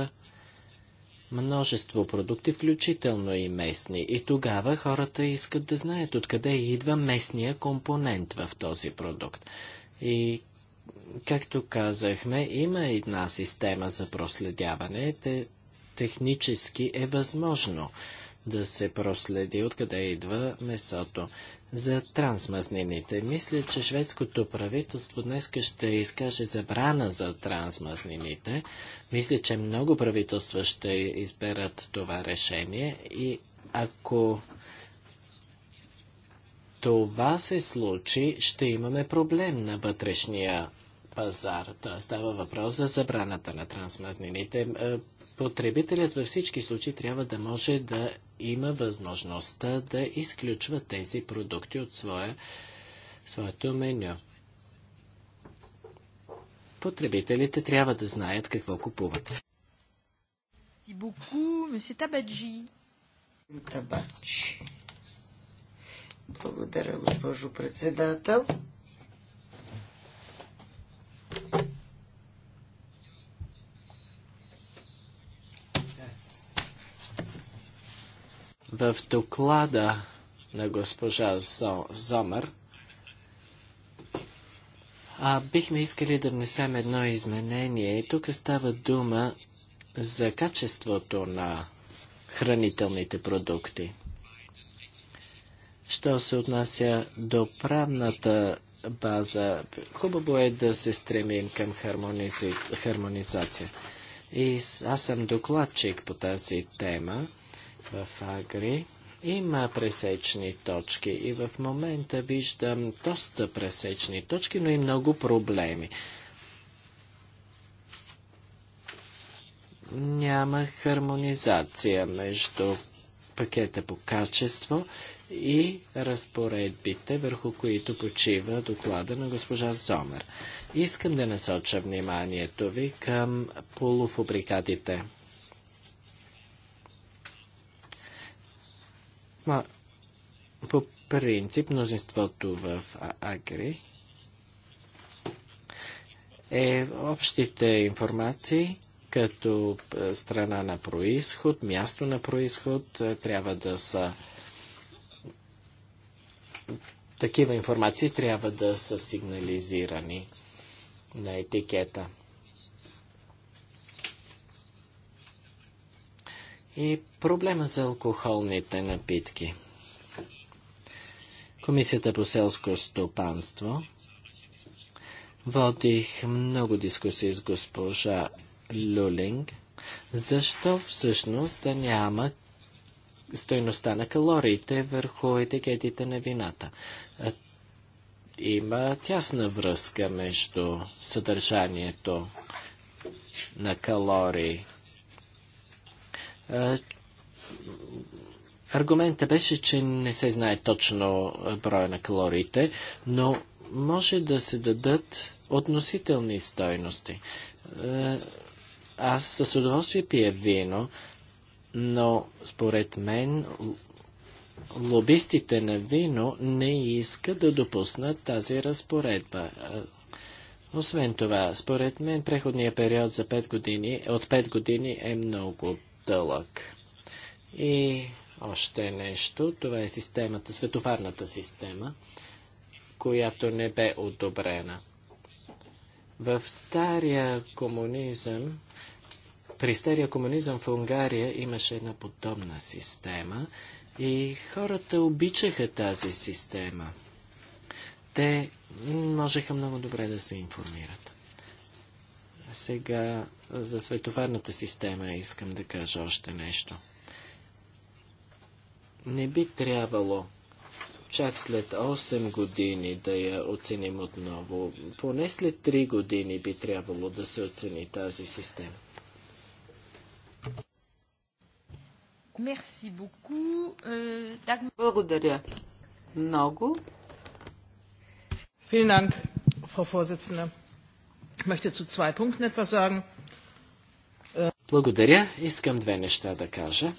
множество продукти, включително и местни. И тогава хората искат да знаят откъде идва местния компонент в този продукт. И както казахме, има една система за проследяване. Те, технически е възможно да се проследи откъде идва месото. За трансмазнините. Мисля, че шведското правителство днес ще изкаже забрана за трансмазнините. Мисля, че много правителства ще изберат това решение и ако това се случи, ще имаме проблем на вътрешния пазар. Тоест става въпрос за забраната на трансмазнините. Е, потребителят във всички случаи трябва да може да има възможността да изключва тези продукти от своя, своето меню. Потребителите трябва да знаят какво купуват. Благодаря, госпожо председател. В доклада на госпожа Зомър а бихме искали да внесем едно изменение. И тук става дума за качеството на хранителните продукти. Що се отнася до правната база, хубаво е да се стремим към хармонизация. И аз съм докладчик по тази тема в Агри. Има пресечни точки и в момента виждам доста пресечни точки, но и много проблеми. Няма хармонизация между пакета по качество и разпоредбите, върху които почива доклада на госпожа Зомер. Искам да насоча вниманието ви към полуфабрикатите. Ма, по принцип, мнозинството в Агри е общите информации, като е, страна на происход, място на происход, е, трябва да са такива информации трябва да са сигнализирани на етикета. и проблема за алкохолните напитки. Комисията по селско стопанство водих много дискусии с госпожа Люлинг. Защо всъщност да няма стойността на калориите върху етикетите на вината? Има тясна връзка между съдържанието на калории Аргумента беше, че не се знае точно броя на калориите, но може да се дадат относителни стойности. Аз с удоволствие пия вино, но според мен лобистите на вино не искат да допуснат тази разпоредба. Освен това, според мен преходният период за 5 години, от 5 години е много дълъг. И още нещо, това е системата, световарната система, която не бе одобрена. В стария комунизъм, при стария комунизъм в Унгария имаше една подобна система и хората обичаха тази система. Те можеха много добре да се информират. Сега за световарната система искам да кажа още нещо. Не би трябвало чак след 8 години да я оценим отново. Поне след 3 години би трябвало да се оцени тази система. Euh, Благодаря много. Vielen Dank, Frau Vorsitzende. Äh, Благодаря. Искам две неща да кажа.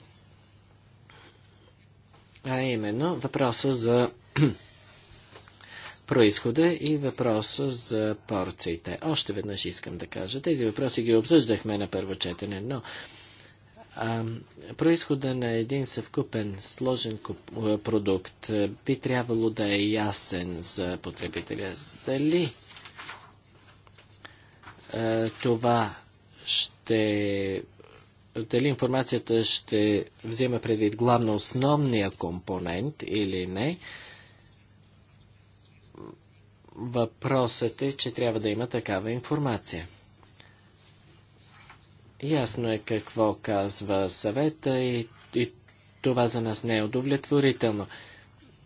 А именно въпроса за происхода и въпроса за порциите. Още веднъж искам да кажа. Тези въпроси ги обсъждахме на първо четене, но а, происхода на един съвкупен сложен куп, е, продукт е, би трябвало да е ясен за потребителя. Дали е, това ще дали информацията ще взема предвид главно основния компонент или не. Въпросът е, че трябва да има такава информация. Ясно е какво казва съвета и, и това за нас не е удовлетворително.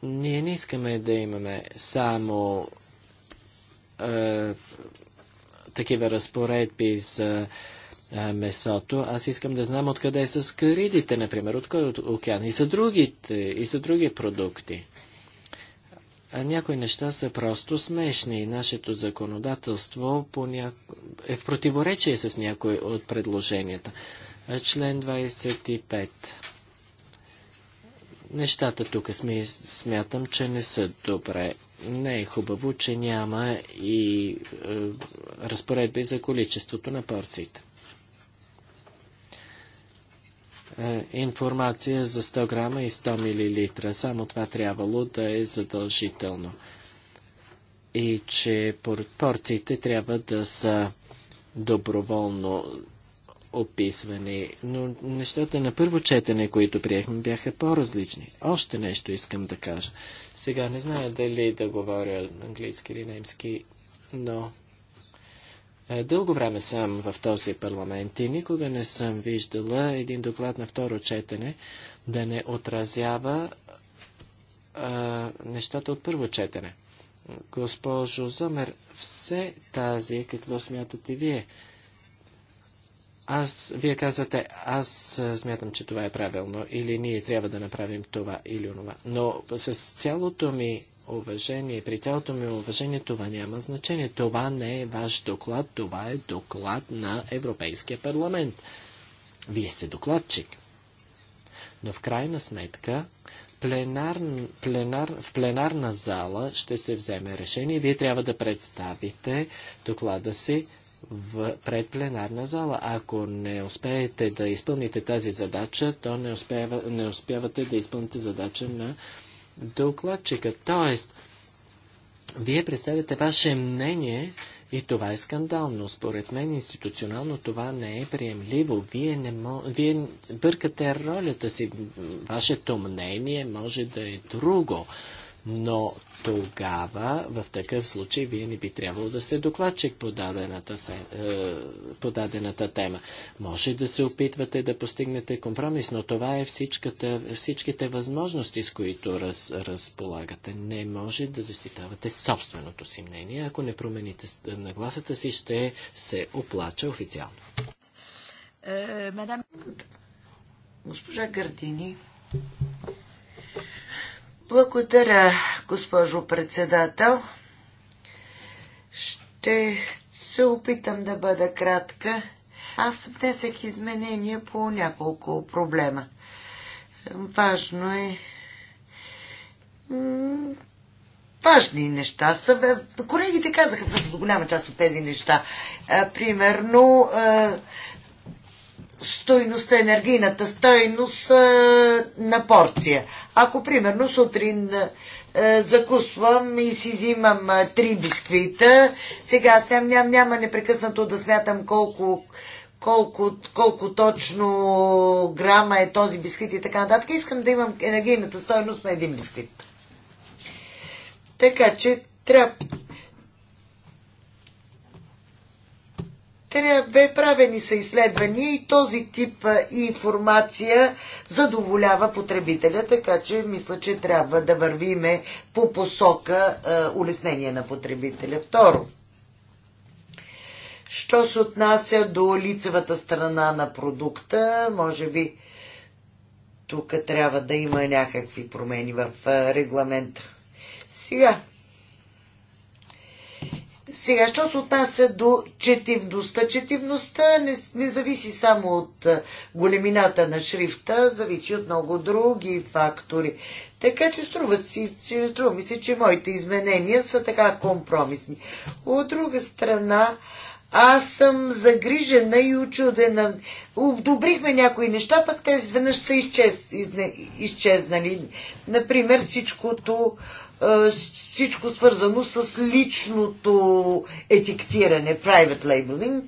Ние не искаме да имаме само е, такива разпоредби за месото, аз искам да знам откъде са е скаридите, например, от кой от океан и за, другите, и за други продукти. А някои неща са просто смешни и нашето законодателство ня... е в противоречие с някои от предложенията. Член 25. Нещата тук сме, смятам, че не са добре. Не е хубаво, че няма и е, разпоредби за количеството на порциите. Е, информация за 100 грама и 100 мл. Само това трябвало да е задължително. И че порциите трябва да са доброволно описване, но нещата на първо четене, които приехме, бяха по-различни. Още нещо искам да кажа. Сега не зная дали да говоря английски или немски, но е, дълго време съм в този парламент и никога не съм виждала един доклад на второ четене да не отразява а, е, нещата от първо четене. Госпожо Зомер, все тази, какво смятате вие? Аз, вие казвате, аз смятам, че това е правилно, или ние трябва да направим това или онова. Но с цялото ми уважение, при цялото ми уважение, това няма значение. Това не е ваш доклад, това е доклад на Европейския парламент. Вие сте докладчик. Но в крайна сметка, пленар, пленар, в пленарна зала ще се вземе решение. Вие трябва да представите доклада си в, пред пленарна зала. Ако не успеете да изпълните тази задача, то не, успява, не успявате да изпълните задача на докладчика. Тоест, вие представяте ваше мнение и това е скандално. Според мен институционално това не е приемливо. Вие, не мо... Вие бъркате ролята си. Вашето мнение може да е друго, но тогава в такъв случай вие не би трябвало да се докладчик по дадената, се, е, по дадената тема. Може да се опитвате да постигнете компромис, но това е всичката, всичките възможности, с които раз, разполагате. Не може да защитавате собственото си мнение. Ако не промените нагласата си, ще се оплача официално. Е, мадам... Госпожа Гардини. Благодаря, госпожо председател. Ще се опитам да бъда кратка. Аз внесех изменения по няколко проблема. Важно е. Важни неща са. Колегите казаха всъщност голяма част от тези неща. Примерно, стойността, енергийната стойност на порция. Ако, примерно, сутрин закусвам и си взимам три бисквита, сега аз ням, ням, няма непрекъснато да смятам колко, колко, колко точно грама е този бисквит и така нататък. Искам да имам енергийната стойност на един бисквит. Така че трябва трябва, правени са изследвания и този тип информация задоволява потребителя, така че мисля, че трябва да вървиме по посока а, улеснение на потребителя. Второ, що се отнася до лицевата страна на продукта, може би тук трябва да има някакви промени в регламента. Сега, сега, що се отнася до четивността? Четивността не, не зависи само от големината на шрифта, зависи от много други фактори. Така че струва, си, че, струва ми се, че моите изменения са така компромисни. От друга страна, аз съм загрижена и очудена. Обдобрихме някои неща, пък те изведнъж са изчез, изне, изчезнали. Например, всичкото всичко свързано с личното етиктиране, private labeling.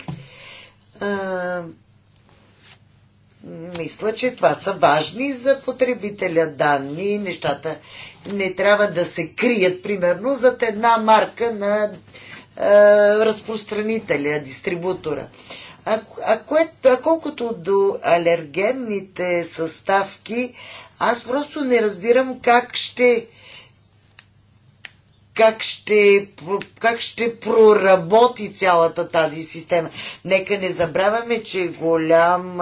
Мисля, че това са важни за потребителя данни. Нещата не трябва да се крият, примерно, зад една марка на разпространителя, дистрибутора. А, а, кое, а колкото до алергенните съставки, аз просто не разбирам как ще как ще, как ще проработи цялата тази система. Нека не забравяме, че голям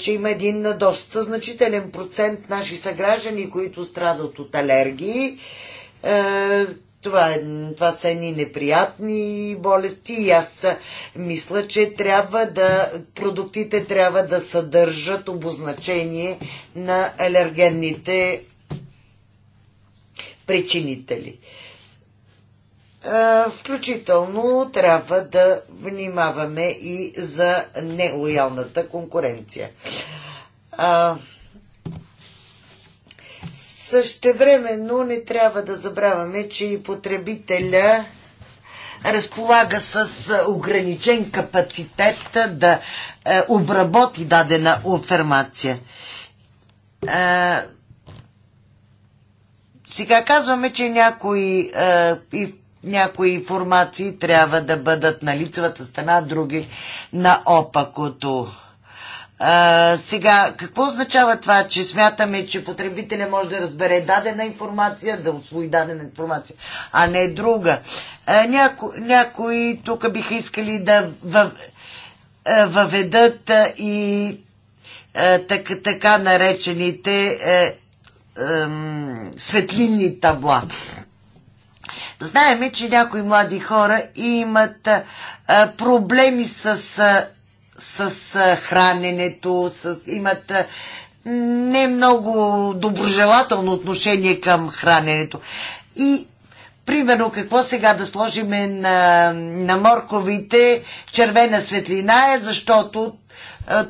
че има един доста значителен процент наши съграждани, които страдат от алергии. Е, това, е, това са едни неприятни болести и аз мисля, че трябва да, продуктите трябва да съдържат обозначение на алергенните причинители. Включително трябва да внимаваме и за нелоялната конкуренция. Същевременно не трябва да забравяме, че и потребителя разполага с ограничен капацитет да е, обработи дадена информация. Сега казваме, че някои е, и някои информации трябва да бъдат на лицевата страна, други на опакото. А, сега, какво означава това, че смятаме, че потребителя може да разбере дадена информация, да освои дадена информация, а не друга? А, няко, някои тук биха искали да във, въведат и а, так, така наречените а, а, светлинни табла. Знаеме, че някои млади хора имат проблеми с, с храненето, с, имат не много доброжелателно отношение към храненето. И Примерно, какво сега да сложиме на, на морковите червена светлина е, защото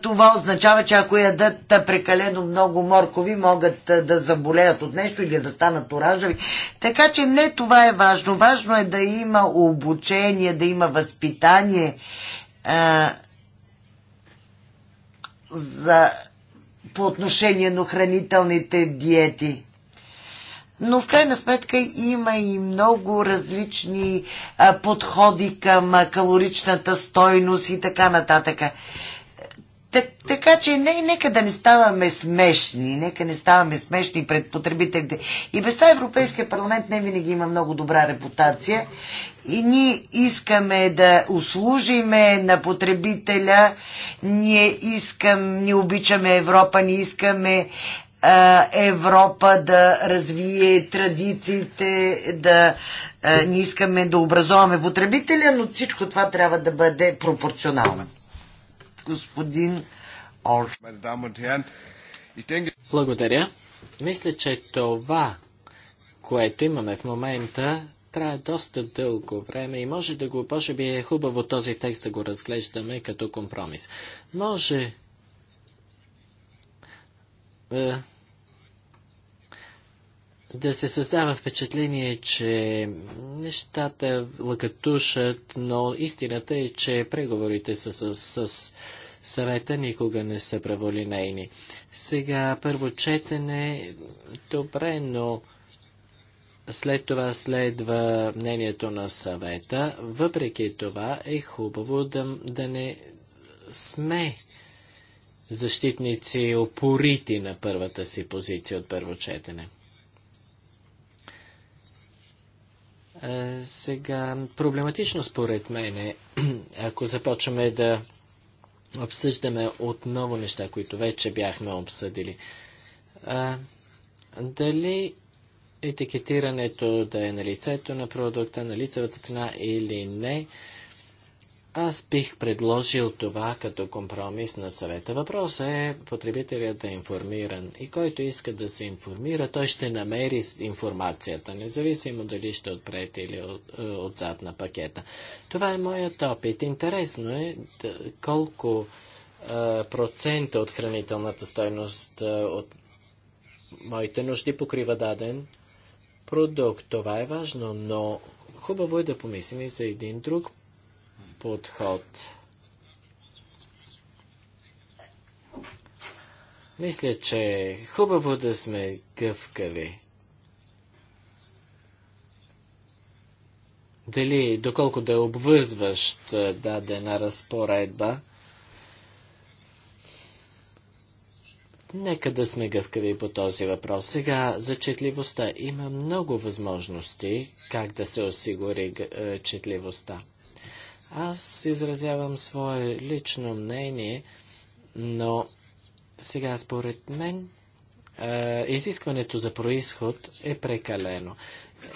това означава, че ако ядат прекалено много моркови, могат да заболеят от нещо или да станат оражави. Така че не това е важно. Важно е да има обучение, да има възпитание а, за, по отношение на хранителните диети но в крайна сметка има и много различни подходи към калоричната стойност и така нататък. Так, така че не, нека да не ставаме смешни, нека не ставаме смешни пред потребителите. И без това Европейския парламент не винаги има много добра репутация и ние искаме да услужиме на потребителя, ние искам, ние обичаме Европа, ние искаме Европа да развие традициите, да не искаме да образуваме потребителя, но всичко това трябва да бъде пропорционално. Господин Олш. Благодаря. Мисля, че това, което имаме в момента, трябва доста дълго време и може да го, може би е хубаво този текст да го разглеждаме като компромис. Може е, да се създава впечатление, че нещата лъкатушат, но истината е, че преговорите с, с, с съвета никога не са праволинейни. Сега първо четене, добре, но след това следва мнението на съвета. Въпреки това е хубаво да, да не сме защитници опорити на първата си позиция от първо четене. Сега, проблематично според мен е, ако започваме да обсъждаме отново неща, които вече бяхме обсъдили. А, дали етикетирането да е на лицето на продукта, на лицевата цена или не, аз бих предложил това като компромис на съвета. Въпросът е потребителят да е информиран и който иска да се информира, той ще намери информацията, независимо дали ще отпред или от, е, отзад на пакета. Това е моят опит. Интересно е да, колко а, е, процента от хранителната стойност а, е, от моите нужди покрива даден продукт. Това е важно, но хубаво е да помислим и за един друг подход. Мисля, че е хубаво да сме гъвкави. Дали, доколко да е обвързващ дадена разпоредба, Нека да сме гъвкави по този въпрос. Сега за четливостта има много възможности как да се осигури четливостта. Аз изразявам свое лично мнение, но сега според мен е, изискването за происход е прекалено.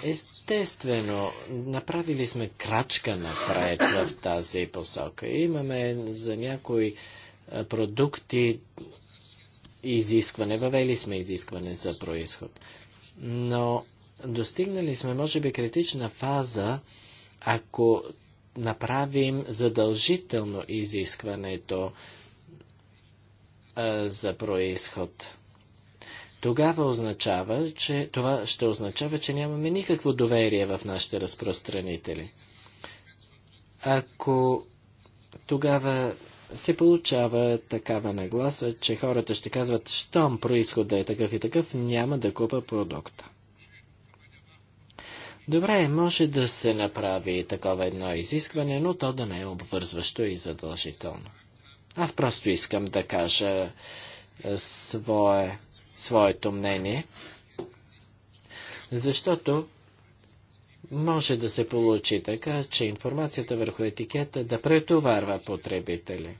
Естествено, направили сме крачка напред в тази посока. Имаме за някои е, продукти изискване, въвели сме изискване за происход. Но достигнали сме, може би, критична фаза, ако направим задължително изискването за происход. Тогава означава, че това ще означава, че нямаме никакво доверие в нашите разпространители. Ако тогава се получава такава нагласа, че хората ще казват, щом происходът е такъв и такъв, няма да купа продукта. Добре, може да се направи такова едно изискване, но то да не е обвързващо и задължително. Аз просто искам да кажа е, свое, своето мнение, защото може да се получи така, че информацията върху етикета да претоварва потребители.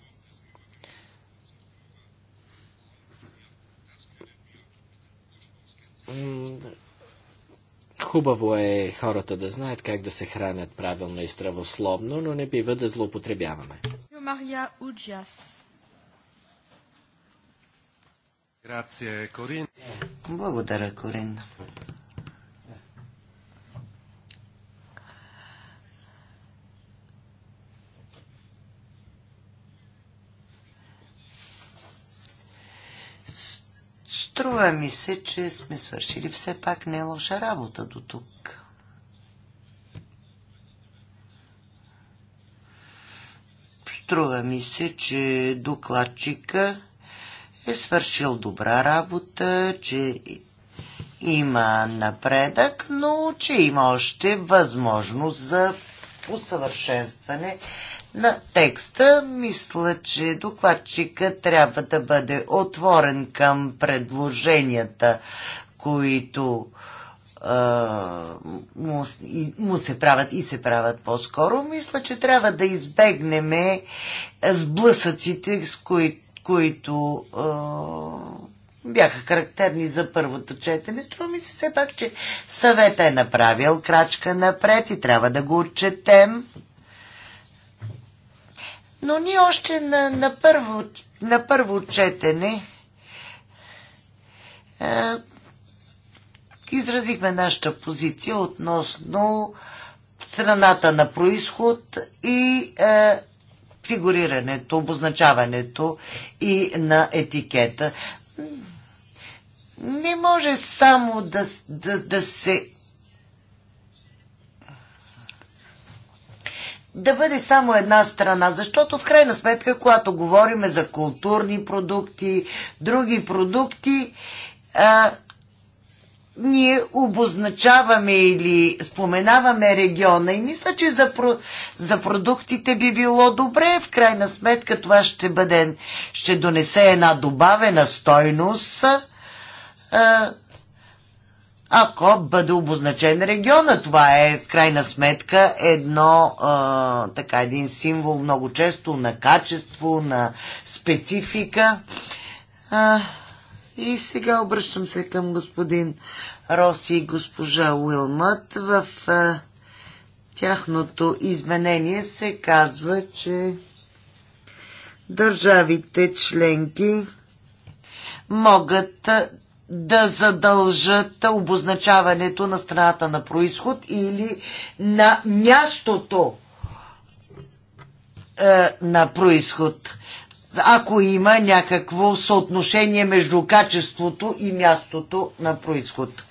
Хубаво е хората да знаят как да се хранят правилно и здравословно, но не бива да злоупотребяваме. Мария Уджас. Благодаря, Корин. Струва ми се, че сме свършили все пак не лоша работа до тук. Струва ми се, че докладчика е свършил добра работа, че има напредък, но че има още възможност за усъвършенстване на текста. Мисля, че докладчика трябва да бъде отворен към предложенията, които му, му се правят и се правят по-скоро. Мисля, че трябва да избегнеме сблъсъците, с кои, които а, бяха характерни за първото четене. Струва ми се все пак, че съвета е направил крачка напред и трябва да го отчетем. Но ние още на, на, първо, на първо четене е, изразихме нашата позиция относно страната на происход и е, фигурирането, обозначаването и на етикета. Не може само да, да, да се да бъде само една страна, защото в крайна сметка, когато говорим за културни продукти, други продукти, а, ние обозначаваме или споменаваме региона и мисля, че за, про, за продуктите би било добре. В крайна сметка това ще, бъде, ще донесе една добавена стойност. А, ако бъде обозначен региона. Това е в крайна сметка едно, а, така, един символ много често на качество, на специфика. А, и сега обръщам се към господин Роси и госпожа Уилмът. В а, тяхното изменение се казва, че държавите членки могат да задължат обозначаването на страната на происход или на мястото е, на происход. Ако има някакво съотношение между качеството и мястото на происход.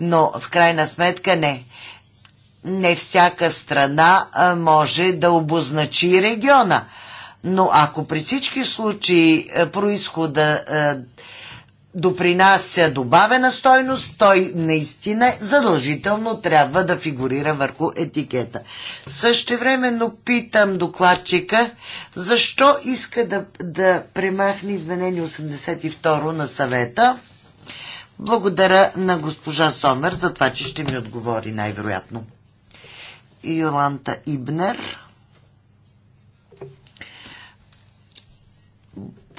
Но в крайна сметка не. Не всяка страна е, може да обозначи региона. Но ако при всички случаи е, происхода допринася добавена стойност, той наистина задължително трябва да фигурира върху етикета. Същевременно питам докладчика, защо иска да, да премахне изменение 82 на съвета. Благодаря на госпожа Сомер за това, че ще ми отговори най-вероятно. Йоланта Ибнер.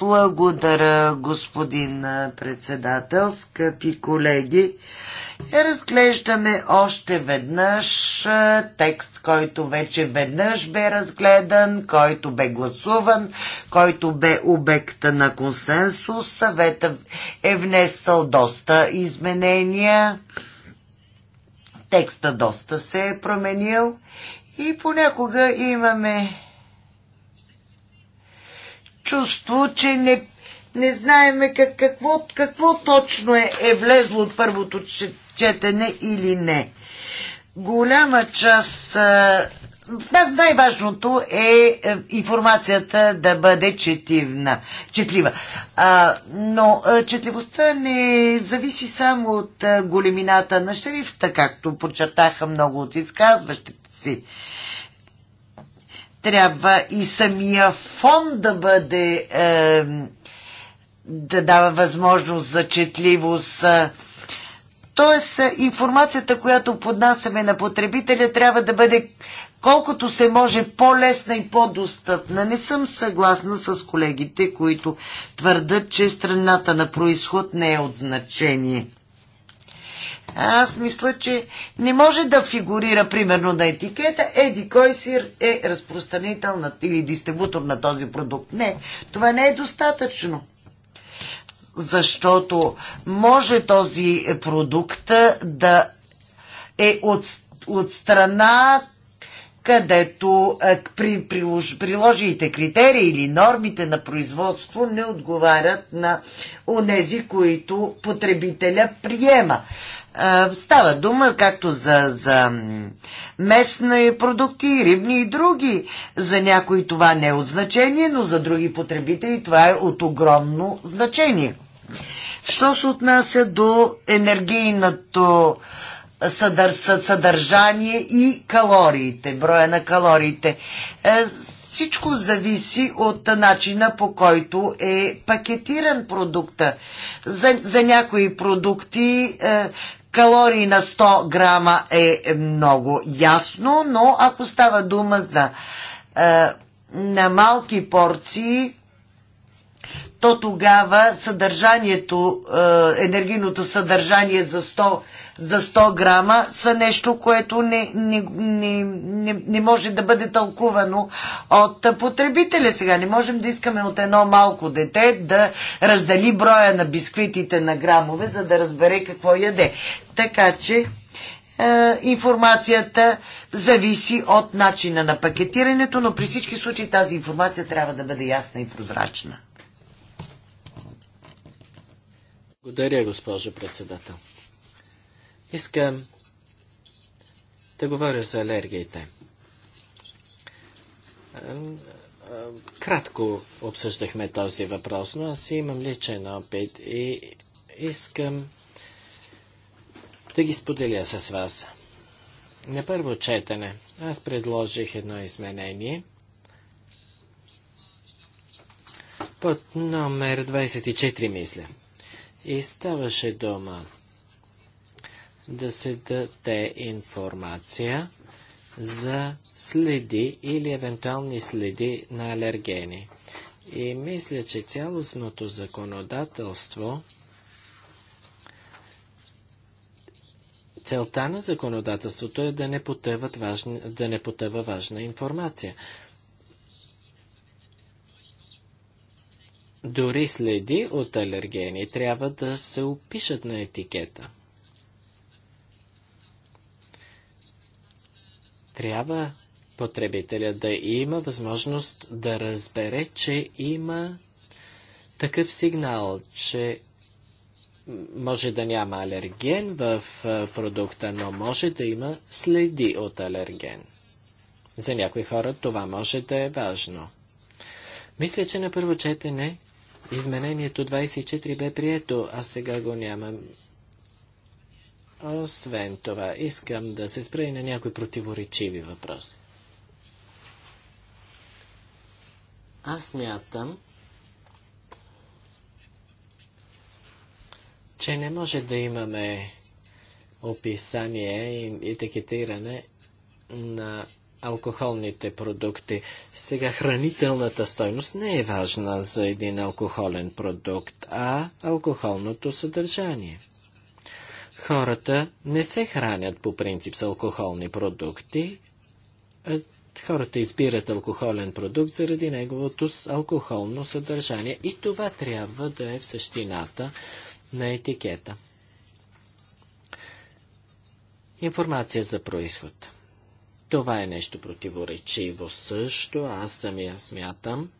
Благодаря, господин председател, скъпи колеги. Разглеждаме още веднъж текст, който вече веднъж бе разгледан, който бе гласуван, който бе обекта на консенсус. Съвета е внесъл доста изменения. Текста доста се е променил и понякога имаме чувство, че не, не знаеме как, какво, какво точно е, е влезло от първото четене или не. Голяма част. Най-важното е, е информацията да бъде четивна, четлива. А, но а, четливостта не зависи само от а, големината на шрифта, както подчертаха много от изказващите си трябва и самия фон да бъде е, да дава възможност за четливост. Тоест, е, информацията, която поднасяме на потребителя, трябва да бъде колкото се може по-лесна и по-достъпна. Не съм съгласна с колегите, които твърдат, че страната на происход не е от значение. Аз мисля, че не може да фигурира, примерно, на етикета Еди кой си е разпространител на, или дистрибутор на този продукт. Не, това не е достатъчно. Защото може този продукт да е от, от страна където при, прилож, приложите критерии или нормите на производство не отговарят на онези, които потребителя приема. Става дума както за, за местни продукти, рибни и други. За някои това не е от значение, но за други потребители това е от огромно значение. Що се отнася до енергийното съдър, съдържание и калориите, броя на калориите. Е, всичко зависи от начина по който е пакетиран продукта. За, за някои продукти е, калории на 100 грама е много ясно, но ако става дума за е, на малки порции, то тогава съдържанието, е, енергийното съдържание за 100, за 100 грама са нещо, което не, не, не, не, не може да бъде тълкувано от потребителя сега. Не можем да искаме от едно малко дете да раздели броя на бисквитите на грамове, за да разбере какво яде. Така че е, информацията зависи от начина на пакетирането, но при всички случаи тази информация трябва да бъде ясна и прозрачна. Благодаря, госпожо председател. Искам да говоря за алергиите. Кратко обсъждахме този въпрос, но аз имам личен опит и искам да ги споделя с вас. На първо четене аз предложих едно изменение под номер 24, мисля. И ставаше дома да се даде информация за следи или евентуални следи на алергени. И мисля, че цялостното законодателство Целта на законодателството е да не, потъват да не потъва важна информация. дори следи от алергени трябва да се опишат на етикета. Трябва потребителя да има възможност да разбере, че има такъв сигнал, че може да няма алерген в продукта, но може да има следи от алерген. За някои хора това може да е важно. Мисля, че на първо четене Изменението 24 бе прието, а сега го нямам. Освен това, искам да се спра и на някои противоречиви въпроси. Аз мятам, че не може да имаме описание и етикетиране на алкохолните продукти. Сега хранителната стойност не е важна за един алкохолен продукт, а алкохолното съдържание. Хората не се хранят по принцип с алкохолни продукти. Хората избират алкохолен продукт заради неговото алкохолно съдържание и това трябва да е в същината на етикета. Информация за происход. Това е нещо противоречиво също. Аз самия смятам,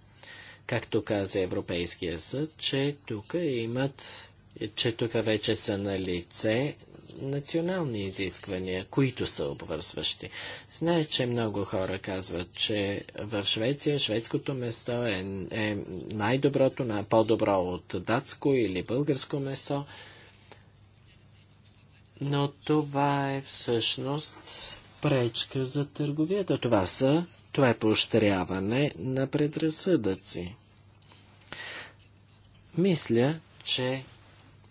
както каза Европейския съд, че тук имат, че тук вече са на лице национални изисквания, които са обвързващи. Знае, че много хора казват, че в Швеция шведското место е, е най-доброто, на по-добро от датско или българско месо, но това е всъщност пречка за търговията. Това, са, това е поощряване на предразсъдъци. Мисля, че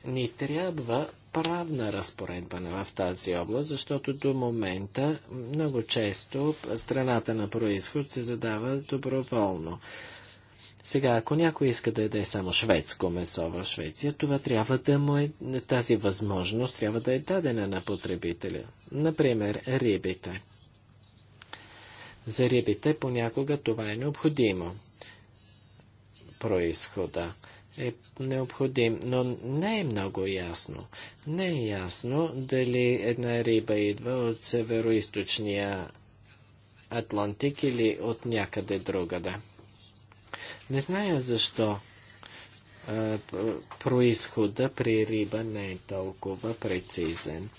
ни трябва правна разпоредба в тази област, защото до момента много често страната на происход се задава доброволно. Сега, ако някой иска да яде само шведско месо в Швеция, това трябва да му е, тази възможност трябва да е дадена на потребителя. Например, рибите. За рибите понякога това е необходимо. Происхода е необходим, но не е много ясно. Не е ясно дали една риба идва от североисточния Атлантик или от някъде другаде. Да. Не зная защо происхода при риба не е толкова прецизен.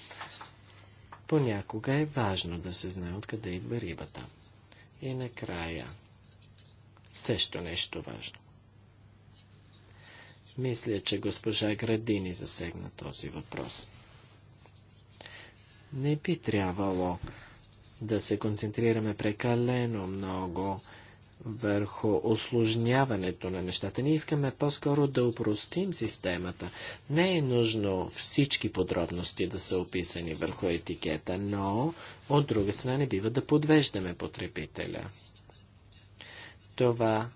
Понякога е важно да се знае откъде идва рибата. И накрая също нещо важно. Мисля, че госпожа Градини засегна този въпрос. Не би трябвало да се концентрираме прекалено много върху осложняването на нещата. Ние искаме по-скоро да упростим системата. Не е нужно всички подробности да са описани върху етикета, но от друга страна не бива да подвеждаме потребителя. Това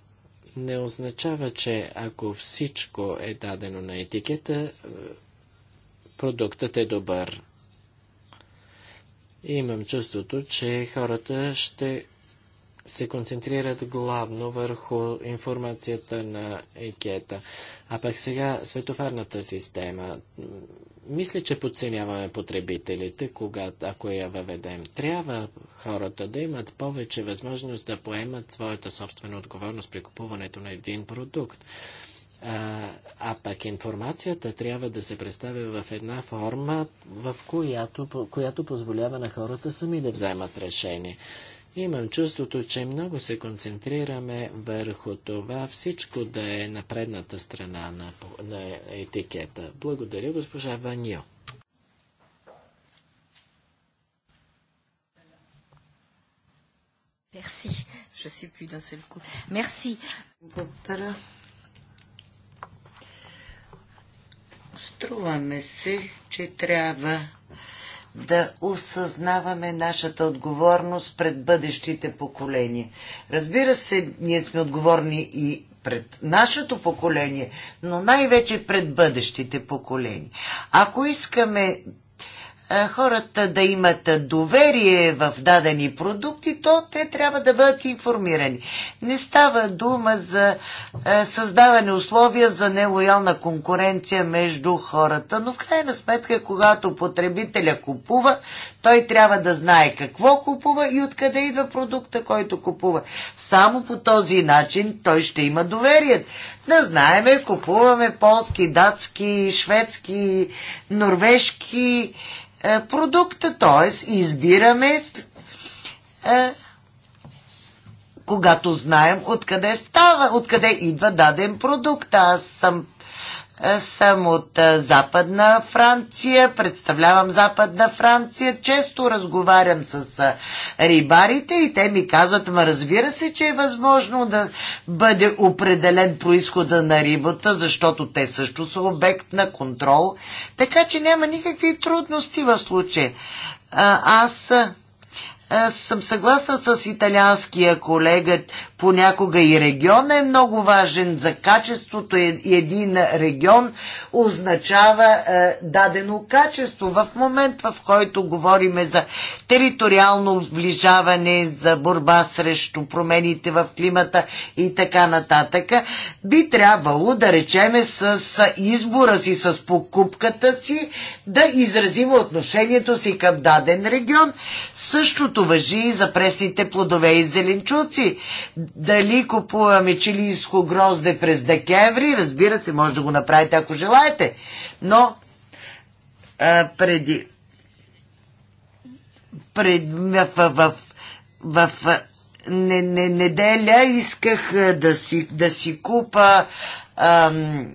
не означава, че ако всичко е дадено на етикета, продуктът е добър. Имам чувството, че хората ще се концентрират главно върху информацията на екета. А пък сега светофарната система. Мисля, че подценяваме потребителите, когато, ако я въведем. Трябва хората да имат повече възможност да поемат своята собствена отговорност при купуването на един продукт. А, а пък информацията трябва да се представя в една форма, в която, която позволява на хората сами да вземат решение. Имам чувството, че много се концентрираме върху това всичко да е на предната страна на, на етикета. Благодаря, госпожа Ванио. Merci. Je sais plus d'un seul coup. Merci. Благодаря. Струваме се, че трябва да осъзнаваме нашата отговорност пред бъдещите поколения. Разбира се, ние сме отговорни и пред нашето поколение, но най-вече пред бъдещите поколения. Ако искаме е, хората да имат доверие в дадени продукти, то те трябва да бъдат информирани. Не става дума за е, създаване условия за нелоялна конкуренция между хората, но в крайна сметка, когато потребителя купува, той трябва да знае какво купува и откъде идва продукта, който купува. Само по този начин той ще има доверие. Да знаеме, купуваме полски, датски, шведски, норвежки, е, продукта, т.е. избираме е, когато знаем откъде става, откъде идва даден продукт. Аз съм съм от Западна Франция, представлявам Западна Франция, често разговарям с рибарите и те ми казват, ма разбира се, че е възможно да бъде определен происхода на рибата, защото те също са обект на контрол, така че няма никакви трудности в случая. Аз аз съм съгласна с италианския колега, понякога и регион е много важен за качеството един регион означава е, дадено качество. В момент, в който говориме за териториално сближаване, за борба срещу промените в климата и така нататък, би трябвало да речеме с избора си, с покупката си, да изразим отношението си към даден регион. Също Същото въжи и за пресните плодове и зеленчуци. Дали купуваме чилийско грозде през декември, разбира се, може да го направите, ако желаете. Но а, преди... Пред, в, в, в, в, в не, не, неделя исках да си, да си купа ам,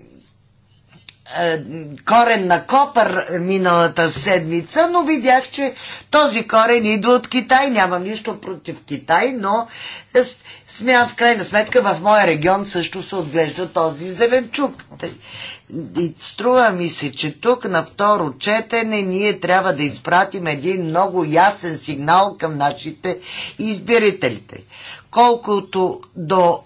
е, корен на копър миналата седмица, но видях, че този корен идва от Китай. Нямам нищо против Китай, но е, смятам в крайна сметка в моя регион също се отглежда този зеленчук. И струва ми се, че тук на второ четене ние трябва да изпратим един много ясен сигнал към нашите избирателите. Колкото до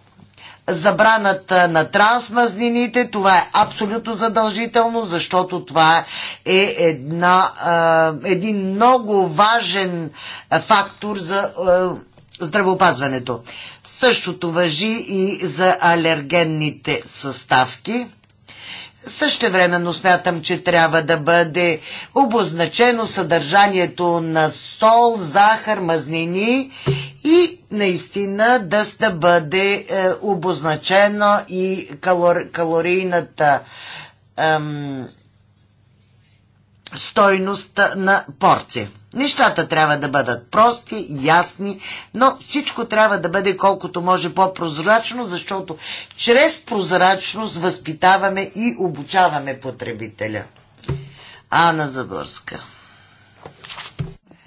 забраната на трансмазнините. Това е абсолютно задължително, защото това е една, един много важен фактор за е, здравеопазването. Същото въжи и за алергенните съставки. Същевременно смятам, че трябва да бъде обозначено съдържанието на сол, захар, мазнини и наистина да, бъде е, обозначено и калор, калорийната ем, стойност на порция. Нещата трябва да бъдат прости, ясни, но всичко трябва да бъде колкото може по-прозрачно, защото чрез прозрачност възпитаваме и обучаваме потребителя. Ана Заборска.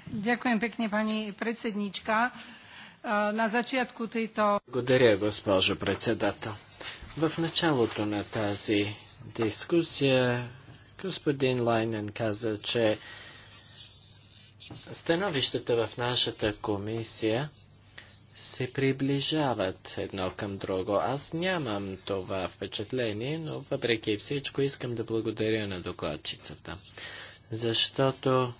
Дякуем пекне, пани председничка. На зачатку тейто... Благодаря, госпожо председател. В началото на тази дискусия господин Лайнен каза, че Становищата в нашата комисия се приближават едно към друго. Аз нямам това впечатление, но въпреки всичко искам да благодаря на докладчицата. Защото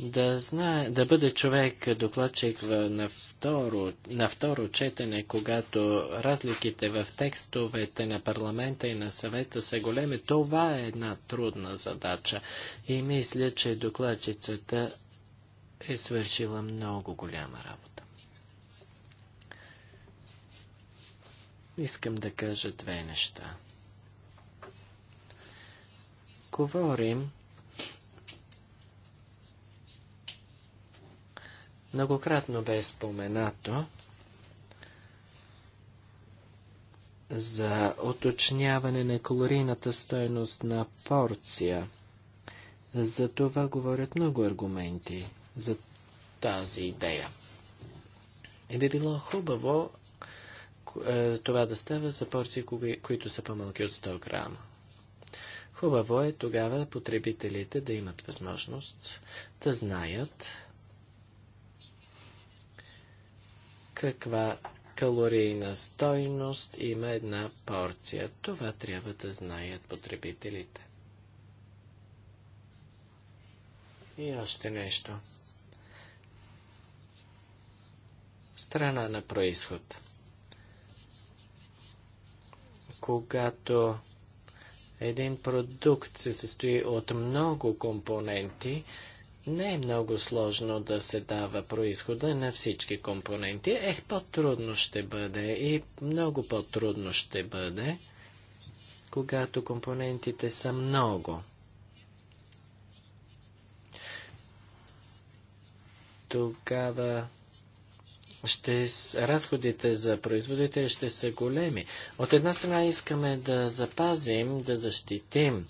да, знае, да бъде човек докладчик на второ, на второ четене, когато разликите в текстовете на парламента и на съвета са големи, това е една трудна задача. И мисля, че докладчицата е свършила много голяма работа. Искам да кажа две неща. Говорим многократно бе споменато за оточняване на калорийната стойност на порция. За това говорят много аргументи за тази идея. И би било хубаво е, това да става за порции, които са по-малки от 100 грама. Хубаво е тогава потребителите да имат възможност да знаят каква калорийна стойност има една порция. Това трябва да знаят потребителите. И още нещо – страна на происход. Когато един продукт се състои от много компоненти, не е много сложно да се дава происхода на всички компоненти. Ех, по-трудно ще бъде и много по-трудно ще бъде, когато компонентите са много. Тогава ще, разходите за производители ще са големи. От една страна искаме да запазим, да защитим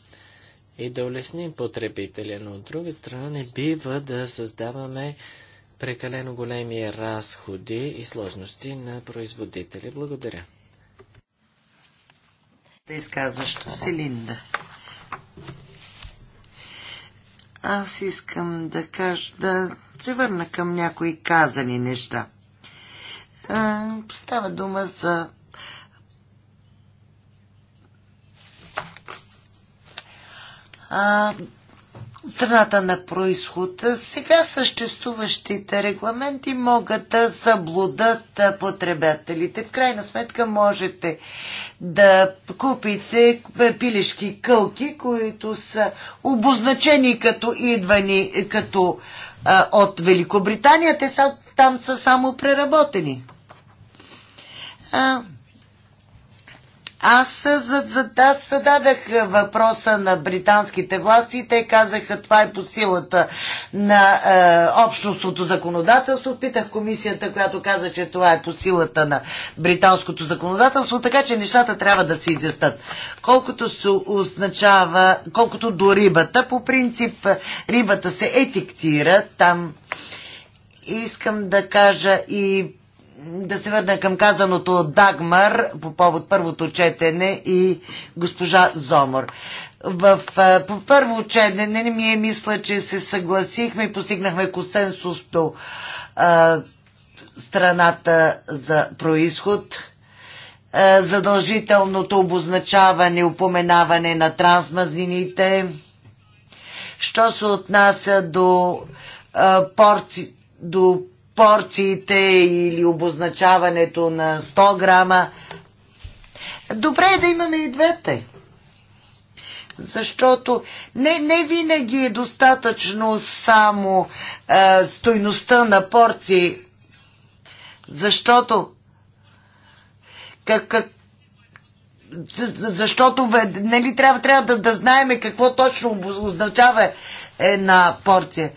и да улесним потребителя, но от друга страна не бива да създаваме прекалено големи разходи и сложности на производители. Благодаря. Да изказваш си, Линда. Аз искам да кажа, да се върна към някои казани неща. Става дума за а, страната на происход. Сега съществуващите регламенти могат да заблудат потребителите. В крайна сметка можете да купите пилешки кълки, които са обозначени като идвани като от Великобритания. Те са, там са само преработени аз, за, за, да, зададах въпроса на британските власти и те казаха това е по силата на е, общностното законодателство. Питах комисията, която каза, че това е по силата на британското законодателство, така че нещата трябва да се изяснат. Колкото се означава, колкото до рибата, по принцип рибата се етиктира там. Искам да кажа и да се върна към казаното от Дагмар по повод първото четене и госпожа Зомор. В, по първо четене ми е мисля, че се съгласихме и постигнахме консенсус до а, страната за происход, а, задължителното обозначаване, упоменаване на трансмазнините, що се отнася до а, порци, до порциите или обозначаването на 100 грама. Добре е да имаме и двете. Защото не, не винаги е достатъчно само а, е, стойността на порции. Защото как, как, защото нали, трябва, трябва да, да знаем какво точно означава една порция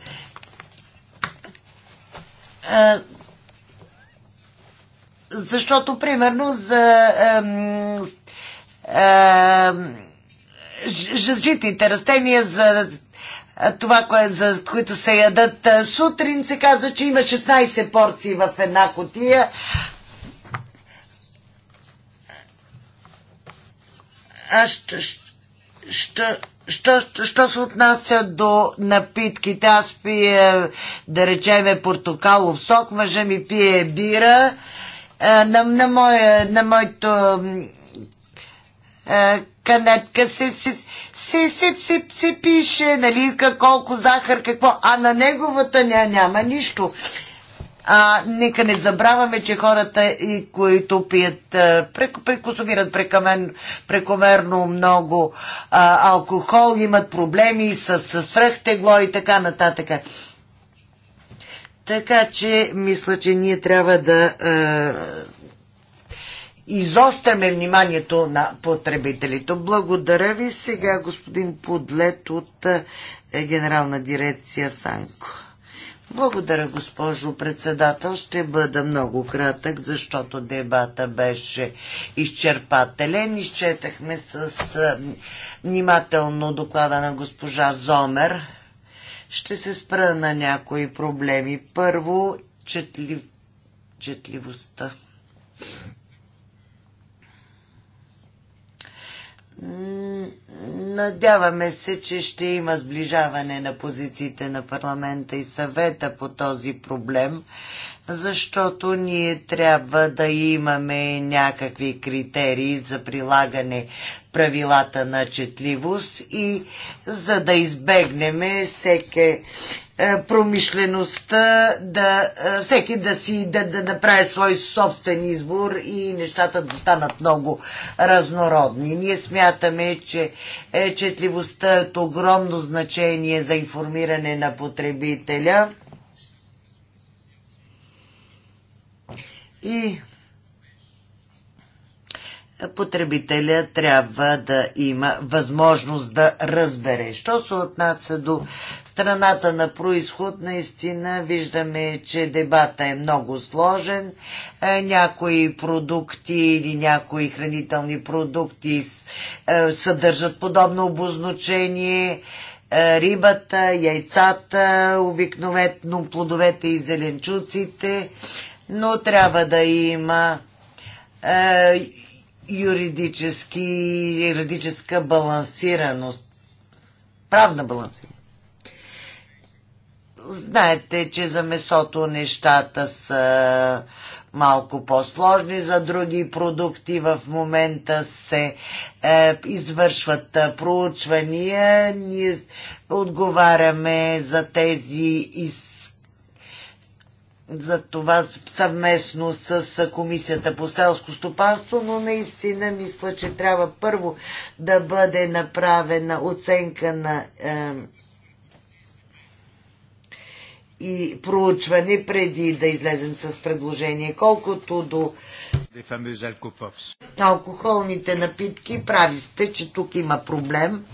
защото, примерно, за жазитните растения, за това, за които се ядат сутрин, се казва, че има 16 порции в една котия. Аз ще, ще, Що, що се отнася до напитките, аз пия, да речеме, портокалов сок, мъжа ми пие бира. А, е, на, на, моя, на моето а, е, канетка се, си, си, си, си, си пише, нали, колко захар, какво, а на неговата ня, няма нищо. А, нека не забравяме, че хората, и които пият, прекосумират прекомерно, прекомерно много а, алкохол, имат проблеми с, с свръхтегло и така нататък. Така че, мисля, че ние трябва да а, изостряме вниманието на потребителите. Благодаря ви сега, господин Подлет от а, Генерална дирекция Санко. Благодаря, госпожо председател. Ще бъда много кратък, защото дебата беше изчерпателен. Изчетахме с внимателно доклада на госпожа Зомер. Ще се спра на някои проблеми. Първо, четлив... четливостта. Надяваме се, че ще има сближаване на позициите на парламента и съвета по този проблем, защото ние трябва да имаме някакви критерии за прилагане правилата на четливост и за да избегнем всеки е, промишлеността, да, е, всеки да си да, да направи свой собствен избор и нещата да станат много разнородни. Ние смятаме, че е, четливостта е от огромно значение за информиране на потребителя. И потребителя трябва да има възможност да разбере. Що се отнася до страната на происход наистина виждаме, че дебата е много сложен. Е, някои продукти или някои хранителни продукти е, съдържат подобно обозначение. Е, рибата, яйцата, обикновено плодовете и зеленчуците, но трябва да има юридически, юридическа балансираност, правна балансираност. Знаете, че за месото нещата са малко по-сложни за други продукти. В момента се е, извършват е, проучвания. Ние отговаряме за тези из... за това съвместно с Комисията по селско стопанство, но наистина мисля, че трябва първо да бъде направена оценка на е, и проучване преди да излезем с предложение. Колкото до алкохолните напитки, прави сте, че тук има проблем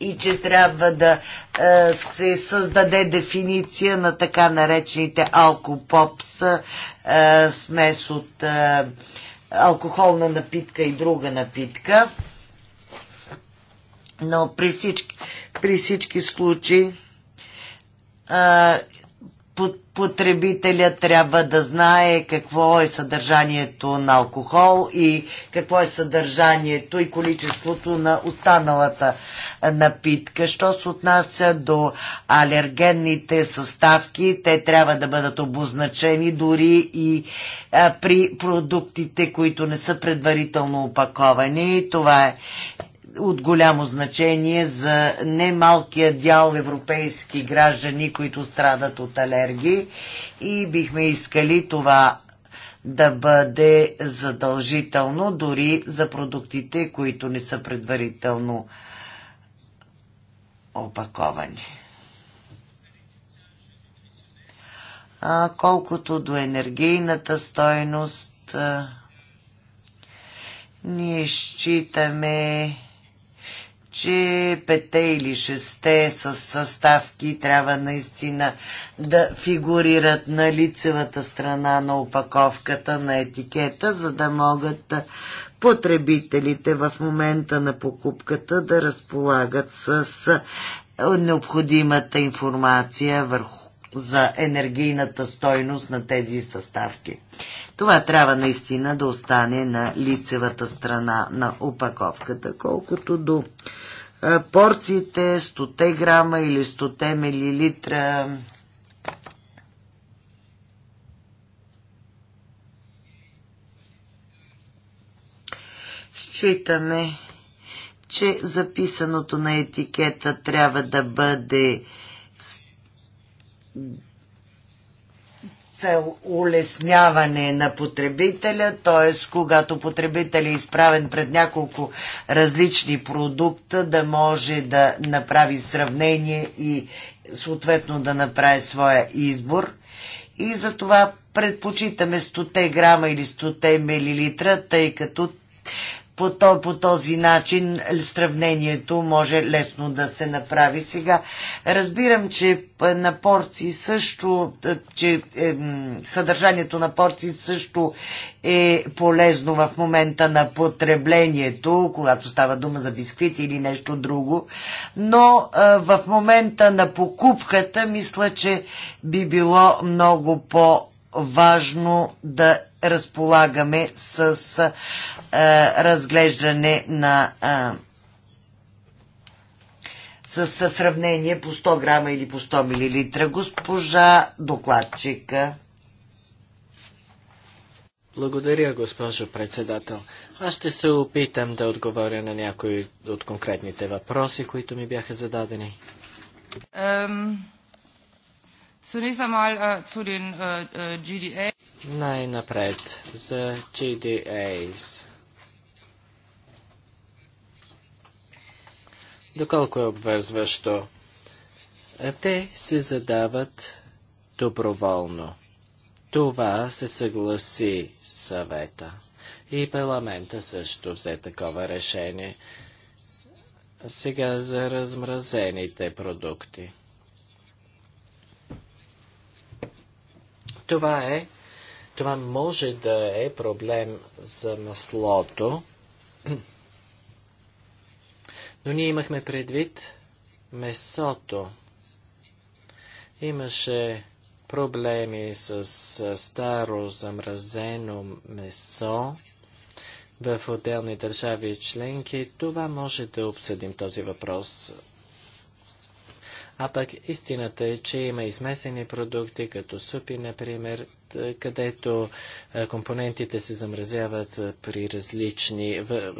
и че трябва да е, се създаде дефиниция на така наречените алкопопс, е, смес от е, алкохолна напитка и друга напитка. Но при всички, при всички случаи потребителя трябва да знае какво е съдържанието на алкохол и какво е съдържанието и количеството на останалата напитка. Що се отнася до алергенните съставки, те трябва да бъдат обозначени дори и при продуктите, които не са предварително опаковани. Това е от голямо значение за немалкия дял европейски граждани, които страдат от алергии и бихме искали това да бъде задължително дори за продуктите, които не са предварително опаковани. А, колкото до енергийната стойност, ние считаме, че пете или шесте с съставки трябва наистина да фигурират на лицевата страна на опаковката на етикета, за да могат потребителите в момента на покупката да разполагат с необходимата информация върху за енергийната стойност на тези съставки. Това трябва наистина да остане на лицевата страна на опаковката, колкото до порциите 100 грама или 100 милилитра. Считаме, че записаното на етикета трябва да бъде цел улесняване на потребителя, т.е. когато потребителя е изправен пред няколко различни продукта, да може да направи сравнение и съответно да направи своя избор. И за това предпочитаме 100 грама или 100 милилитра, тъй като по, то, по този начин сравнението може лесно да се направи. Сега разбирам, че на порции също, че е, съдържанието на порции също е полезно в момента на потреблението, когато става дума за бисквити или нещо друго, но е, в момента на покупката мисля, че би било много по- важно да разполагаме с а, разглеждане на а, с, с сравнение по 100 грама или по 100 милилитра. Госпожа докладчика. Благодаря, госпожо председател. Аз ще се опитам да отговоря на някои от конкретните въпроси, които ми бяха зададени. Um... Zunächst einmal äh, zu den äh, äh, GDA. Най-напред за GDAs. Доколко е обвързващо? Те се задават доброволно. Това се съгласи съвета. И парламента също взе такова решение. Сега за размразените продукти. Това е, това може да е проблем за маслото, но ние имахме предвид месото. Имаше проблеми с, старо замразено месо в отделни държави и членки. Това може да обсъдим този въпрос а пък истината е, че има и смесени продукти, като супи, например, където компонентите се замразяват при различни, в,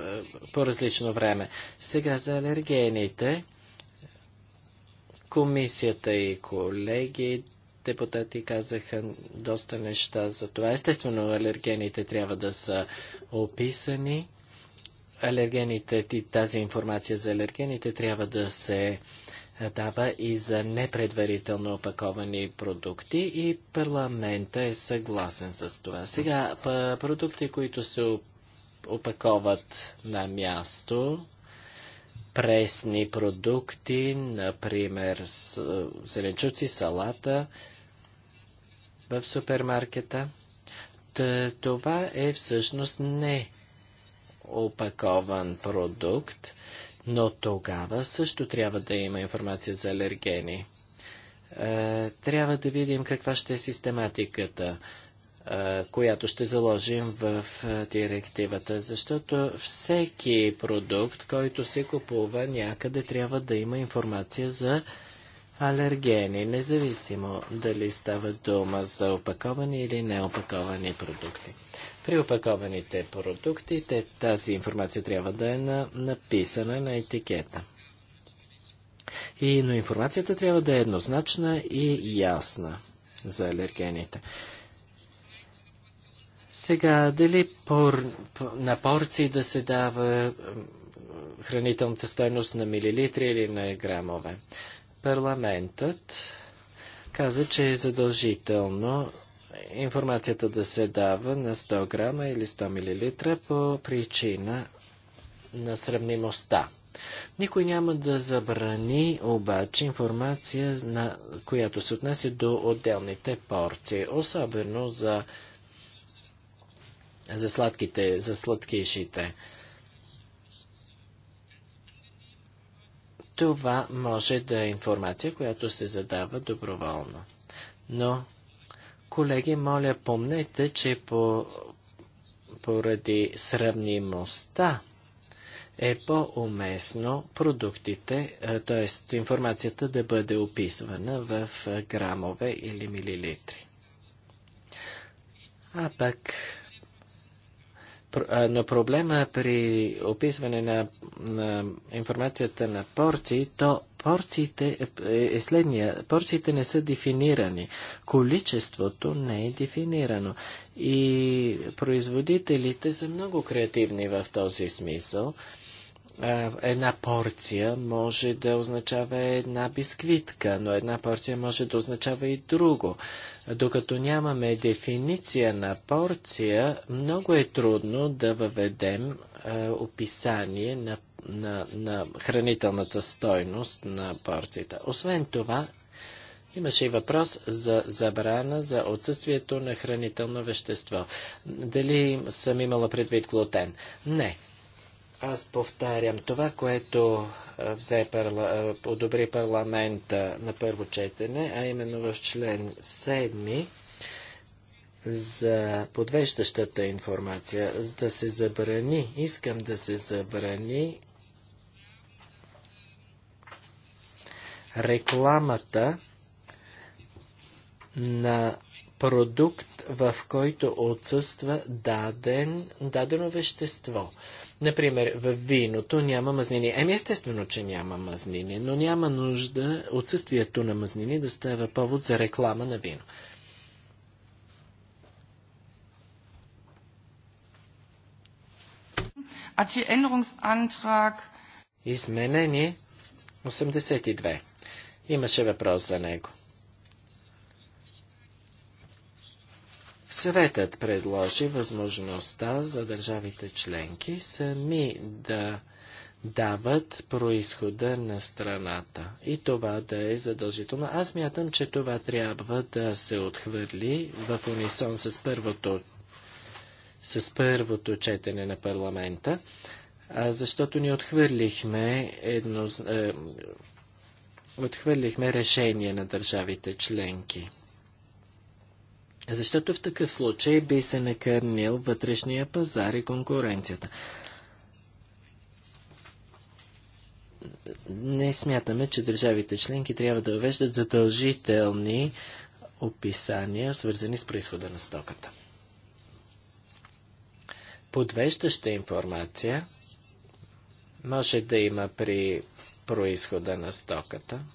по различно време. Сега за алергените. Комисията и колеги депутати казаха доста неща за това. Естествено, алергените трябва да са описани. Алергените, тази информация за алергените трябва да се дава и за непредварително опаковани продукти и парламента е съгласен с това. Сега, продукти, които се опаковат на място, пресни продукти, например е, зеленчуци, салата в супермаркета. Това е всъщност не опакован продукт но тогава също трябва да има информация за алергени. Е, трябва да видим каква ще е систематиката, е, която ще заложим в е, директивата, защото всеки продукт, който се купува някъде, трябва да има информация за алергени, независимо дали става дума за опаковани или неопаковани продукти. При опакованите продукти те, тази информация трябва да е на, написана на етикета. И, но информацията трябва да е еднозначна и ясна за алергените. Сега, дали пор, на порции да се дава хранителната стойност на милилитри или на грамове? Парламентът каза, че е задължително информацията да се дава на 100 грама или 100 мл по причина на сравнимостта. Никой няма да забрани обаче информация, на която се отнася до отделните порции, особено за, за сладките, за сладкишите. Това може да е информация, която се задава доброволно. Но Колеги, моля, помнете, че по, поради сравнимостта е по-уместно продуктите, е, т.е. информацията да бъде описвана в е, грамове или милилитри. А пък но проблема при описване на, на информацията на порции, то порциите е, е, е следния. Порциите не са дефинирани. Количеството не е дефинирано. И производителите са много креативни в този смисъл. Е, една порция може да означава една бисквитка, но една порция може да означава и друго. Докато нямаме дефиниция на порция, много е трудно да въведем е, описание на, на, на хранителната стойност на порцията. Освен това, Имаше и въпрос за забрана за отсъствието на хранително вещество. Дали съм имала предвид глутен? Не. Аз повтарям това, което взе парла... одобри парламента на първо четене, а именно в член 7 за подвеждащата информация, да се забрани, искам да се забрани рекламата на продукт, в който отсъства даден, дадено вещество. Например, в виното няма мазнини. Еми естествено, че няма мазнини, но няма нужда отсъствието на мазнини да става повод за реклама на вино. Изменение 82. Имаше въпрос за него. Съветът предложи възможността за държавите членки сами да дават происхода на страната. И това да е задължително. Аз мятам, че това трябва да се отхвърли в унисон с първото, с първото четене на парламента, защото ни отхвърлихме едно, е, отхвърлихме решение на държавите членки. Защото в такъв случай би се накърнил вътрешния пазар и конкуренцията. Не смятаме, че държавите членки трябва да въвеждат задължителни описания, свързани с происхода на стоката. Подвеждаща информация може да има при происхода на стоката –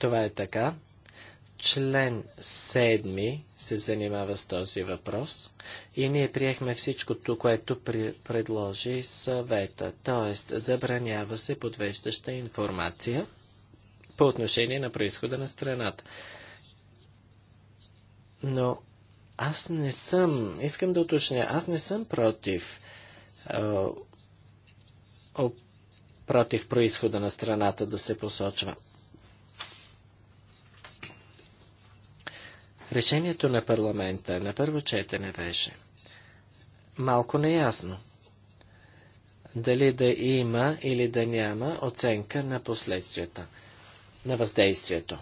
Това е така. Член 7 се занимава с този въпрос и ние приехме всичкото, което при, предложи съвета, т.е. забранява се подвеждаща информация по отношение на происхода на страната. Но аз не съм, искам да уточня, аз не съм против против происхода на страната да се посочва. Решението на парламента на първо четене беше малко неясно. Дали да има или да няма оценка на последствията, на въздействието.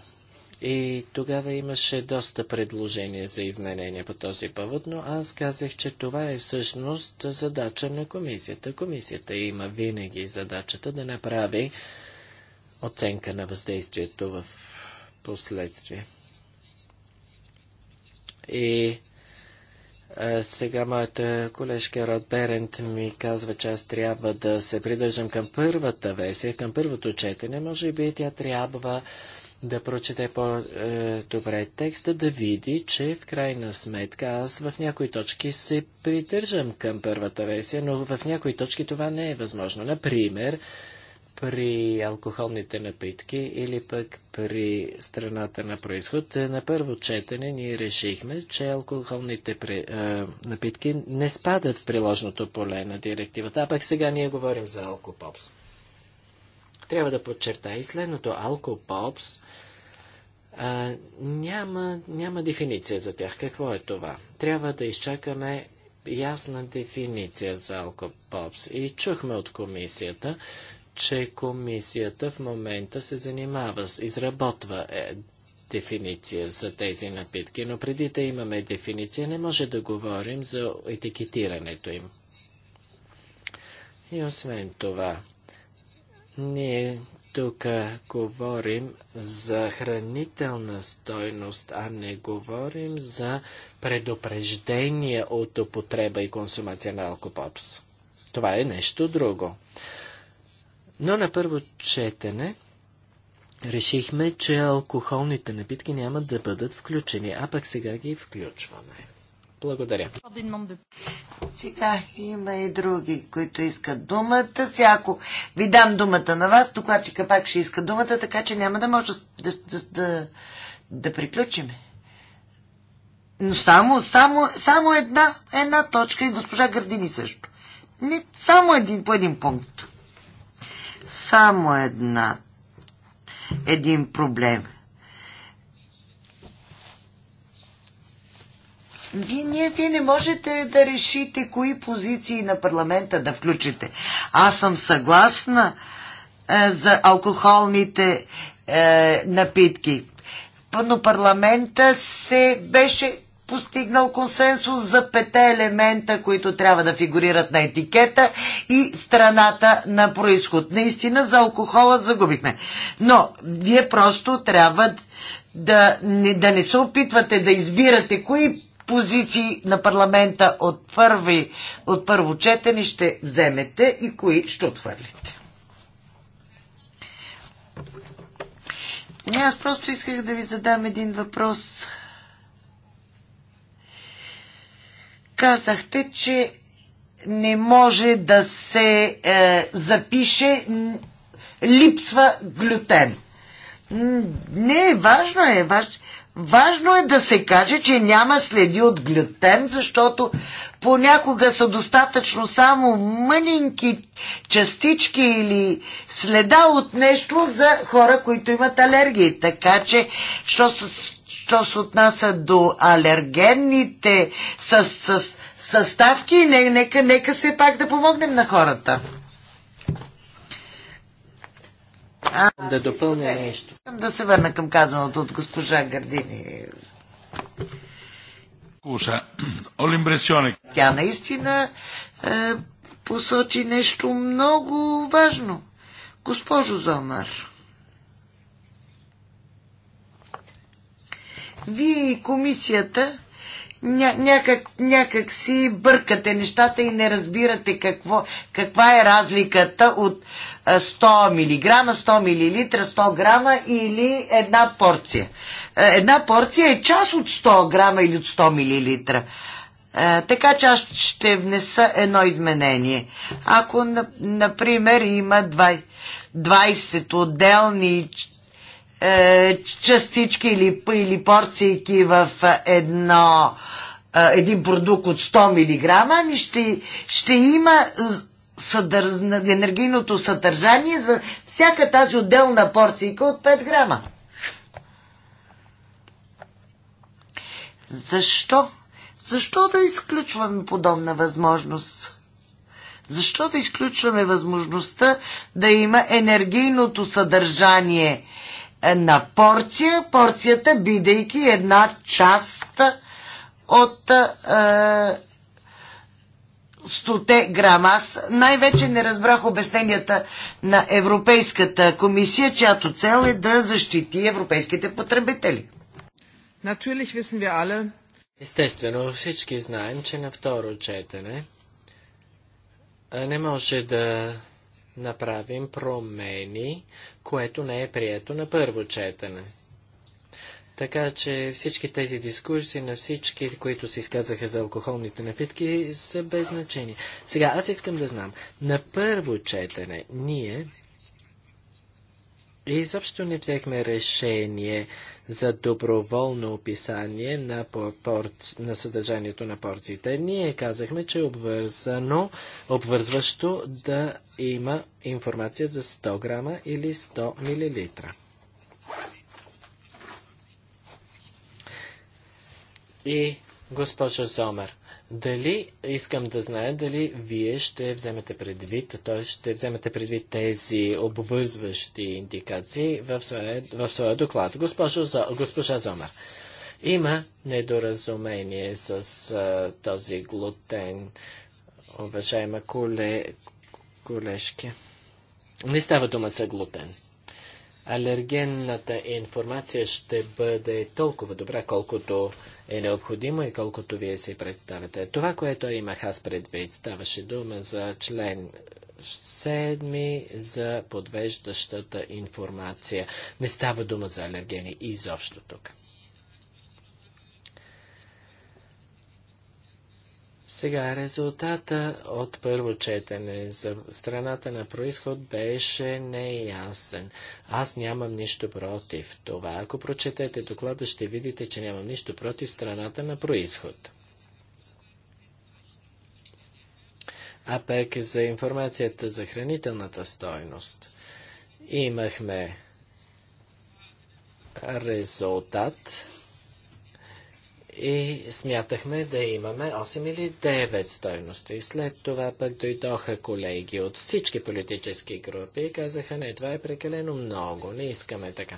И тогава имаше доста предложения за изменения по този повод, но аз казах, че това е всъщност задача на комисията. Комисията има винаги задачата да направи оценка на въздействието в последствие. И а, сега моята колежка Род Берент ми казва, че аз трябва да се придържам към първата версия, към първото четене. Може би тя трябва да прочете по-добре текста, да види, че в крайна сметка аз в някои точки се придържам към първата версия, но в някои точки това не е възможно. Например, при алкохолните напитки или пък при страната на происход. Е, на първо четене ние решихме, че алкохолните при, е, напитки не спадат в приложното поле на директивата, а пък сега ние говорим за алкопопс. Трябва да подчертая и следното. Алкопопс а, е, няма, няма дефиниция за тях. Какво е това? Трябва да изчакаме ясна дефиниция за алкопопс. И чухме от комисията, че комисията в момента се занимава с изработва е, дефиниция за тези напитки, но преди да имаме дефиниция, не може да говорим за етикетирането им. И освен това, ние тук говорим за хранителна стойност, а не говорим за предупреждение от употреба и консумация на алкопопс. Това е нещо друго. Но на първо четене решихме, че алкохолните напитки няма да бъдат включени, а пък сега ги включваме. Благодаря. Сега има и други, които искат думата. Сега ако ви дам думата на вас, докладчика пак ще иска думата, така че няма да може да, да, да, да приключиме. Но само, само, само една, една точка и госпожа Гърдини също. Не, само един по един пункт само една, един проблем. Вие, ние, вие не можете да решите кои позиции на парламента да включите. Аз съм съгласна е, за алкохолните е, напитки. Но парламента се беше постигнал консенсус за пете елемента, които трябва да фигурират на етикета и страната на происход. Наистина за алкохола загубихме. Но вие просто трябва да не, да не се опитвате да избирате кои позиции на парламента от, първи, от първо четене ще вземете и кои ще отвърлите. Не, аз просто исках да ви задам един въпрос. Казахте, че не може да се е, запише липсва глютен. Не, важно е, важно е. Важно е да се каже, че няма следи от глютен, защото понякога са достатъчно само мънинки частички или следа от нещо за хора, които имат алергии. Така че, що, с, що се отнася до алергенните с, с, съставки, не, нека, нека се пак да помогнем на хората. А, да допълня се, нещо. Искам да се върна към казаното от госпожа Гардини. Куша, Олимбресионик. Тя наистина е, посочи нещо много важно. Госпожо Зомар, Вие и комисията ня, някак, някак си бъркате нещата и не разбирате какво, каква е разликата от 100 мг, 100 мл, 100 грама или една порция. Една порция е част от 100 грама или от 100 мл. Така че аз ще внеса едно изменение. Ако, например, има 20 20 отделни е, частички или, или порцийки в е, едно, е, един продукт от 100 мг, ами ще, ще има съдър... енергийното съдържание за всяка тази отделна порция от 5 грама. Защо? Защо да изключваме подобна възможност? Защо да изключваме възможността да има енергийното съдържание – една порция, порцията бидейки една част от е, 100 грама. Аз най-вече не разбрах обясненията на Европейската комисия, чиято цел е да защити европейските потребители. Естествено, всички знаем, че на второ четене не може да направим промени, което не е прието на първо четене. Така че всички тези дискурси на всички, които се изказаха за алкохолните напитки, са без значение. Сега, аз искам да знам, на първо четене ние изобщо не взехме решение за доброволно описание на, порци, на съдържанието на порциите. Ние казахме, че е обвързано, обвързващо да има информация за 100 грама или 100 милилитра. И госпожо Зомер, дали искам да зная дали вие ще вземете предвид, т.е. ще вземете предвид тези обвързващи индикации в своя, в своя доклад. Госпожо, госпожа Зомер, има недоразумение с а, този глутен, уважаема коле, колешки. Не става дума за глутен. Алергенната информация ще бъде толкова добра, колкото е необходимо и колкото вие си представяте. Това, което имах аз предвид, ставаше дума за член 7 за подвеждащата информация. Не става дума за алергени изобщо тук. Сега резултата от първо четене за страната на происход беше неясен. Аз нямам нищо против това. Ако прочетете доклада, ще видите, че нямам нищо против страната на происход. А пък за информацията за хранителната стойност имахме резултат и смятахме да имаме 8 или 9 стойности. След това пък дойдоха колеги от всички политически групи и казаха, не, това е прекалено много, не искаме така.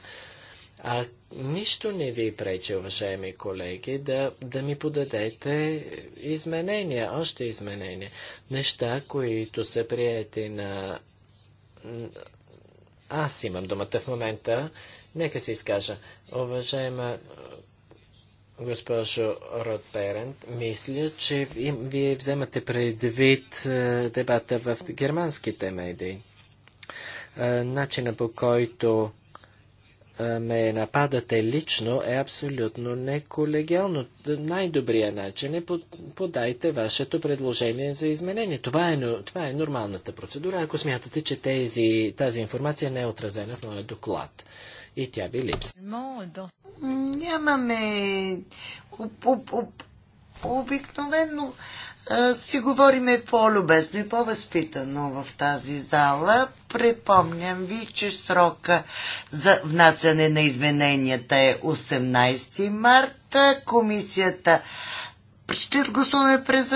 А нищо не ви пречи, уважаеми колеги, да, да ми подадете изменения, още изменения. Неща, които са приети на... Аз имам думата в момента. Нека се изкажа. Уважаема госпожо Ротберент. Мисля, че вие вземате предвид е, дебата в германските медии. Е, начина по който е, ме нападате лично е абсолютно неколегиално. Най-добрият начин е подайте вашето предложение за изменение. Това е, това е нормалната процедура, ако смятате, че тези, тази информация не е отразена в моя доклад и тя ви липсва. Нямаме обикновено си говориме по-любезно и по-възпитано в тази зала. Припомням ви, че срока за внасяне на измененията е 18 марта. Комисията ще гласуваме през